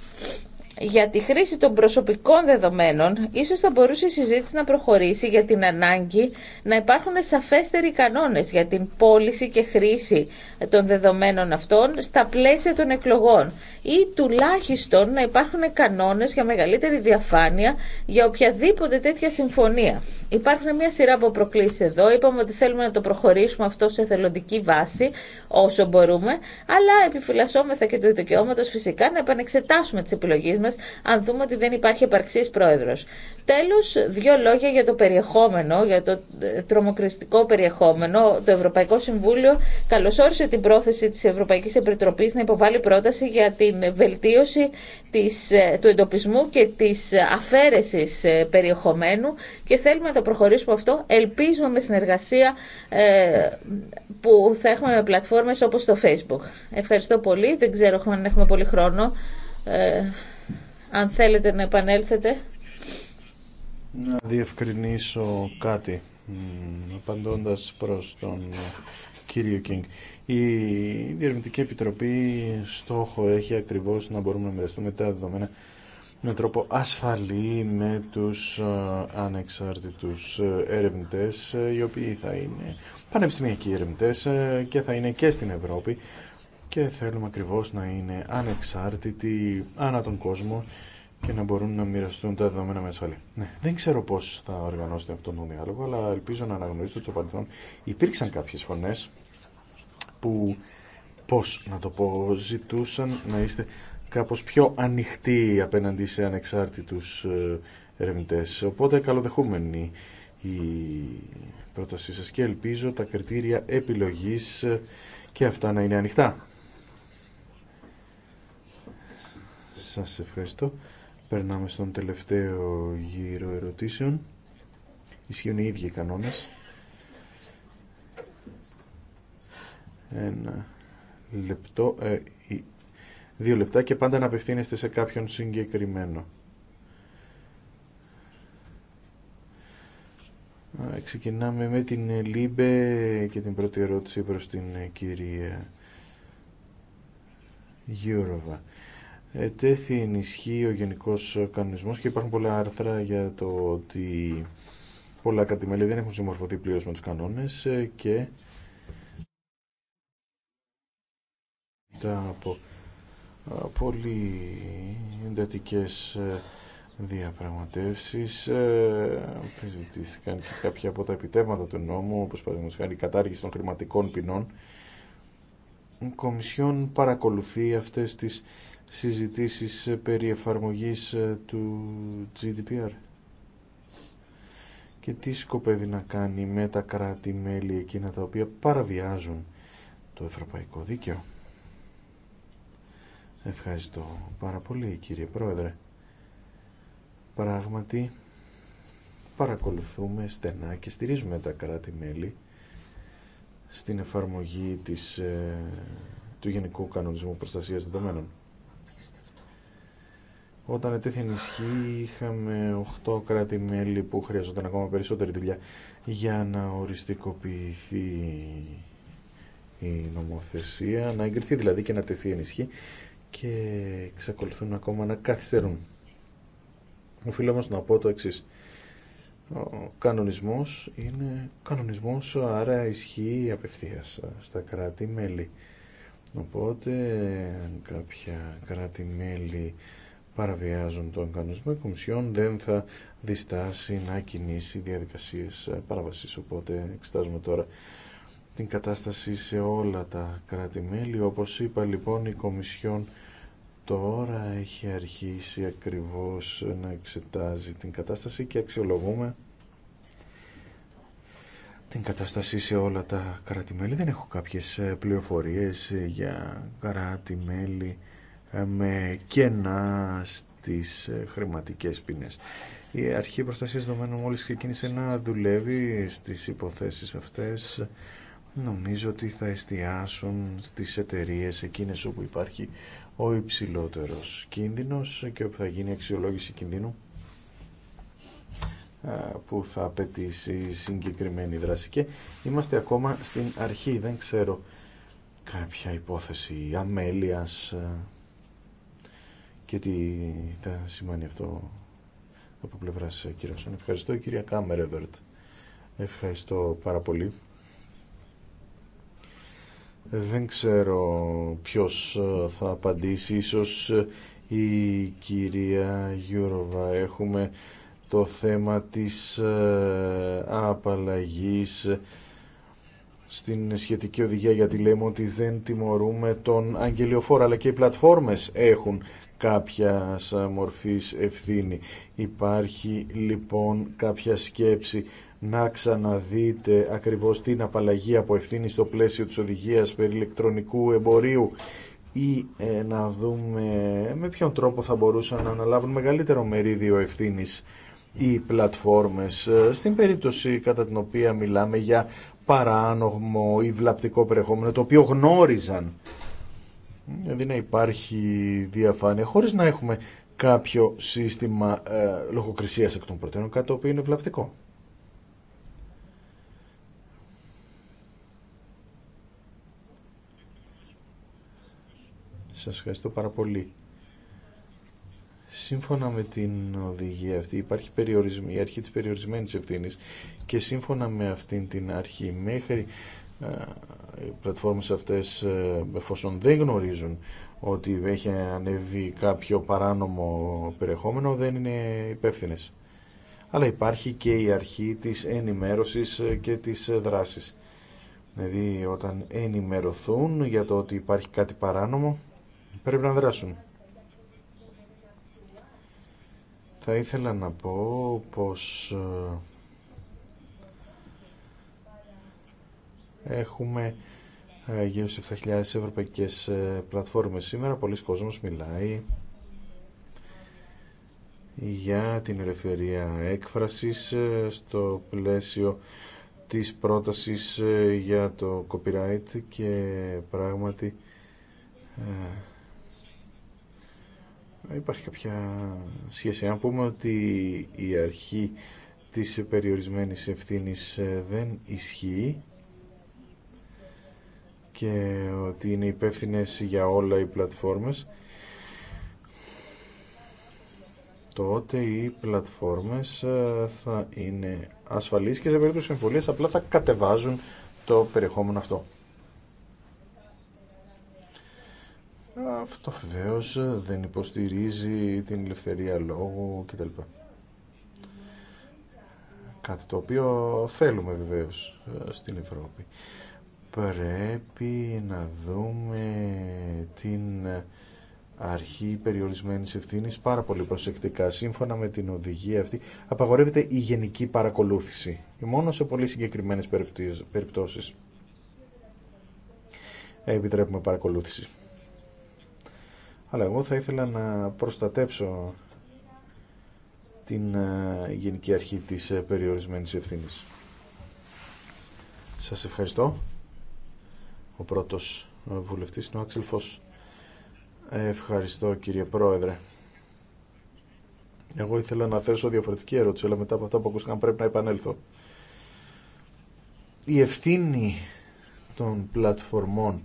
για τη χρήση των προσωπικών δεδομένων, ίσως θα μπορούσε η συζήτηση να προχωρήσει για την ανάγκη να υπάρχουν σαφέστεροι κανόνες για την πώληση και χρήση των δεδομένων αυτών στα πλαίσια των εκλογών ή τουλάχιστον να υπάρχουν κανόνες για μεγαλύτερη διαφάνεια για οποιαδήποτε τέτοια συμφωνία. Υπάρχουν μια σειρά από προκλήσεις εδώ. Είπαμε ότι θέλουμε να το προχωρήσουμε αυτό σε θελοντική βάση όσο μπορούμε, αλλά επιφυλασσόμεθα και του δικαιώματο φυσικά να επανεξετάσουμε τις επιλογές μας αν δούμε ότι δεν υπάρχει επαρξής πρόεδρος. Τέλος, δύο λόγια για το περιεχόμενο, για το ε, τρομοκριστικό περιεχόμενο. Το Ευρωπαϊκό Συμβούλιο καλωσόρισε την πρόθεση της Ευρωπαϊκής Επιτροπής να υποβάλει πρόταση για την βελτίωση της, ε, του εντοπισμού και της αφαίρεσης ε, περιεχομένου και θέλουμε να το προχωρήσουμε αυτό. Ελπίζουμε με συνεργασία ε, που θα έχουμε με πλατφόρμες όπως το Facebook. Ευχαριστώ πολύ. Δεν ξέρω αν έχουμε πολύ χρόνο. Ε, αν θέλετε να επανέλθετε. Να διευκρινίσω κάτι, απαντώντας προς τον ε, κύριο Κίνγκ. Η Διερευνητική Επιτροπή στόχο έχει ακριβώς να μπορούμε να μοιραστούμε τα δεδομένα με τρόπο ασφαλή με τους ε, ανεξάρτητους ε, ερευνητές, οι οποίοι θα είναι πανεπιστημιακοί ερευνητές και θα είναι και στην Ευρώπη και θέλουμε ακριβώς να είναι ανεξάρτητοι ανά τον κόσμο και να μπορούν να μοιραστούν τα δεδομένα με ασφαλή. Ναι. Δεν ξέρω πώς θα οργανώσετε αυτόν τον διάλογο, αλλά ελπίζω να αναγνωρίσετε ότι στο παρελθόν υπήρξαν κάποιες φωνές που, πώς να το πω, ζητούσαν να είστε κάπως πιο ανοιχτοί απέναντι σε ανεξάρτητους ε, ερευνητέ. Οπότε καλοδεχούμενη η πρότασή σας και ελπίζω τα κριτήρια επιλογής και αυτά να είναι ανοιχτά. Σας ευχαριστώ. Περνάμε στον τελευταίο γύρο ερωτήσεων. Ισχύουν οι ίδιοι οι κανόνες. Ένα λεπτό, ε, δύο λεπτά και πάντα να απευθύνεστε σε κάποιον συγκεκριμένο. Ξεκινάμε με την Λίμπε και την πρώτη ερώτηση προς την κυρία Γιούροβα ετέθη ενισχύει ο Γενικός κανονισμό και υπάρχουν πολλά άρθρα για το ότι πολλά κατημέλη δεν έχουν συμμορφωθεί πλήρως με τους κανόνες ε, και από πολύ εντατικέ ε, διαπραγματεύσεις αμφισβητήθηκαν ε, και κάποια από τα επιτεύγματα του νόμου όπω παραδείγματο χάρη η κατάργηση των χρηματικών ποινών η Κομισιόν παρακολουθεί αυτές τις συζητήσεις ε, περί εφαρμογής ε, του GDPR και τι σκοπεύει να κάνει με τα κράτη-μέλη εκείνα τα οποία παραβιάζουν το ευρωπαϊκό δίκαιο. Ευχαριστώ πάρα πολύ κύριε Πρόεδρε. Πράγματι παρακολουθούμε στενά και στηρίζουμε τα κράτη-μέλη στην εφαρμογή της, ε, του Γενικού Κανονισμού Προστασίας Δεδομένων. Όταν ετέθη ισχύ είχαμε 8 κράτη-μέλη που χρειαζόταν ακόμα περισσότερη δουλειά για να οριστικοποιηθεί η νομοθεσία, να εγκριθεί δηλαδή και να τεθεί ενισχύ και εξακολουθούν ακόμα να καθυστερούν. Οφείλω όμως να πω το εξή. Ο κανονισμός είναι κανονισμός, άρα ισχύει απευθείας στα κράτη-μέλη. Οπότε, αν κάποια κράτη-μέλη παραβιάζουν τον κανονισμό, η Κομισιόν δεν θα διστάσει να κινήσει διαδικασίες παράβασή Οπότε εξετάζουμε τώρα την κατάσταση σε όλα τα κράτη-μέλη. Όπως είπα λοιπόν η Κομισιόν τώρα έχει αρχίσει ακριβώς να εξετάζει την κατάσταση και αξιολογούμε την κατάσταση σε όλα τα κράτη-μέλη. Δεν έχω κάποιες πληροφορίες για κράτη-μέλη ε, με κενά στις ε, χρηματικές ποινές. Η Αρχή Προστασίας Δομένων μόλις ξεκίνησε να δουλεύει στις υποθέσεις αυτές. Νομίζω ότι θα εστιάσουν στις εταιρείες εκείνες όπου υπάρχει ο υψηλότερος κίνδυνος και όπου θα γίνει αξιολόγηση κινδύνου ε, που θα απαιτήσει συγκεκριμένη δράση και είμαστε ακόμα στην αρχή δεν ξέρω κάποια υπόθεση αμέλειας και τι θα σημαίνει αυτό από πλευρά κυρώσεων. Ευχαριστώ κυρία Κάμερεβερτ. Ευχαριστώ πάρα πολύ. Δεν ξέρω ποιος θα απαντήσει, ίσως η κυρία Γιούροβα. Έχουμε το θέμα της ε, απαλλαγής στην σχετική οδηγία γιατί λέμε ότι δεν τιμωρούμε τον αγγελιοφόρο αλλά και οι πλατφόρμες έχουν κάποια μορφής ευθύνη. Υπάρχει λοιπόν κάποια σκέψη να ξαναδείτε ακριβώς την απαλλαγή από ευθύνη στο πλαίσιο της οδηγίας περί ηλεκτρονικού εμπορίου ή ε, να δούμε με ποιον τρόπο θα μπορούσαν να αναλάβουν μεγαλύτερο μερίδιο ευθύνης οι πλατφόρμες ε, στην περίπτωση κατά την οποία μιλάμε για παράνομο ή βλαπτικό περιεχόμενο το οποίο γνώριζαν δηλαδή να υπάρχει διαφάνεια χωρίς να έχουμε κάποιο σύστημα ε, λογοκρισίας εκ των προτέρων, κάτι το οποίο είναι βλαπτικό. Σας ευχαριστώ πάρα πολύ. Σύμφωνα με την οδηγία αυτή υπάρχει περιορισμ... η αρχή της περιορισμένης ευθύνης και σύμφωνα με αυτήν την αρχή μέχρι ε, οι πλατφόρμες αυτές ε, εφόσον δεν γνωρίζουν ότι έχει ανέβει κάποιο παράνομο περιεχόμενο δεν είναι υπεύθυνε. Αλλά υπάρχει και η αρχή της ενημέρωσης ε, και της δράσης. Δηλαδή όταν ενημερωθούν για το ότι υπάρχει κάτι παράνομο πρέπει να δράσουν. Θα ήθελα να πω πως Έχουμε ε, γύρω στις 7.000 ευρωπαϊκές ε, πλατφόρμες σήμερα. Πολλοί κόσμος μιλάει για την ελευθερία έκφρασης ε, στο πλαίσιο της πρότασης για το copyright και πράγματι υπάρχει κάποια σχέση. Αν πούμε ότι η αρχή της περιορισμένης ευθύνης δεν ισχύει, και ότι είναι υπεύθυνε για όλα οι πλατφόρμες τότε οι πλατφόρμες ε, θα είναι ασφαλείς και σε περίπτωση εμφωλίας απλά θα κατεβάζουν το περιεχόμενο αυτό. Αυτό βεβαίω ε, δεν υποστηρίζει την ελευθερία λόγου κτλ. Κάτι το οποίο θέλουμε βεβαίως ε, στην Ευρώπη πρέπει να δούμε την αρχή περιορισμένης ευθύνης πάρα πολύ προσεκτικά. Σύμφωνα με την οδηγία αυτή απαγορεύεται η γενική παρακολούθηση, μόνο σε πολύ συγκεκριμένες περιπτώσεις. Επιτρέπουμε παρακολούθηση. Αλλά εγώ θα ήθελα να προστατέψω την ε, Γενική Αρχή της ε, Περιορισμένης Ευθύνης. Σας ευχαριστώ. Ο πρώτος ε, βουλευτής είναι ο Ευχαριστώ κύριε Πρόεδρε. Εγώ ήθελα να θέσω διαφορετική ερώτηση, αλλά μετά από αυτά που ακούστηκαν πρέπει να επανέλθω. Η ευθύνη των πλατφορμών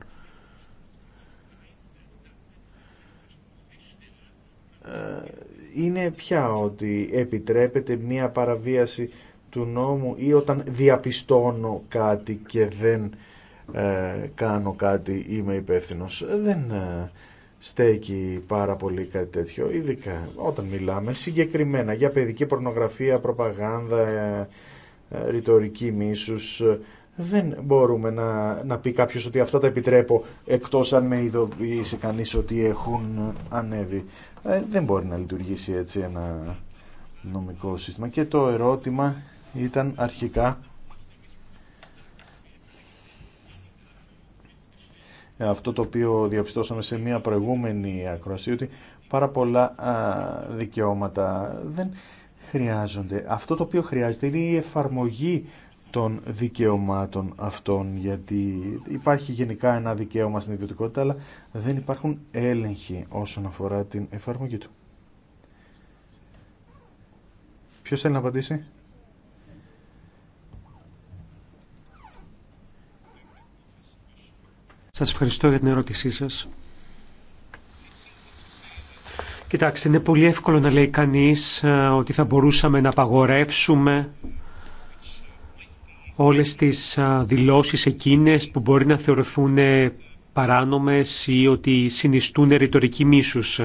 ε, είναι πια ότι επιτρέπεται μία παραβίαση του νόμου ή όταν διαπιστώνω κάτι και δεν ε, κάνω κάτι, είμαι υπεύθυνο. Δεν ε, στέκει πάρα πολύ κάτι τέτοιο, ειδικά όταν μιλάμε συγκεκριμένα για παιδική πορνογραφία, προπαγάνδα, ε, ρητορική μίσους, δεν μπορούμε να, να πει κάποιος ότι αυτά τα επιτρέπω εκτός αν με ειδοποιήσει κανείς ότι έχουν ανέβει. δεν μπορεί να λειτουργήσει έτσι ένα νομικό σύστημα. Και το ερώτημα ήταν αρχικά Ε, αυτό το οποίο διαπιστώσαμε σε μια προηγούμενη ακροασία ότι πάρα πολλά δικαιώματα δεν χρειάζονται. Αυτό το οποίο χρειάζεται είναι η εφαρμογή των δικαιωμάτων αυτών γιατί υπάρχει γενικά ένα δικαίωμα στην ιδιωτικότητα αλλά δεν υπάρχουν έλεγχοι όσον αφορά την εφαρμογή του. Ποιος θέλει να απαντήσει? Σας ευχαριστώ για την ερώτησή σας. Κοιτάξτε, είναι πολύ εύκολο να λέει κανείς ε, ότι θα μπορούσαμε να απαγορεύσουμε όλες τις ε, δηλώσεις εκείνες που μπορεί να θεωρηθούν παράνομες ή ότι συνιστούν ρητορική μίσους.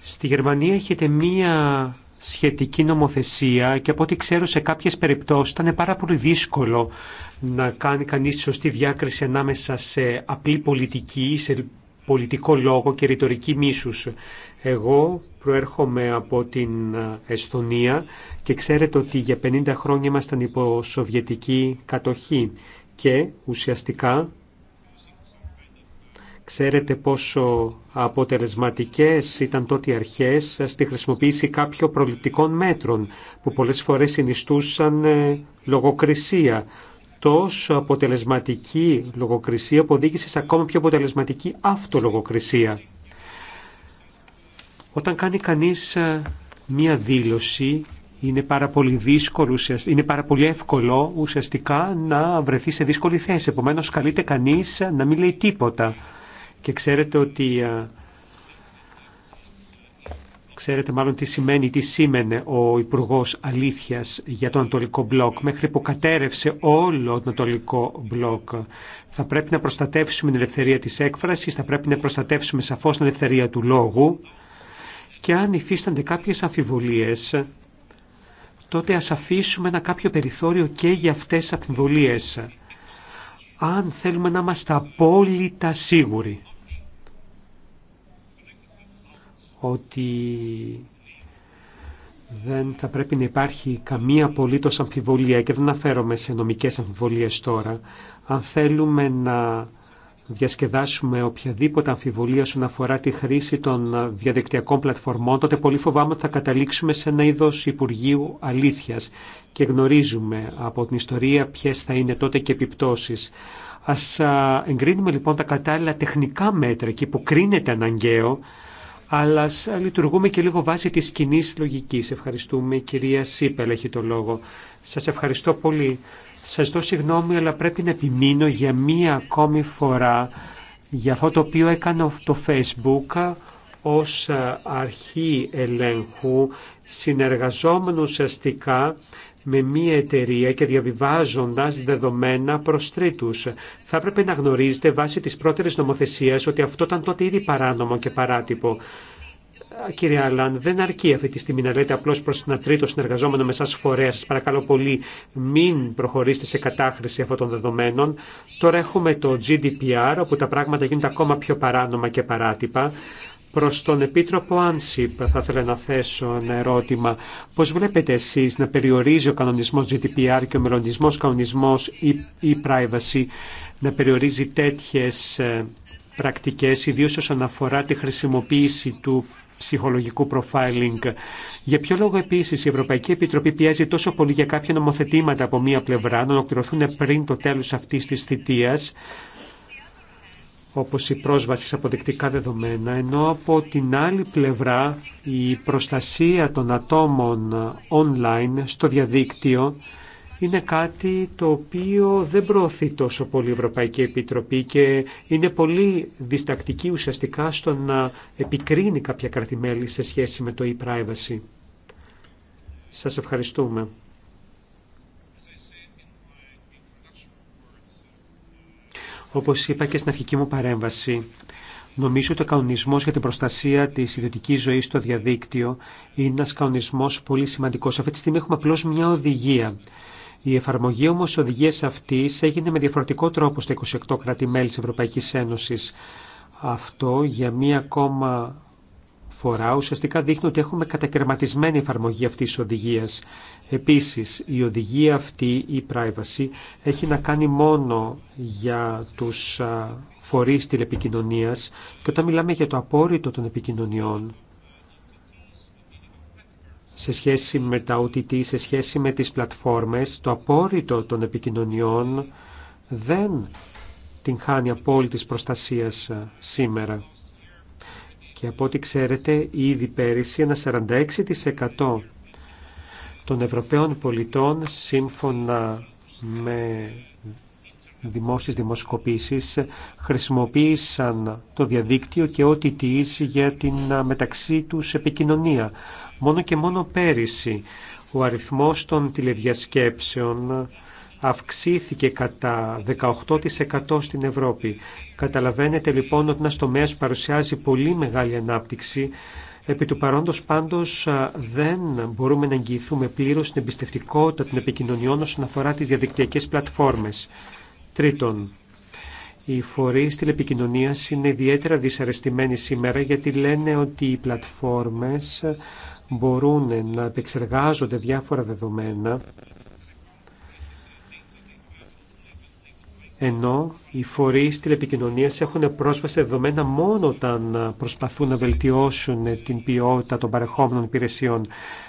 Στη Γερμανία έχετε μία σχετική νομοθεσία και από ό,τι ξέρω σε κάποιες περιπτώσεις ήταν πάρα πολύ δύσκολο να κάνει κανείς σωστή διάκριση ανάμεσα σε απλή πολιτική, σε πολιτικό λόγο και ρητορική μίσους. Εγώ προέρχομαι από την Εστονία και ξέρετε ότι για 50 χρόνια ήμασταν υπό σοβιετική κατοχή και ουσιαστικά Ξέρετε πόσο αποτελεσματικές ήταν τότε οι αρχές στη χρησιμοποίηση κάποιων προληπτικών μέτρων που πολλές φορές συνιστούσαν ε, λογοκρισία. Τόσο αποτελεσματική λογοκρισία που οδήγησε σε ακόμα πιο αποτελεσματική αυτολογοκρισία. Όταν κάνει κανείς ε, μία δήλωση είναι πάρα πολύ δύσκολο, είναι πάρα πολύ εύκολο ουσιαστικά να βρεθεί σε δύσκολη θέση. Επομένως καλείται κανείς να μην λέει τίποτα και ξέρετε ότι ξέρετε μάλλον τι σημαίνει, τι σήμαινε ο Υπουργό Αλήθεια για τον Ανατολικό Μπλοκ. Μέχρι που κατέρευσε όλο τον Ανατολικό Μπλοκ. Θα πρέπει να προστατεύσουμε την ελευθερία τη έκφραση, θα πρέπει να προστατεύσουμε σαφώ την ελευθερία του λόγου. Και αν υφίστανται κάποιε αμφιβολίες, τότε ας αφήσουμε ένα κάποιο περιθώριο και για αυτές τις αμφιβολίες. Αν θέλουμε να είμαστε απόλυτα σίγουροι ότι δεν θα πρέπει να υπάρχει καμία απολύτως αμφιβολία και δεν αναφέρομαι σε νομικές αμφιβολίες τώρα. Αν θέλουμε να διασκεδάσουμε οποιαδήποτε αμφιβολία όσον αφορά τη χρήση των διαδικτυακών πλατφορμών, τότε πολύ φοβάμαι ότι θα καταλήξουμε σε ένα είδος Υπουργείου Αλήθειας και γνωρίζουμε από την ιστορία ποιες θα είναι τότε και επιπτώσεις. Ας εγκρίνουμε λοιπόν τα κατάλληλα τεχνικά μέτρα και που κρίνεται αναγκαίο αλλά λειτουργούμε και λίγο βάσει της κοινή λογικής. Ευχαριστούμε. Η κυρία Σίπελ έχει το λόγο. Σας ευχαριστώ πολύ. Σας δω συγγνώμη, αλλά πρέπει να επιμείνω για μία ακόμη φορά για αυτό το οποίο έκανα το Facebook ως ε, αρχή ελέγχου, συνεργαζόμενο ουσιαστικά με μία εταιρεία και διαβιβάζοντας δεδομένα προς τρίτους. Θα έπρεπε να γνωρίζετε βάσει της πρώτερης νομοθεσίας ότι αυτό ήταν τότε ήδη παράνομο και παράτυπο. Κύριε Αλάν, δεν αρκεί αυτή τη στιγμή να λέτε απλώ προ ένα τρίτο συνεργαζόμενο με εσά φορέα. Σα παρακαλώ πολύ, μην προχωρήσετε σε κατάχρηση αυτών των δεδομένων. Τώρα έχουμε το GDPR, όπου τα πράγματα γίνονται ακόμα πιο παράνομα και παράτυπα. Προς τον Επίτροπο Άνσιπ θα ήθελα να θέσω ένα ερώτημα. Πώς βλέπετε εσείς να περιορίζει ο κανονισμός GDPR και ο μελλοντισμός κανονισμός e-privacy να περιορίζει τέτοιες ε, πρακτικές, ιδίως όσον αφορά τη χρησιμοποίηση του ψυχολογικού profiling. Για ποιο λόγο επίση η Ευρωπαϊκή Επιτροπή πιέζει τόσο πολύ για κάποια νομοθετήματα από μία πλευρά να ολοκληρωθούν πριν το τέλο αυτή τη θητεία, όπως η πρόσβαση σε αποδεικτικά δεδομένα, ενώ από την άλλη πλευρά η προστασία των ατόμων online στο διαδίκτυο είναι κάτι το οποίο δεν προωθεί τόσο πολύ η Ευρωπαϊκή Επιτροπή και είναι πολύ διστακτική ουσιαστικά στο να επικρίνει κάποια κρατημέλη σε σχέση με το e-privacy. Σας ευχαριστούμε. Όπως είπα και στην αρχική μου παρέμβαση, Νομίζω ότι ο κανονισμό για την προστασία τη ιδιωτική ζωή στο διαδίκτυο είναι ένα κανονισμό πολύ σημαντικό. Αυτή τη στιγμή έχουμε απλώ μια οδηγία. Η εφαρμογή όμω οδηγία αυτή έγινε με διαφορετικό τρόπο στα 28 κράτη-μέλη τη Ευρωπαϊκή Ένωση. Αυτό για μία ακόμα φορά ουσιαστικά δείχνει ότι έχουμε κατακαιρματισμένη εφαρμογή αυτής της οδηγίας. Επίσης, η οδηγία αυτή, η privacy, έχει να κάνει μόνο για τους φορείς επικοινωνίας και όταν μιλάμε για το απόρριτο των επικοινωνιών, σε σχέση με τα OTT, σε σχέση με τις πλατφόρμες, το απόρριτο των επικοινωνιών δεν την χάνει απόλυτης προστασίας σήμερα. Και από ό,τι ξέρετε, ήδη πέρυσι ένα 46% των Ευρωπαίων πολιτών, σύμφωνα με δημόσιες δημοσκοπήσεις, χρησιμοποίησαν το διαδίκτυο και ό,τι της για την μεταξύ τους επικοινωνία. Μόνο και μόνο πέρυσι ο αριθμός των τηλεδιασκέψεων αυξήθηκε κατά 18% στην Ευρώπη. Καταλαβαίνετε λοιπόν ότι ένας τομέας παρουσιάζει πολύ μεγάλη ανάπτυξη. Επί του παρόντος πάντως δεν μπορούμε να εγγυηθούμε πλήρως την εμπιστευτικότητα των επικοινωνιών όσον αφορά τις διαδικτυακές πλατφόρμες. Τρίτον, οι φορείς τηλεπικοινωνίας είναι ιδιαίτερα δυσαρεστημένοι σήμερα γιατί λένε ότι οι πλατφόρμες μπορούν να επεξεργάζονται διάφορα δεδομένα ενώ οι φορείς τηλεπικοινωνίας έχουν πρόσβαση δεδομένα μόνο όταν προσπαθούν να βελτιώσουν ε, την ποιότητα των παρεχόμενων υπηρεσιών.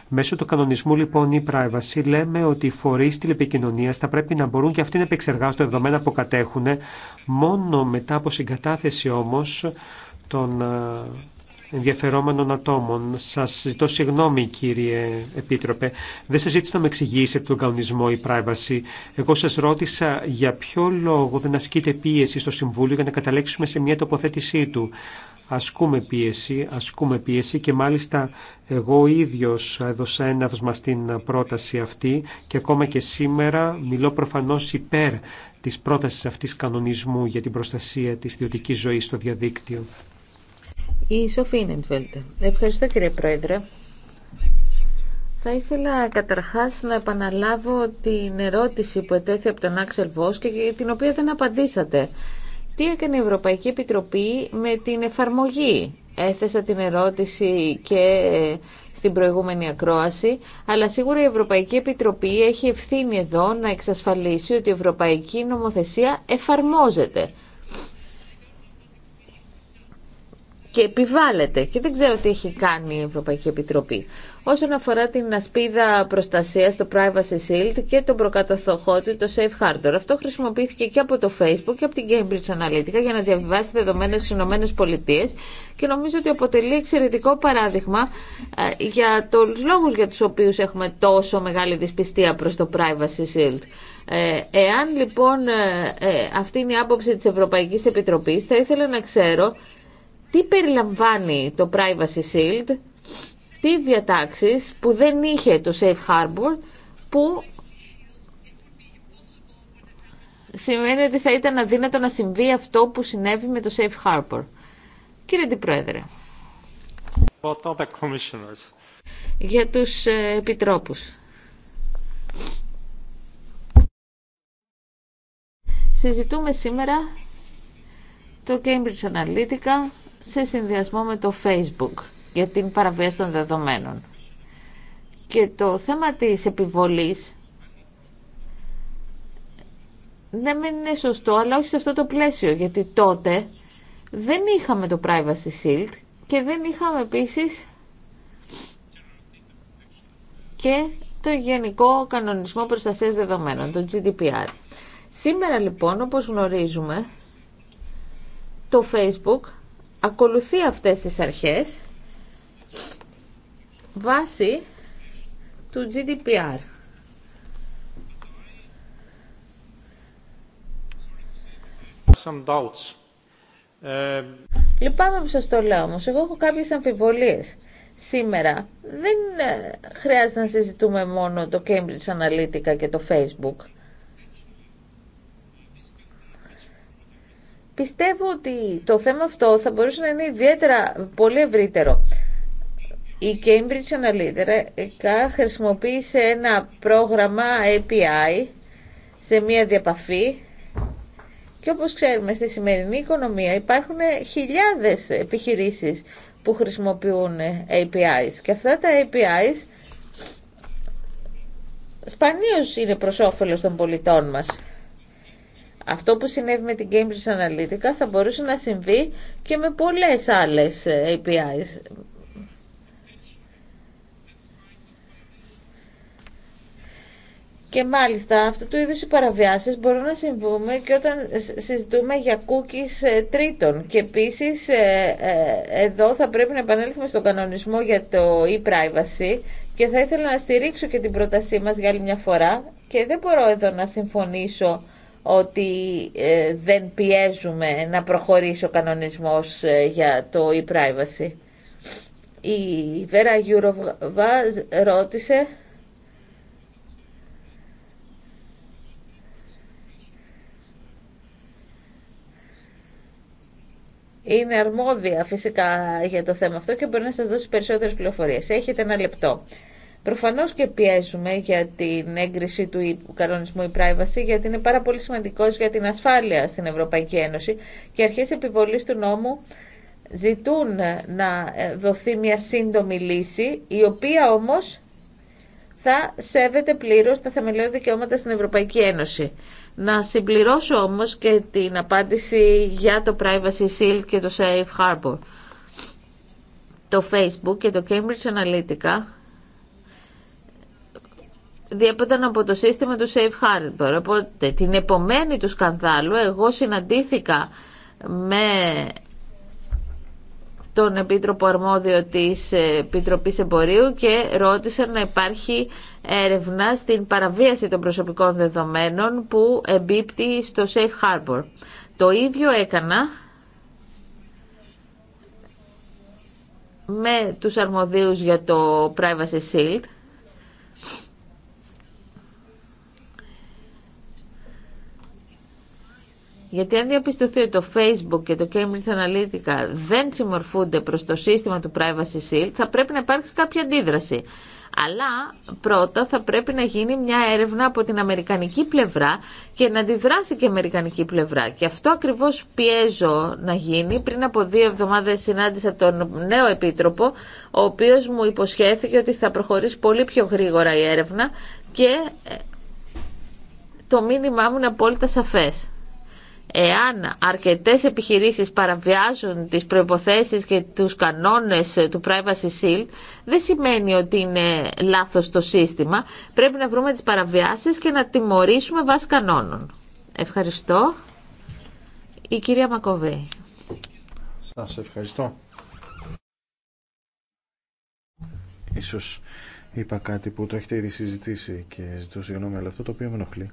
Μέσω του κανονισμού λοιπόν η privacy λέμε ότι οι φορείς τηλεπικοινωνίας θα πρέπει να μπορούν και αυτοί να επεξεργάζονται δεδομένα που κατέχουν μόνο μετά από συγκατάθεση όμως των ενδιαφερόμενων ατόμων. σα ζητώ συγγνώμη κύριε Επίτροπε, δεν σα ζήτησα να με εξηγήσετε τον κανονισμό ή privacy. Εγώ σα ρώτησα για ποιο λόγο δεν ασκείται πίεση στο Συμβούλιο για να καταλέξουμε σε μια τοποθέτησή του. Ασκούμε πίεση, ασκούμε πίεση και μάλιστα εγώ ίδιος έδωσα έναυσμα στην πρόταση αυτή και ακόμα και σήμερα μιλώ προφανώς υπέρ της πρότασης αυτής κανονισμού για την προστασία της ιδιωτική ζωής στο διαδίκτυο. Η Σοφή Βέλτε. Ευχαριστώ κύριε Πρόεδρε. Θα ήθελα καταρχάς να επαναλάβω την ερώτηση που ετέθη από τον Άξελ Βός και την οποία δεν απαντήσατε. Τι έκανε η Ευρωπαϊκή Επιτροπή με την εφαρμογή. Έθεσα την ερώτηση και στην προηγούμενη ακρόαση, αλλά σίγουρα η Ευρωπαϊκή Επιτροπή έχει ευθύνη εδώ να εξασφαλίσει ότι η Ευρωπαϊκή Νομοθεσία εφαρμόζεται. και επιβάλλεται και δεν ξέρω τι έχει κάνει η Ευρωπαϊκή Επιτροπή. Όσον αφορά την ασπίδα προστασία, το Privacy Shield και τον προκαταθοχότητο του, το Safe Harbor. Αυτό χρησιμοποιήθηκε και από το Facebook και από την Cambridge Analytica για να διαβιβάσει δεδομένα στι ΗΠΑ και νομίζω ότι αποτελεί εξαιρετικό παράδειγμα ε, για του λόγου για του οποίου έχουμε τόσο μεγάλη δυσπιστία προ το Privacy Shield. Ε, εάν λοιπόν ε, αυτή είναι η άποψη της Ευρωπαϊκής Επιτροπής, θα ήθελα να ξέρω τι περιλαμβάνει το Privacy Shield, τι διατάξεις που δεν είχε το Safe Harbor, που σημαίνει ότι θα ήταν αδύνατο να συμβεί αυτό που συνέβη με το Safe Harbor. Κύριε Αντιπρόεδρε, για τους ε, επιτρόπους. Συζητούμε σήμερα το Cambridge Analytica σε συνδυασμό με το Facebook για την παραβίαση των δεδομένων. Και το θέμα της επιβολής δεν ναι, είναι σωστό, αλλά όχι σε αυτό το πλαίσιο, γιατί τότε δεν είχαμε το Privacy Shield και δεν είχαμε επίσης και το Γενικό Κανονισμό Προστασίας Δεδομένων, το GDPR. Σήμερα λοιπόν, όπως γνωρίζουμε, το Facebook ακολουθεί αυτές τις αρχές βάσει του GDPR. Some doubts. Ε, Λυπάμαι που σας το λέω όμως, εγώ έχω κάποιες αμφιβολίες. Σήμερα δεν ε, χρειάζεται να συζητούμε μόνο το Cambridge Analytica και το Facebook. Πιστεύω ότι το θέμα αυτό θα μπορούσε να είναι ιδιαίτερα πολύ ευρύτερο. Η Cambridge Analytica ε, χρησιμοποίησε ένα πρόγραμμα API σε μία διαπαφή και όπως ξέρουμε στη σημερινή οικονομία υπάρχουν χιλιάδες επιχειρήσεις που χρησιμοποιούν APIs και αυτά τα APIs σπανίως είναι προς όφελος των πολιτών μας. Αυτό που συνέβη με την Cambridge Analytica θα μπορούσε να συμβεί και με πολλές άλλες ε, APIs. Και μάλιστα αυτού του είδους οι παραβιάσεις μπορούν να συμβούμε και όταν συζητούμε για cookies ε, τρίτων. Και επίσης ε, εδώ θα πρέπει να επανέλθουμε στον κανονισμό για το e-privacy και θα ήθελα να στηρίξω και την πρότασή μας για άλλη μια φορά και δεν μπορώ εδώ να συμφωνήσω ότι ε, δεν πιέζουμε να προχωρήσει ο κανονισμός ε, για το e-privacy. Η Βέρα Γιουροβά ρώτησε Είναι αρμόδια φυσικά για το θέμα αυτό και μπορεί να σας δώσει περισσότερες πληροφορίες. Έχετε ένα λεπτό. Προφανώς και πιέζουμε για την έγκριση του κανονισμού η privacy γιατί είναι πάρα πολύ σημαντικός για την ασφάλεια στην Ευρωπαϊκή Ένωση και αρχές επιβολής του νόμου ζητούν να ε, δοθεί μια σύντομη λύση η οποία όμως θα σέβεται πλήρως τα θεμελιώδη δικαιώματα στην Ευρωπαϊκή Ένωση. Να συμπληρώσω όμως και την απάντηση για το Privacy Shield και το Safe Harbor. Το Facebook και το Cambridge Analytica διέπονταν από το σύστημα του Safe Harbor. Οπότε την επομένη του σκανδάλου εγώ συναντήθηκα με τον Επίτροπο Αρμόδιο της Επιτροπής Εμπορίου και ρώτησε να υπάρχει έρευνα στην παραβίαση των προσωπικών δεδομένων που εμπίπτει στο Safe Harbor. Το ίδιο έκανα με τους αρμοδίους για το Privacy Shield Γιατί αν διαπιστωθεί ότι το Facebook και το Cambridge Analytica δεν συμμορφούνται προς το σύστημα του Privacy Shield, θα πρέπει να υπάρξει κάποια αντίδραση. Αλλά πρώτα θα πρέπει να γίνει μια έρευνα από την Αμερικανική πλευρά και να αντιδράσει και η Αμερικανική πλευρά. Και αυτό ακριβώς πιέζω να γίνει. Πριν από δύο εβδομάδες συνάντησα τον νέο επίτροπο, ο οποίος μου υποσχέθηκε ότι θα προχωρήσει πολύ πιο γρήγορα η έρευνα και ε, το μήνυμά μου είναι απόλυτα σαφές. Εάν αρκετές επιχειρήσεις παραβιάζουν τις προϋποθέσεις και τους κανόνες του Privacy Shield, δεν σημαίνει ότι είναι λάθος το σύστημα. Πρέπει να βρούμε τις παραβιάσεις και να τιμωρήσουμε βάσει κανόνων. Ευχαριστώ. Η κυρία Μακοβέη. Σας ευχαριστώ. Ίσως είπα κάτι που το έχετε ήδη συζητήσει και ζητώ συγγνώμη, αλλά αυτό το οποίο με ενοχλεί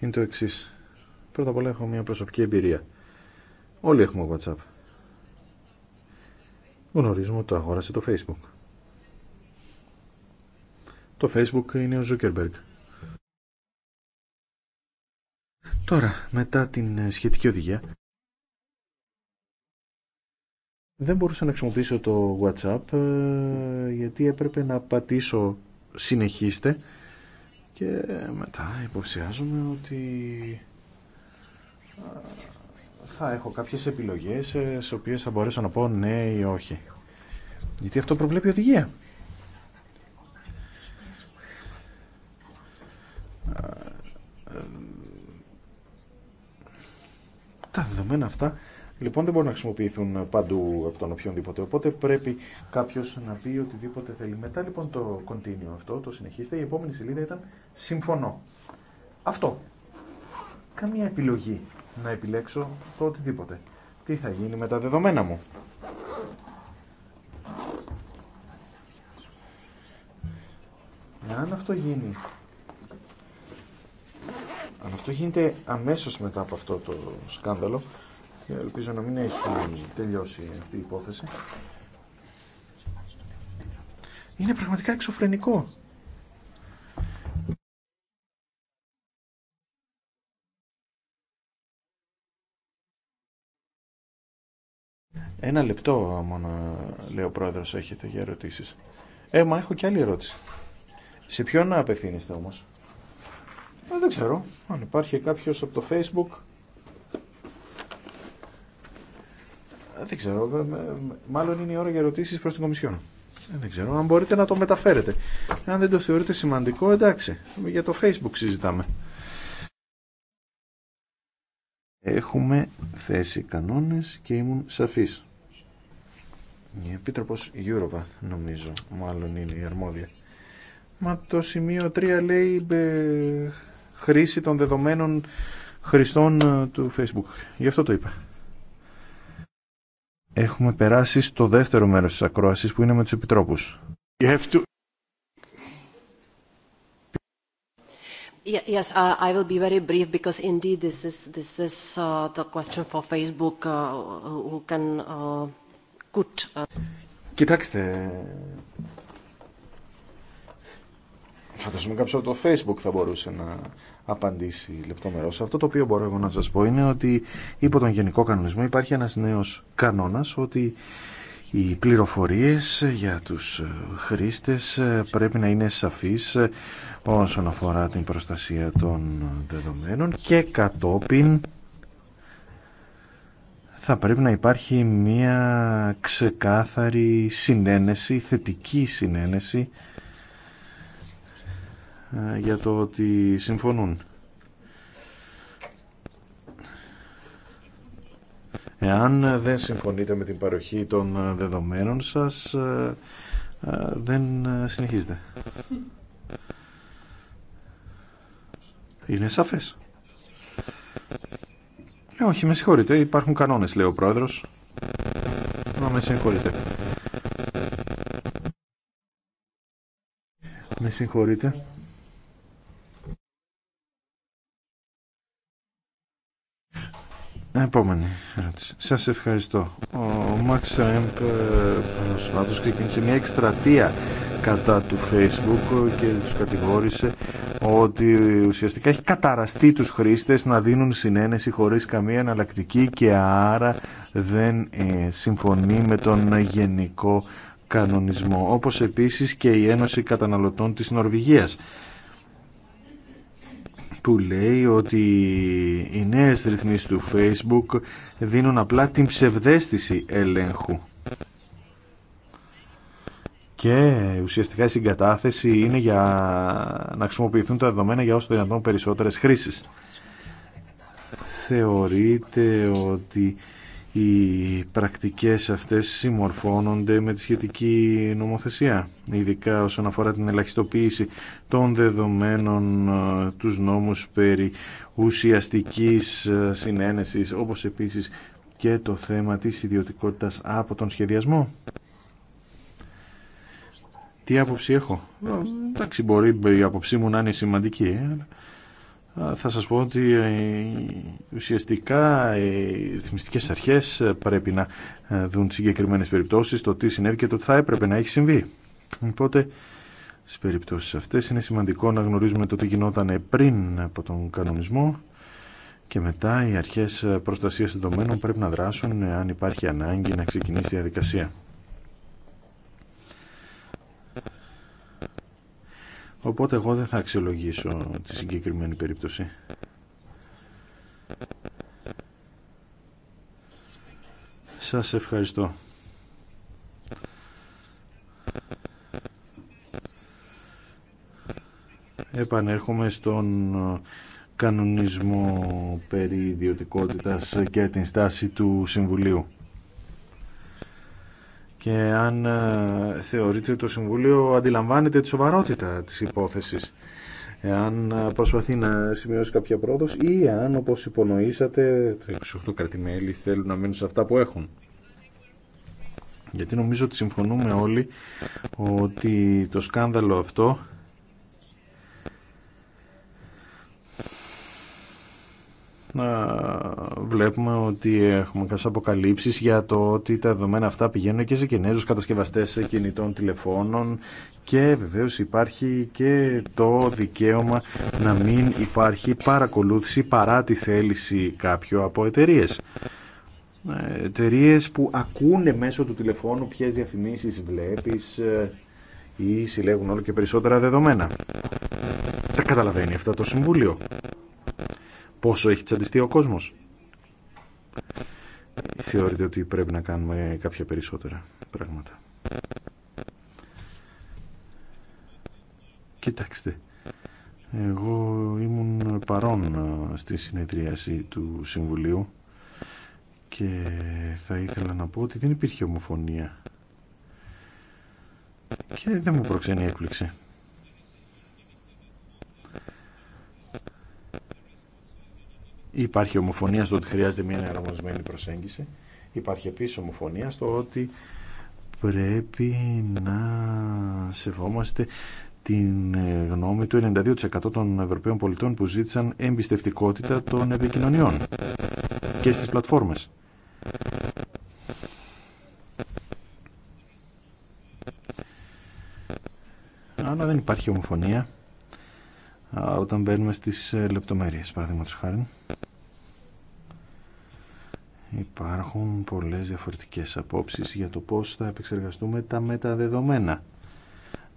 είναι το εξής. Πρώτα απ' όλα έχω μια προσωπική εμπειρία. Όλοι έχουμε WhatsApp. Γνωρίζουμε ότι το αγόρασε το Facebook. Το Facebook είναι ο Zuckerberg. Τώρα, μετά την ε, σχετική οδηγία, δεν μπορούσα να χρησιμοποιήσω το WhatsApp ε, γιατί έπρεπε να πατήσω συνεχίστε και μετά υποψιάζομαι ότι θα έχω κάποιες επιλογές ε, στι οποίε θα μπορέσω να πω ναι ή όχι. Γιατί αυτό προβλέπει η οδηγία. Ε, τα δεδομένα αυτά λοιπόν δεν μπορούν να χρησιμοποιηθούν παντού από τον οποιονδήποτε. Οπότε πρέπει κάποιο να πει οτιδήποτε θέλει. Μετά λοιπόν το continue αυτό, το συνεχίστε. Η επόμενη σελίδα ήταν συμφωνώ. Αυτό. Καμία επιλογή να επιλέξω το οτιδήποτε. Τι θα γίνει με τα δεδομένα μου. Εάν αυτό γίνει, αν αυτό γίνεται αμέσως μετά από αυτό το σκάνδαλο, και ελπίζω να μην έχει τελειώσει αυτή η υπόθεση, είναι πραγματικά εξωφρενικό. Ένα λεπτό μόνο, λέει ο πρόεδρος, έχετε για ερωτήσεις. Ε, μα έχω και άλλη ερώτηση. Σε ποιον να απευθύνεστε όμως. Ε, δεν ξέρω. Αν υπάρχει κάποιος από το facebook. Ε, δεν ξέρω. Ε, μάλλον είναι η ώρα για ερωτήσεις προς την Κομισιόν. δεν ξέρω. Αν μπορείτε να το μεταφέρετε. Αν δεν το θεωρείτε σημαντικό, εντάξει. Για το facebook συζητάμε. Έχουμε θέσει κανόνες και ήμουν σαφής η Επίτροπος Γιούροβα νομίζω μάλλον είναι η αρμόδια μα το σημείο 3 λέει ε, χρήση των δεδομένων χρηστών ε, του facebook γι' αυτό το είπα έχουμε περάσει στο δεύτερο μέρος της ακρόασης που είναι με τους επιτρόπους you to... Yes, I will be very brief because indeed this is this is uh, the question for Facebook uh, who can uh, Κοιτάξτε, Φαντάζομαι κάποιο από το Facebook θα μπορούσε να απαντήσει λεπτομερώς. Αυτό το οποίο μπορώ εγώ να σας πω είναι ότι υπό τον Γενικό Κανονισμό υπάρχει ένας νέος κανόνας ότι οι πληροφορίες για τους χρήστες πρέπει να είναι σαφείς όσον αφορά την προστασία των δεδομένων και κατόπιν θα πρέπει να υπάρχει μια ξεκάθαρη συνένεση, θετική συνένεση ε, για το ότι συμφωνούν. Εάν δεν συμφωνείτε με την παροχή των δεδομένων σας, ε, ε, δεν συνεχίζετε. Είναι σαφές. Ε, όχι, με συγχωρείτε, υπάρχουν κανόνε λέει ο πρόεδρος. Να με συγχωρείτε. Με συγχωρείτε. Επόμενη ερώτηση. Σα ευχαριστώ. Ο Μαξ Ρέμπ ε, ξεκίνησε μια εκστρατεία κατά του Facebook και τους κατηγόρησε ότι ουσιαστικά έχει καταραστεί τους χρήστε να δίνουν συνένεση χωρίς καμία εναλλακτική και άρα δεν ε, συμφωνεί με τον γενικό κανονισμό. Όπως επίσης και η Ένωση Καταναλωτών της Νορβηγία που λέει ότι οι νέες ρυθμίσεις του Facebook δίνουν απλά την ψευδέστηση ελέγχου. Και ουσιαστικά η συγκατάθεση είναι για να χρησιμοποιηθούν τα δεδομένα για όσο το δυνατόν περισσότερες χρήσεις. Θεωρείται ότι οι πρακτικές αυτές συμμορφώνονται με τη σχετική νομοθεσία, ειδικά όσον αφορά την ελαχιστοποίηση των δεδομένων ε, τους νόμους περί ουσιαστικής ε, συνένεσης, όπως επίσης και το θέμα της ιδιωτικότητας από τον σχεδιασμό. Τι άποψη έχω. Ε, εντάξει, μπορεί η άποψή μου να είναι σημαντική, θα σας πω ότι ε, ουσιαστικά οι ρυθμιστικέ αρχές ε, πρέπει να ε, δουν συγκεκριμένες περιπτώσεις το τι συνέβη και το τι θα έπρεπε να έχει συμβεί. Οπότε στις περιπτώσεις αυτές είναι σημαντικό να γνωρίζουμε το τι γινόταν πριν από τον κανονισμό και μετά οι αρχές προστασίας δεδομένων πρέπει να δράσουν αν υπάρχει ανάγκη να ξεκινήσει η διαδικασία. Οπότε εγώ δεν θα αξιολογήσω τη συγκεκριμένη περίπτωση. Σας ευχαριστώ. Επανέρχομαι στον κανονισμό περί ιδιωτικότητας και την στάση του Συμβουλίου και αν ε, θεωρείτε ότι το Συμβούλιο αντιλαμβάνεται τη σοβαρότητα της υπόθεσης Αν ε, προσπαθεί να σημειώσει κάποια πρόοδο ή αν όπως υπονοήσατε τα 28 κρατημέλη θέλουν να μείνουν σε αυτά που έχουν. Γιατί νομίζω ότι συμφωνούμε όλοι ότι το σκάνδαλο αυτό να βλέπουμε ότι έχουμε κάποιε αποκαλύψει για το ότι τα δεδομένα αυτά πηγαίνουν και σε Κινέζου κατασκευαστές κινητών τηλεφώνων και βεβαίως υπάρχει και το δικαίωμα να μην υπάρχει παρακολούθηση παρά τη θέληση κάποιου από εταιρείε. Εταιρείε που ακούνε μέσω του τηλεφώνου ποιε διαφημίσεις βλέπεις ε, ή συλλέγουν όλο και περισσότερα δεδομένα. Τα καταλαβαίνει αυτά το Συμβούλιο πόσο έχει τσαντιστεί ο κόσμος. Θεωρείτε ότι πρέπει να κάνουμε κάποια περισσότερα πράγματα. Κοιτάξτε, εγώ ήμουν παρόν στη συνεδρίαση του Συμβουλίου και θα ήθελα να πω ότι δεν υπήρχε ομοφωνία και δεν μου προξενεί έκπληξη. Υπάρχει ομοφωνία στο ότι χρειάζεται μια εναρμονισμένη προσέγγιση. Υπάρχει επίσης ομοφωνία στο ότι πρέπει να σεβόμαστε την ε, γνώμη του 92% των Ευρωπαίων πολιτών που ζήτησαν εμπιστευτικότητα των επικοινωνιών και στις πλατφόρμες. Αλλά δεν υπάρχει ομοφωνία όταν μπαίνουμε στις ε, λεπτομέρειες, παραδείγματος χάρη υπάρχουν πολλές διαφορετικές απόψεις για το πώς θα επεξεργαστούμε τα μεταδεδομένα.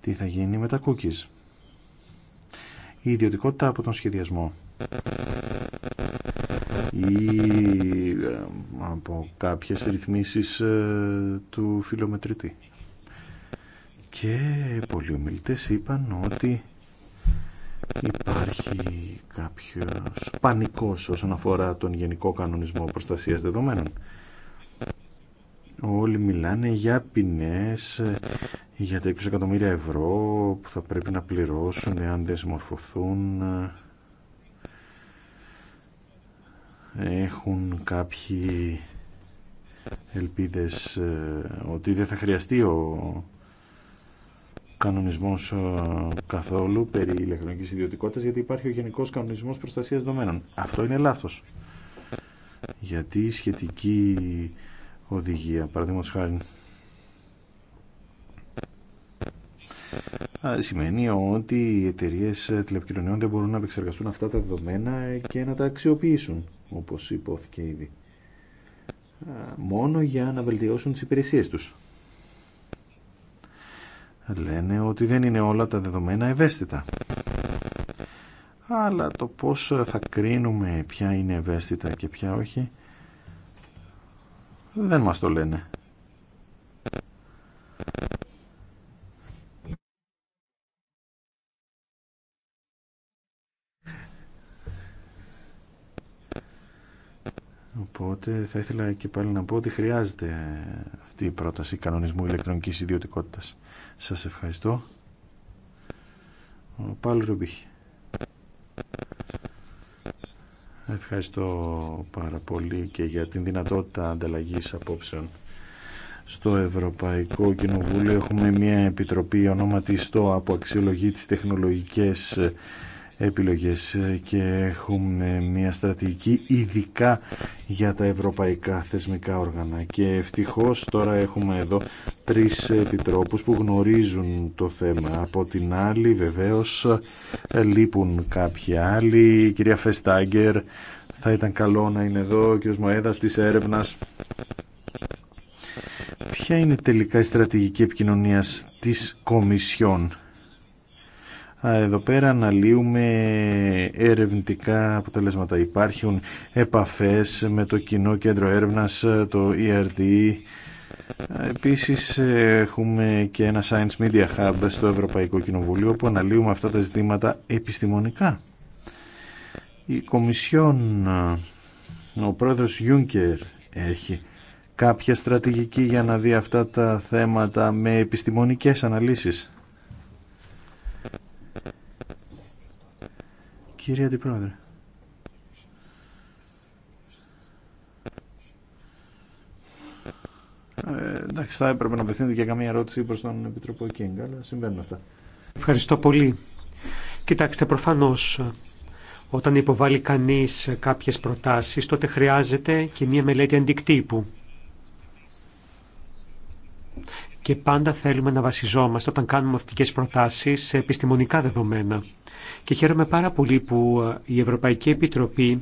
Τι θα γίνει με τα cookies. Η ιδιωτικότητα από τον σχεδιασμό. Ή ε, από κάποιες ρυθμίσεις ε, του φιλομετρητή. Και πολλοί ομιλητές είπαν ότι υπάρχει κάποιος πανικός όσον αφορά τον Γενικό Κανονισμό Προστασίας Δεδομένων. Όλοι μιλάνε για ποινές, για τα 20 εκατομμύρια ευρώ που θα πρέπει να πληρώσουν εάν δεν συμμορφωθούν. Έχουν κάποιοι ελπίδες ε, ότι δεν θα χρειαστεί ο κανονισμός ε, καθόλου περί ηλεκτρονικής ιδιωτικότητας γιατί υπάρχει ο Γενικός Κανονισμός Προστασίας δεδομένων. Αυτό είναι λάθος. Γιατί η σχετική οδηγία, παραδείγματος χάρη, σημαίνει ότι οι εταιρείε ε, τηλεπικοινωνιών δεν μπορούν να επεξεργαστούν αυτά τα δεδομένα και να τα αξιοποιήσουν, όπως υπόθηκε ήδη. Μόνο για να βελτιώσουν τις υπηρεσίες τους λένε ότι δεν είναι όλα τα δεδομένα ευαίσθητα. Αλλά το πώς θα κρίνουμε ποια είναι ευαίσθητα και ποια όχι, δεν μας το λένε. Οπότε θα ήθελα και πάλι να πω ότι χρειάζεται αυτή η πρόταση κανονισμού ηλεκτρονικής ιδιωτικότητας. Σας ευχαριστώ. Πάλι Ρουμπίχη. Ευχαριστώ πάρα πολύ και για την δυνατότητα ανταλλαγής απόψεων. Στο Ευρωπαϊκό Κοινοβούλιο έχουμε μια επιτροπή ονόματι από από αξιολογεί τις τεχνολογικές επιλογές και έχουμε μια στρατηγική ειδικά για τα ευρωπαϊκά θεσμικά όργανα και ευτυχώς τώρα έχουμε εδώ τρεις επιτρόπους που γνωρίζουν το θέμα. Από την άλλη βεβαίως ε, λείπουν κάποιοι άλλοι. Η κυρία Φεστάγκερ θα ήταν καλό να είναι εδώ, ο κύριος Μοέδας της έρευνας. Ποια είναι τελικά η στρατηγική επικοινωνία της Κομισιόν. Εδώ πέρα αναλύουμε ερευνητικά αποτελέσματα. Υπάρχουν επαφές με το Κοινό Κέντρο Έρευνας, το ERD, Επίσης έχουμε και ένα Science Media Hub στο Ευρωπαϊκό Κοινοβούλιο που αναλύουμε αυτά τα ζητήματα επιστημονικά. Η Κομισιόν, ο πρόεδρος Γιούνκερ έχει κάποια στρατηγική για να δει αυτά τα θέματα με επιστημονικές αναλύσεις. Κύριε Αντιπρόεδρε. Ε, εντάξει, θα έπρεπε να απευθύνεται και καμία ερώτηση προ τον Επιτροπό Κίνγκ, αλλά συμβαίνουν αυτά. Ευχαριστώ πολύ. Κοιτάξτε, προφανώ, όταν υποβάλλει κανείς κάποιες προτάσεις, τότε χρειάζεται και μία μελέτη αντικτύπου. Και πάντα θέλουμε να βασιζόμαστε όταν κάνουμε αυτικές προτάσεις σε επιστημονικά δεδομένα. Και χαίρομαι πάρα πολύ που η Ευρωπαϊκή Επιτροπή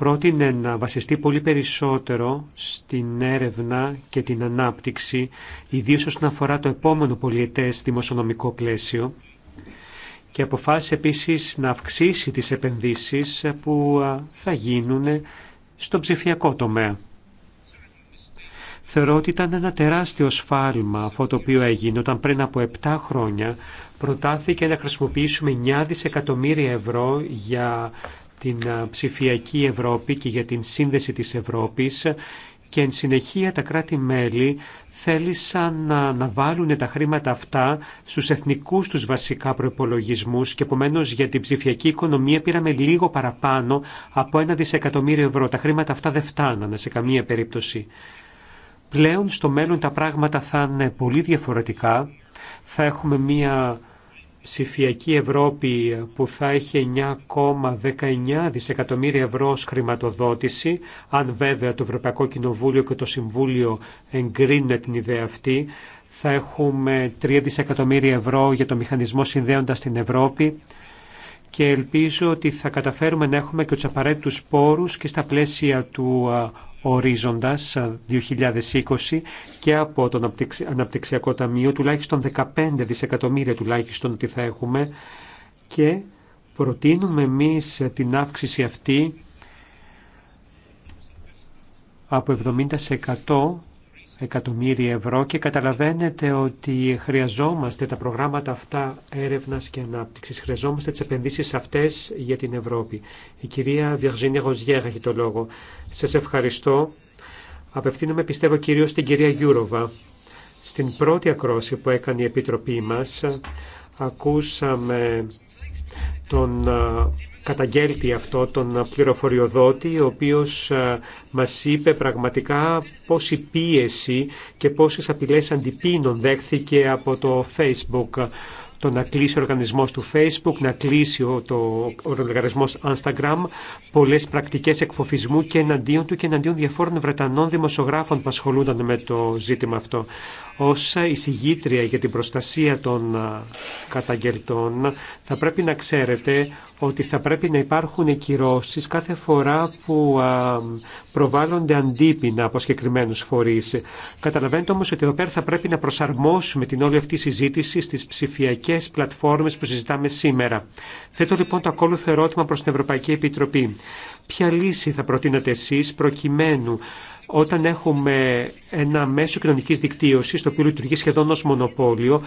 πρότεινε να βασιστεί πολύ περισσότερο στην έρευνα και την ανάπτυξη, ιδίως όσον αφορά το επόμενο πολιετές δημοσιονομικό πλαίσιο και αποφάσισε επίσης να αυξήσει τις επενδύσεις που θα γίνουν στο ψηφιακό τομέα. Θεωρώ ότι ήταν ένα τεράστιο σφάλμα αυτό το οποίο έγινε όταν πριν από 7 χρόνια προτάθηκε να χρησιμοποιήσουμε 9 δισεκατομμύρια ευρώ για την ψηφιακή Ευρώπη και για την σύνδεση της Ευρώπης και εν συνεχεία τα κράτη-μέλη θέλησαν να, να βάλουν τα χρήματα αυτά στους εθνικούς τους βασικά προϋπολογισμούς και επομένω για την ψηφιακή οικονομία πήραμε λίγο παραπάνω από ένα δισεκατομμύριο ευρώ. Τα χρήματα αυτά δεν φτάνανε σε καμία περίπτωση. Πλέον στο μέλλον τα πράγματα θα είναι πολύ διαφορετικά. Θα έχουμε μία ψηφιακή Ευρώπη που θα έχει 9,19 δισεκατομμύρια ευρώ ως χρηματοδότηση, αν βέβαια το Ευρωπαϊκό Κοινοβούλιο και το Συμβούλιο εγκρίνουν την ιδέα αυτή, θα έχουμε 3 δισεκατομμύρια ευρώ για το μηχανισμό συνδέοντας την Ευρώπη και ελπίζω ότι θα καταφέρουμε να έχουμε και τους απαραίτητους πόρους και στα πλαίσια του ορίζοντας 2020 ε, και από το Αναπτυξιακό Ταμείο τουλάχιστον 15 δισεκατομμύρια τουλάχιστον ότι θα έχουμε και προτείνουμε εμείς την αύξηση αυτή από 70% εκατομμύρια ευρώ και καταλαβαίνετε ότι χρειαζόμαστε τα προγράμματα αυτά έρευνας και ανάπτυξης. Χρειαζόμαστε τις επενδύσεις αυτές για την Ευρώπη. Η κυρία Βιαρζίνια Γοζιέγα έχει το λόγο. Σας ευχαριστώ. Απευθύνομαι πιστεύω κυρίως στην κυρία Γιούροβα. Στην πρώτη ακρόση που έκανε η Επιτροπή μας ακούσαμε τον καταγγέλτη αυτό τον πληροφοριοδότη ο οποίος ε, μας είπε πραγματικά πόση πίεση και πόσες απειλές αντιπίνων δέχθηκε από το Facebook το να κλείσει ο οργανισμός του Facebook, να κλείσει ο, το, οργανισμός Instagram, πολλές πρακτικές εκφοφισμού και εναντίον του και εναντίον διαφόρων Βρετανών δημοσιογράφων που ασχολούνταν με το ζήτημα αυτό. Ως εισηγήτρια για την προστασία των καταγγελτών θα πρέπει να ξέρετε ότι θα πρέπει να υπάρχουν κυρώσεις κάθε φορά που προβάλλονται αντίπεινα από συγκεκριμένου φορείς. Καταλαβαίνετε όμως ότι εδώ πέρα θα πρέπει να προσαρμόσουμε την όλη αυτή συζήτηση στις ψηφιακές πλατφόρμες που συζητάμε σήμερα. Θέτω λοιπόν το ακόλουθο ερώτημα προς την Ευρωπαϊκή Επιτροπή. Ποια λύση θα προτείνατε εσείς προκειμένου όταν έχουμε ένα μέσο κοινωνικής δικτύωσης, το οποίο λειτουργεί σχεδόν ως μονοπόλιο,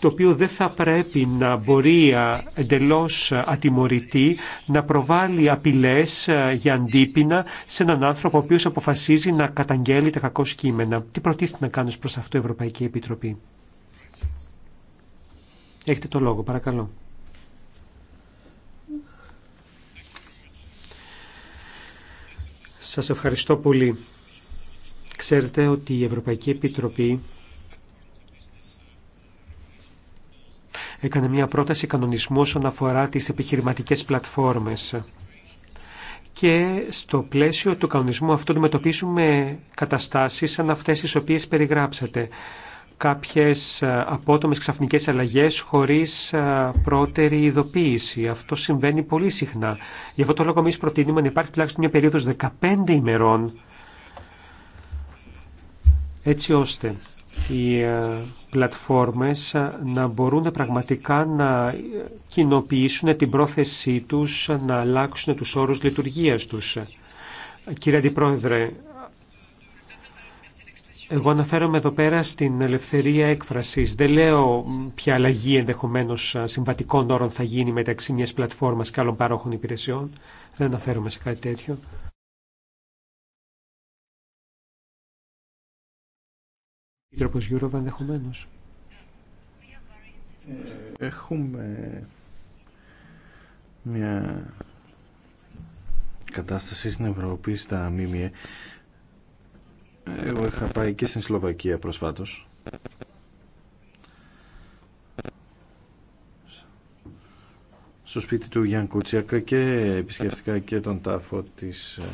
το οποίο δεν θα πρέπει να μπορεί εντελώς ατιμωρητή να προβάλλει απειλές για αντίπεινα σε έναν άνθρωπο ο οποίος αποφασίζει να καταγγέλει τα κακό κείμενα. Τι προτίθεται να κάνει προς αυτό η Ευρωπαϊκή Επιτροπή. Έχετε το λόγο, παρακαλώ. Σας ευχαριστώ πολύ. Ξέρετε ότι η Ευρωπαϊκή Επιτροπή έκανε μια πρόταση κανονισμού όσον αφορά τις επιχειρηματικές πλατφόρμες. Και στο πλαίσιο του κανονισμού αυτού αντιμετωπίζουμε καταστάσεις σαν αυτές τις οποίες περιγράψατε. Κάποιες ε, απότομες ξαφνικές αλλαγές χωρίς ε, πρότερη ειδοποίηση. Αυτό συμβαίνει πολύ συχνά. Γι' αυτό το λόγο εμεί προτείνουμε να υπάρχει τουλάχιστον μια περίοδος 15 ημερών έτσι ώστε οι ε, πλατφόρμες ε, να μπορούν πραγματικά να ε, κοινοποιήσουν την πρόθεσή τους να αλλάξουν τους όρους λειτουργίας τους. Κύριε Αντιπρόεδρε, εγώ αναφέρομαι εδώ πέρα στην ελευθερία έκφρασης. Δεν λέω ποια αλλαγή ενδεχομένως συμβατικών όρων θα γίνει μεταξύ μιας πλατφόρμας και άλλων παρόχων υπηρεσιών. Δεν αναφέρομαι σε κάτι τέτοιο. Επίτροπος ενδεχομένω. Ε, έχουμε μια κατάσταση στην Ευρώπη στα ΜΜΕ. Εγώ είχα πάει και στην Σλοβακία προσφάτως. στο σπίτι του Γιάνν Κουτσιάκα και επισκεφτικά και τον τάφο της ε,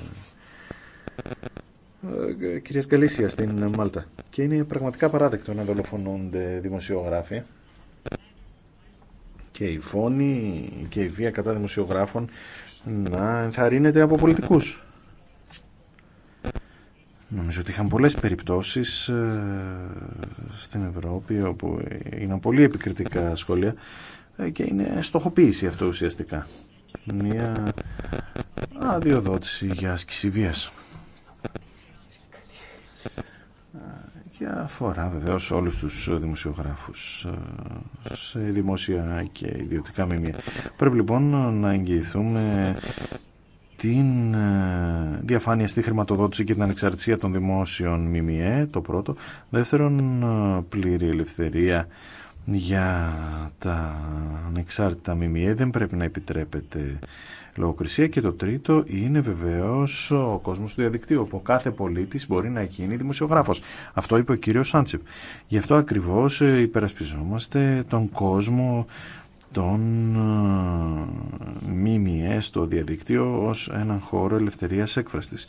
ε, κυρίας Καλήσια στην Μάλτα. Και είναι πραγματικά παράδεκτο να δολοφονούνται δημοσιογράφοι. Και η φόνη και η βία κατά δημοσιογράφων να ενθαρρύνεται από πολιτικούς. Νομίζω ότι είχαν πολλές περιπτώσεις ε, στην Ευρώπη όπου είναι πολύ επικριτικά σχόλια ε, και είναι στοχοποίηση αυτό ουσιαστικά. Μια αδειοδότηση για άσκηση και αφορά βεβαίω όλους τους δημοσιογράφους ε, σε δημόσια και ιδιωτικά μήμια. Πρέπει λοιπόν να εγγυηθούμε την ε, διαφάνεια στη χρηματοδότηση και την ανεξαρτησία των δημόσιων ΜΜΕ, το πρώτο. Δεύτερον, ε, πλήρη ελευθερία για τα ανεξάρτητα μημιέ Δεν πρέπει να επιτρέπεται λογοκρισία και το τρίτο είναι βεβαίω ο κόσμος του διαδικτύου όπου κάθε πολίτης μπορεί να γίνει δημοσιογράφο. Αυτό είπε ο κύριος Σάντσεπ. Γι' αυτό ακριβώς ε, υπερασπιζόμαστε τον κόσμο των ε, ΜΜΕ στο διαδικτύο ως έναν χώρο ελευθερίας έκφρασης.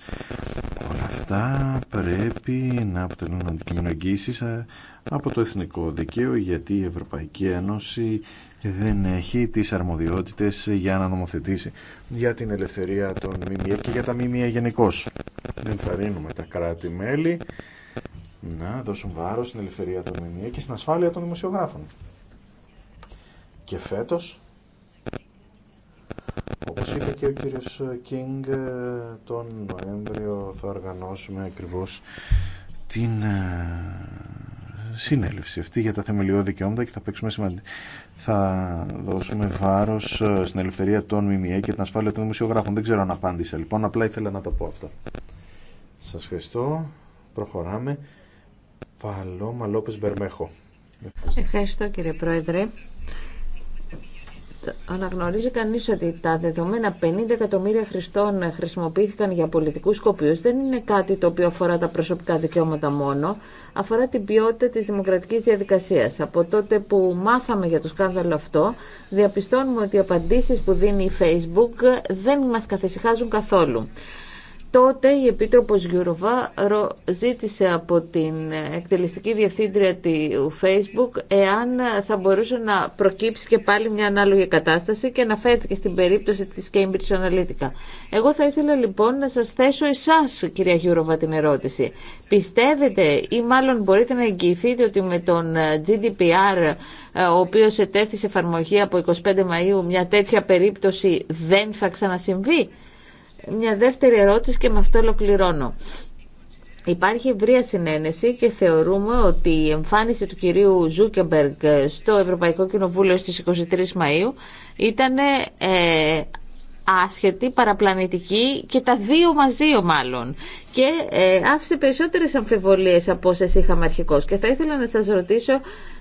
Όλα αυτά πρέπει να αποτελούν αντικειμενογγύσεις ε, από το εθνικό δικαίο γιατί η Ευρωπαϊκή Ένωση δεν έχει τις αρμοδιότητες για να νομοθετήσει για την ελευθερία των ΜΜΕ και για τα ΜΜΕ γενικώ. Δεν θα ρίνουμε τα κράτη-μέλη να δώσουν βάρος στην ελευθερία των ΜΜΕ και στην ασφάλεια των δημοσιογράφων. Και φέτος, όπως είπε και ο κύριος Κίνγκ, τον Νοέμβριο θα οργανώσουμε ακριβώς την ε, συνέλευση αυτή για τα θεμελιώδη δικαιώματα και θα παίξουμε σημαντικά. Θα δώσουμε βάρο ε, στην ελευθερία των ΜΜΕ και την ασφάλεια των δημοσιογράφων. Δεν ξέρω αν απάντησα λοιπόν, απλά ήθελα να τα πω αυτά. Σα ευχαριστώ. Προχωράμε. Παλώμα Λόπε Μπερμέχο. Ευχαριστώ κύριε Πρόεδρε αναγνωρίζει κανείς ότι τα δεδομένα 50 εκατομμύρια χρηστών χρησιμοποιήθηκαν για πολιτικούς σκοπίους δεν είναι κάτι το οποίο αφορά τα προσωπικά δικαιώματα μόνο, αφορά την ποιότητα της δημοκρατικής διαδικασίας. Από τότε που μάθαμε για το σκάνδαλο αυτό, διαπιστώνουμε ότι οι απαντήσεις που δίνει η Facebook δεν μας καθησυχάζουν καθόλου τότε η Επίτροπος Γιουροβά ζήτησε από την εκτελεστική διευθύντρια του Facebook εάν θα μπορούσε να προκύψει και πάλι μια ανάλογη κατάσταση και να φέρθηκε στην περίπτωση της Cambridge Analytica. Εγώ θα ήθελα λοιπόν να σας θέσω εσάς κυρία Γιουροβά την ερώτηση. Πιστεύετε ή μάλλον μπορείτε να εγγυηθείτε ότι με τον GDPR ε, ο οποίος ετέθησε εφαρμογή από 25 Μαΐου μια τέτοια περίπτωση δεν θα ξανασυμβεί μια δεύτερη ερώτηση και με αυτό ολοκληρώνω. Υπάρχει ευρεία συνένεση και θεωρούμε ότι η εμφάνιση του κυρίου Ζούκεμπεργκ στο Ευρωπαϊκό Κοινοβούλιο στις 23 Μαΐου ήταν ε, άσχετη, παραπλανητική και τα δύο μαζί ο μάλλον. Και ε, άφησε περισσότερες αμφιβολίες από όσες είχαμε αρχικώς. Και θα ήθελα να σας ρωτήσω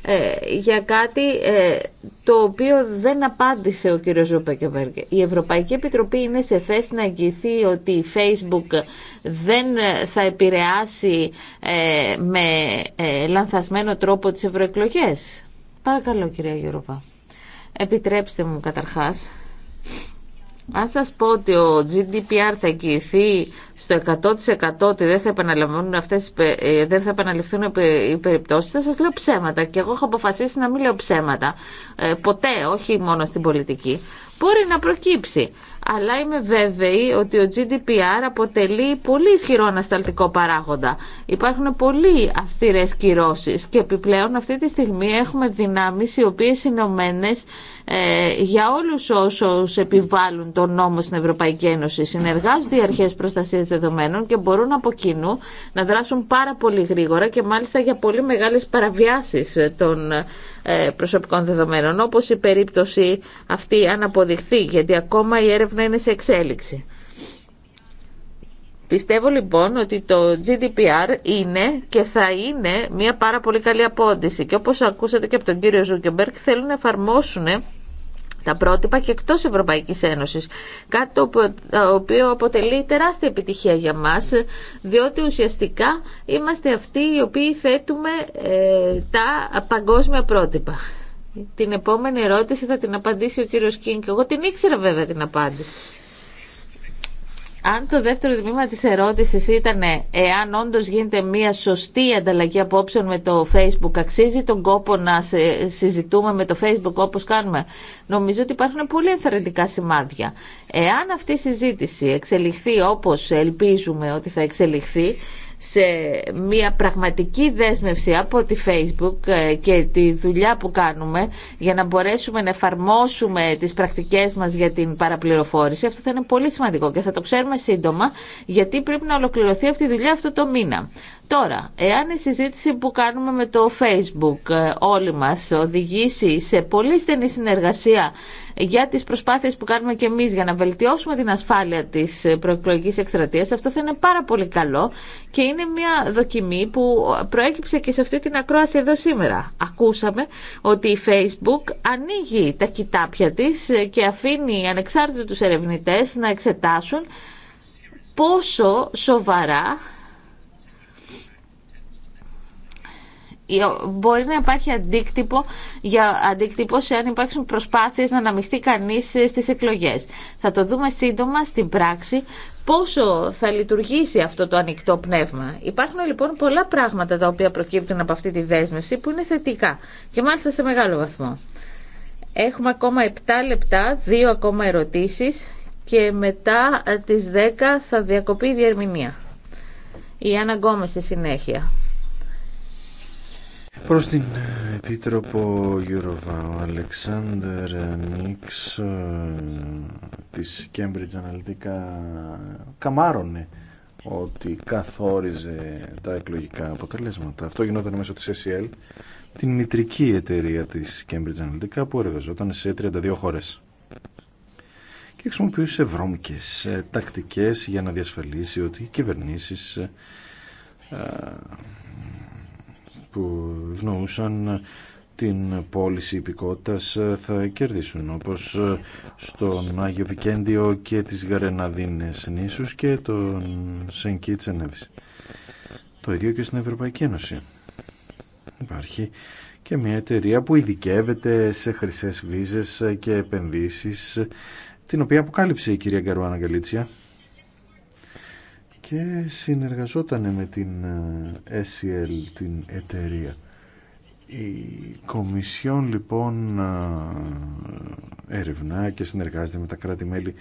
ε, για κάτι ε, το οποίο δεν απάντησε ο κύριος Ζούπεκεβέργ. Η Ευρωπαϊκή Επιτροπή είναι σε θέση να εγγυηθεί ότι η Facebook δεν θα επηρεάσει με λανθασμένο τρόπο τις ευρωεκλογές. Παρακαλώ κυρία Γιώργα. Επιτρέψτε μου καταρχάς αν σας πω ότι ο GDPR θα εγγυηθεί στο 100% ότι δεν θα, επαναλαμβάνουν αυτές, ε, δεν θα επαναληφθούν οι περιπτώσεις, θα σας λέω ψέματα. Και εγώ έχω αποφασίσει να μην λέω ψέματα. Ε, ποτέ, όχι μόνο στην πολιτική. Μπορεί να προκύψει. Αλλά είμαι βέβαιη ότι ο GDPR αποτελεί πολύ ισχυρό ανασταλτικό παράγοντα. Υπάρχουν πολύ αυστηρέ κυρώσει και επιπλέον αυτή τη στιγμή έχουμε δυνάμεις οι οποίες είναι ε, για όλους όσους επιβάλλουν τον νόμο στην Ευρωπαϊκή Ένωση. Συνεργάζονται οι αρχές προστασίας δεδομένων και μπορούν από κοινού να δράσουν πάρα πολύ γρήγορα και μάλιστα για πολύ μεγάλε παραβιάσει των ε, προσωπικών δεδομένων, όπως η περίπτωση αυτή αν αποδειχθεί, γιατί ακόμα η έρευνα είναι σε εξέλιξη. Πιστεύω λοιπόν ότι το GDPR είναι και θα είναι μια πάρα πολύ καλή απόντηση και όπως ακούσατε και από τον κύριο Ζούκεμπερκ θέλουν να εφαρμόσουν τα πρότυπα και εκτό Ευρωπαϊκής Ένωσης. Κάτι το οποίο αποτελεί τεράστια επιτυχία για μας, διότι ουσιαστικά είμαστε αυτοί οι οποίοι θέτουμε ε, τα παγκόσμια πρότυπα. Την επόμενη ερώτηση θα την απαντήσει ο κύριος Κίνκ. Εγώ την ήξερα βέβαια την απάντηση. Αν το δεύτερο τμήμα της ερώτησης ήταν εάν όντως γίνεται μια σωστή ανταλλαγή απόψεων με το Facebook, αξίζει τον κόπο να συζητούμε με το Facebook όπως κάνουμε. Νομίζω ότι υπάρχουν πολύ ενθαρρυντικά σημάδια. Εάν αυτή η συζήτηση εξελιχθεί όπως ελπίζουμε ότι θα εξελιχθεί, σε μια πραγματική δέσμευση από τη Facebook ε, και τη δουλειά που κάνουμε για να μπορέσουμε να εφαρμόσουμε τις πρακτικές μας για την παραπληροφόρηση. Αυτό θα είναι πολύ σημαντικό και θα το ξέρουμε σύντομα γιατί πρέπει να ολοκληρωθεί αυτή η δουλειά αυτό το μήνα. Τώρα, εάν η συζήτηση που κάνουμε με το Facebook ε, όλοι μας οδηγήσει σε πολύ στενή συνεργασία για τις προσπάθειες που κάνουμε και εμείς για να βελτιώσουμε την ασφάλεια της ε, προεκλογικής εκστρατείας, αυτό θα είναι πάρα πολύ καλό και είναι μια δοκιμή που προέκυψε και σε αυτή την ακρόαση εδώ σήμερα. Ακούσαμε ότι η Facebook ανοίγει τα κοιτάπια της ε, και αφήνει ανεξάρτητους ερευνητές να εξετάσουν πόσο σοβαρά Ε, μπορεί να υπάρχει αντίκτυπο, για, αντίκτυπος εάν υπάρξουν προσπάθειες να αναμειχθεί κανείς στις εκλογές. Θα το δούμε σύντομα στην πράξη πόσο θα λειτουργήσει αυτό το ανοιχτό πνεύμα. Υπάρχουν λοιπόν πολλά πράγματα τα οποία προκύπτουν από αυτή τη δέσμευση που είναι θετικά και μάλιστα σε μεγάλο βαθμό. Έχουμε ακόμα 7 λεπτά, 2 ακόμα ερωτήσεις και μετά ε, τις 10 θα διακοπεί η διερμηνία. Η Άννα στη συνέχεια. Προς την ε, Επίτροπο Γιουροβά, ο Αλεξάνδρ Νίξ ε, της Cambridge Analytica καμάρωνε ότι καθόριζε τα εκλογικά αποτελέσματα. Αυτό γινόταν μέσω της SEL, την μητρική εταιρεία της Cambridge Analytica που εργαζόταν σε 32 χώρες και χρησιμοποιούσε βρώμικες ε, τακτικές για να διασφαλίσει ότι οι κυβερνήσεις που ευνοούσαν την πώληση υπηκότητας ε, θα κερδίσουν όπως ε, στον Άγιο Βικέντιο και τις Γαρεναδίνες νήσους και τον Σενκί Το ίδιο και στην Ευρωπαϊκή Ένωση. Υπάρχει και μια εταιρεία που ειδικεύεται σε χρυσές βίζες και επενδύσεις την οποία αποκάλυψε η κυρία Γκαρουάνα Γκαλίτσια και συνεργαζόταν με την ε, SEL, την εταιρεία. Η Κομισιόν λοιπόν έρευνα και συνεργάζεται με τα κράτη-μέλη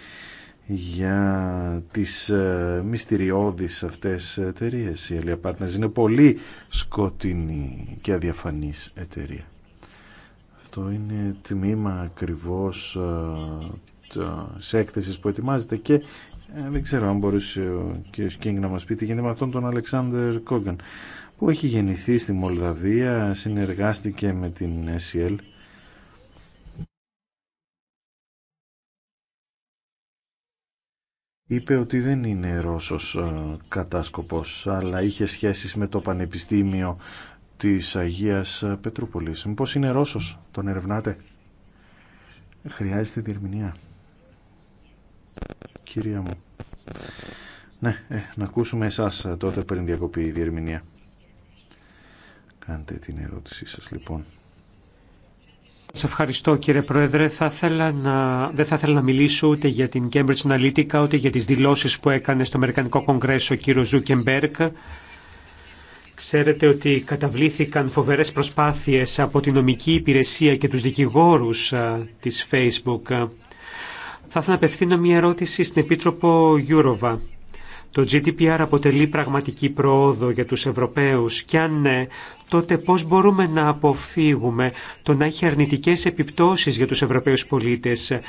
για τις ε, μυστηριώδεις αυτές εταιρείε. Η Ελία είναι πολύ σκοτεινή και αδιαφανής εταιρεία. Αυτό είναι τμήμα ακριβώς ε, της έκθεσης που ετοιμάζεται και ε, δεν ξέρω αν μπορούσε ο κ. Κίνγκ να μας πει τι γίνεται με αυτόν τον Αλεξάνδρ Κόγκαν που έχει γεννηθεί στη Μολδαβία, συνεργάστηκε με την SEL είπε ότι δεν είναι Ρώσος ε, κατάσκοπος αλλά είχε σχέσεις με το Πανεπιστήμιο της Αγίας Πετρούπολης. Πως είναι Ρώσος, τον ερευνάτε. Χρειάζεται διερμηνία κυρία μου. Ναι, ε, να ακούσουμε εσάς ε, τότε πριν διακοπεί η διερμηνία. Κάντε την ερώτησή σας λοιπόν. Σας ευχαριστώ κύριε Πρόεδρε. Θα να... Δεν θα ήθελα να μιλήσω ούτε για την Cambridge Analytica, ούτε για τις δηλώσεις που έκανε στο Αμερικανικό Κογκρέσο ο κύριος Ζούκεμπερκ. Ξέρετε ότι καταβλήθηκαν φοβερές προσπάθειες από την νομική υπηρεσία και τους δικηγόρους ε, της Facebook θα ήθελα να απευθύνω μια ερώτηση στην Επίτροπο Γιούροβα. Το GDPR αποτελεί πραγματική προόδο για τους Ευρωπαίους και αν ναι, τότε πώς μπορούμε να αποφύγουμε το να έχει αρνητικές επιπτώσεις για τους Ευρωπαίους πολίτες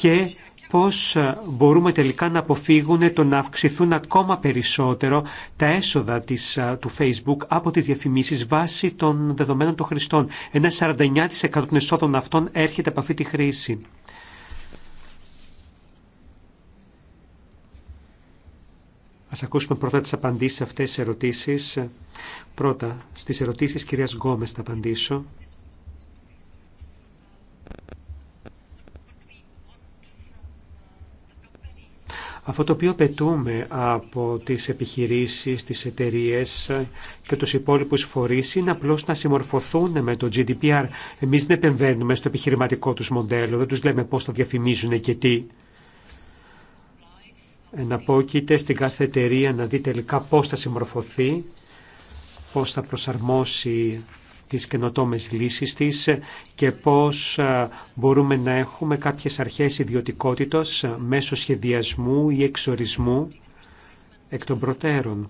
και πώς μπορούμε τελικά να αποφύγουν το να αυξηθούν ακόμα περισσότερο τα έσοδα της, του Facebook από τις διαφημίσεις βάσει των δεδομένων των χρηστών. Ένα 49% των εσόδων αυτών έρχεται από αυτή τη χρήση. Ας ακούσουμε πρώτα τις απαντήσεις σε αυτές τις ερωτήσεις. Πρώτα, στις ερωτήσεις κυρίας Γκόμες θα απαντήσω. Αυτό το οποίο πετούμε από τις επιχειρήσεις, τις εταιρείες και τους υπόλοιπους φορείς είναι απλώς να συμμορφωθούν με το GDPR. Εμείς δεν επεμβαίνουμε στο επιχειρηματικό τους μοντέλο, δεν τους λέμε πώς θα διαφημίζουν και τι εναπόκειται στην κάθε εταιρεία να δει τελικά πώς θα συμμορφωθεί, πώς θα προσαρμόσει τις καινοτόμες λύσεις της και πώς μπορούμε να έχουμε κάποιες αρχές ιδιωτικότητας μέσω σχεδιασμού ή εξορισμού εκ των προτέρων.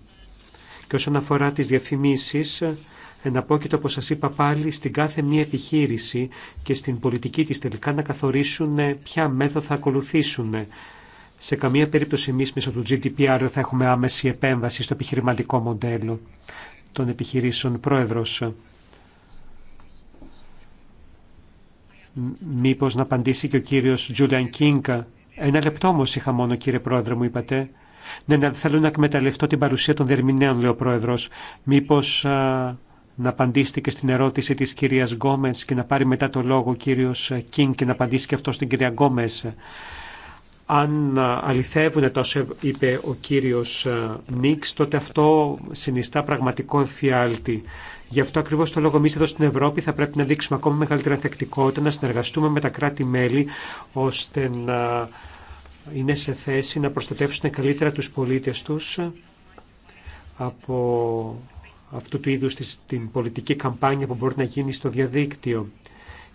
Και όσον αφορά τις διαφημίσεις, εναπόκειται όπως σας είπα πάλι στην κάθε μία επιχείρηση και στην πολιτική της τελικά να καθορίσουν ποια μέθοδο θα ακολουθήσουν σε καμία περίπτωση εμεί μέσω του GDPR θα έχουμε άμεση επέμβαση στο επιχειρηματικό μοντέλο των επιχειρήσεων. Πρόεδρος, μήπως να απαντήσει και ο κύριος Τζούλιαν Κίνκα. Ένα λεπτό όμω είχα μόνο κύριε Πρόεδρε μου είπατε. Ναι, να θέλω να εκμεταλλευτώ την παρουσία των δερμηνέων, λέει ο Πρόεδρος. Μήπως να απαντήσετε και στην ερώτηση της κυρίας Γκόμες και να πάρει μετά το λόγο ο κύριος Κίνκ και να απαντήσει και αυτό στην κυρία Γκόμες αν αληθεύουν τόσο είπε ο κύριος Νίξ, τότε αυτό συνιστά πραγματικό εφιάλτη. Γι' αυτό ακριβώ το λόγο εμεί εδώ στην Ευρώπη θα πρέπει να δείξουμε ακόμα μεγαλύτερη ανθεκτικότητα, να συνεργαστούμε με τα κράτη-μέλη, ώστε να είναι σε θέση να προστατεύσουν καλύτερα τους πολίτες τους από αυτού του είδους την πολιτική καμπάνια που μπορεί να γίνει στο διαδίκτυο.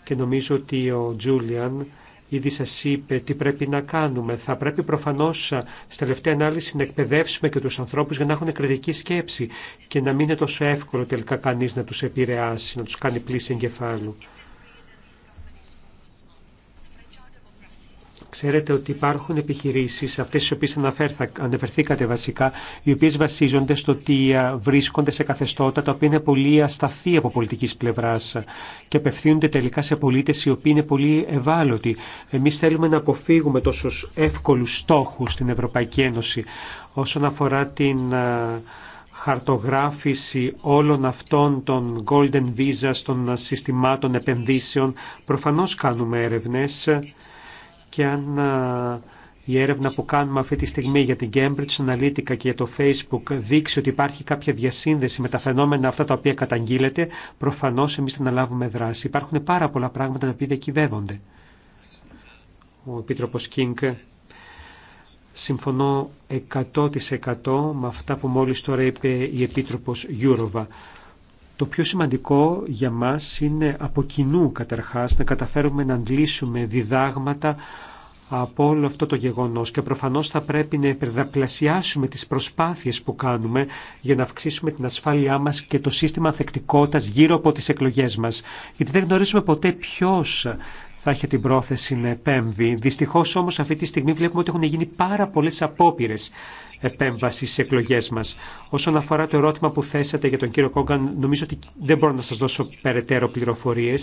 Και νομίζω ότι ο Τζούλιαν Ήδη σα είπε τι πρέπει να κάνουμε. Θα πρέπει προφανώ στα τελευταία ανάλυση να εκπαιδεύσουμε και του ανθρώπου για να έχουν κριτική σκέψη και να μην είναι τόσο εύκολο τελικά κανεί να του επηρεάσει, να του κάνει πλήση εγκεφάλου. Ξέρετε ότι υπάρχουν επιχειρήσει αυτέ τι οποίε αναφερθήκατε βασικά, οι οποίε βασίζονται στο ότι βρίσκονται σε καθεστώτα τα οποία είναι πολύ ασταθή από πολιτική πλευρά και απευθύνονται τελικά σε πολίτε οι οποίοι είναι πολύ ευάλωτοι. Εμεί θέλουμε να αποφύγουμε τόσου εύκολου στόχου στην Ευρωπαϊκή Ένωση όσον αφορά την χαρτογράφηση όλων αυτών των golden visas, των συστημάτων επενδύσεων. Προφανώς κάνουμε έρευνες και αν η έρευνα που κάνουμε αυτή τη στιγμή για την Cambridge Analytica και για το Facebook δείξει ότι υπάρχει κάποια διασύνδεση με τα φαινόμενα αυτά τα οποία καταγγείλεται, προφανώς εμείς θα αναλάβουμε δράση. Υπάρχουν πάρα πολλά πράγματα τα οποία διακυβεύονται. Ο Επίτροπος Κίνκ συμφωνώ 100% με αυτά που μόλις τώρα είπε η Επίτροπος Γιούροβα. Το πιο σημαντικό για μας είναι από κοινού καταρχάς να καταφέρουμε να αντλήσουμε διδάγματα από όλο αυτό το γεγονός και προφανώς θα πρέπει να υπερδαπλασιάσουμε τις προσπάθειες που κάνουμε για να αυξήσουμε την ασφάλειά μας και το σύστημα ανθεκτικότητας γύρω από τις εκλογές μας. Γιατί δεν γνωρίζουμε ποτέ ποιος θα είχε την πρόθεση να επέμβει. Δυστυχώ όμω αυτή τη στιγμή βλέπουμε ότι έχουν γίνει πάρα πολλέ απόπειρε επέμβαση στι εκλογέ μα. Όσον αφορά το ερώτημα που θέσατε για τον κύριο Κόγκαν, νομίζω ότι δεν μπορώ να σα δώσω περαιτέρω πληροφορίε.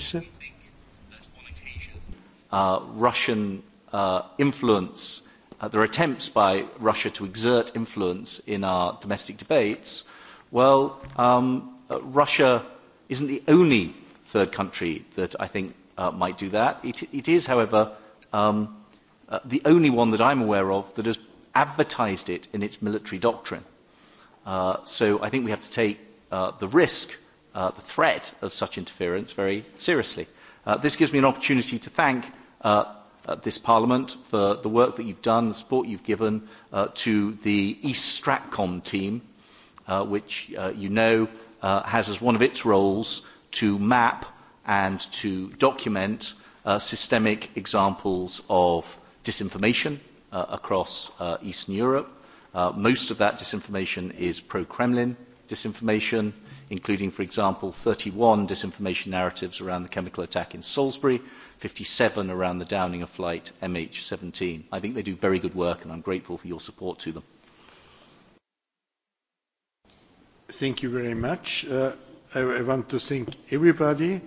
Uh, uh, uh attempts by Russia to exert influence in our domestic debates. Well, um, uh, Russia isn't the only third country that I think might do that. It is, however, the only one that I'm aware of that has advertised it in its military doctrine. So I think we have to take the risk, the threat of such interference very seriously. This gives me an opportunity to thank this Parliament for the work that you've done, the support you've given to the East Stratcom team, which you know has as one of its roles to map and to document systemic examples of disinformation across Eastern Europe. Most of that disinformation is pro-Kremlin disinformation, including, for example, 31 disinformation narratives around the chemical attack in Salisbury, 57 around the downing of flight MH17. I think they do very good work, and I'm grateful for your support to them. Thank you very much. I I want to thank everybody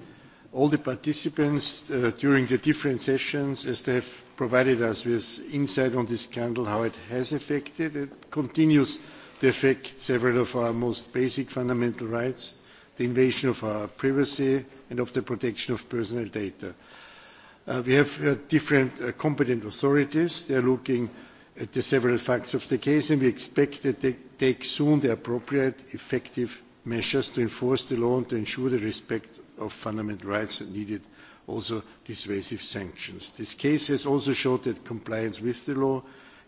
all the participants during the different sessions as they have provided us with insight on this scandal, how it has affected, it continues to affect several of our most basic fundamental rights, the invasion of our privacy and of the protection of personal data. We have different competent authorities. They are looking at the several facts of the case and we expect that they take soon the appropriate effective measures to enforce the law and to ensure the respect of fundamental rights that needed also dissuasive sanctions. This case has also showed that compliance with the law,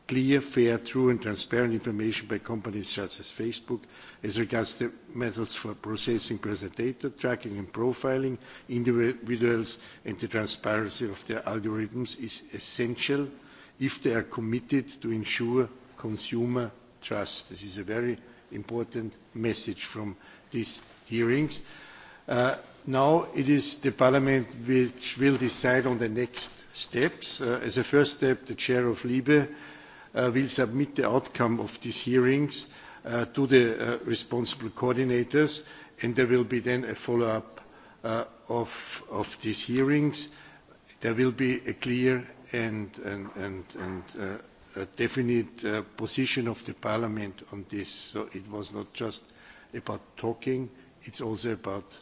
clear, fair, true and transparent information by companies such as Facebook as regards the methods for processing personal data, tracking and profiling individuals and the transparency of their algorithms is essential if they are committed to ensure consumer trust. This is a very important message from these hearings. Now it is the Parliament which will decide on the next steps. As a first step, the Chair of LIBE will submit the outcome of these hearings to the responsible coordinators, and there will be then a follow-up of these hearings. There will be a clear and definite position of the Parliament on this. So it was not just about talking, it's also about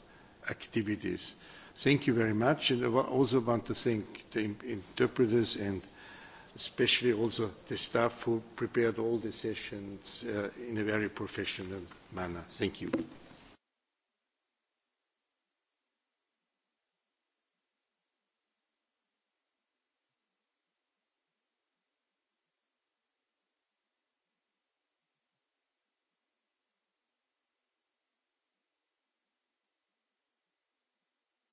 activities. Thank you very much. And I also want to thank the interpreters and especially also the staff who prepared all the sessions in a very professional manner. Thank you.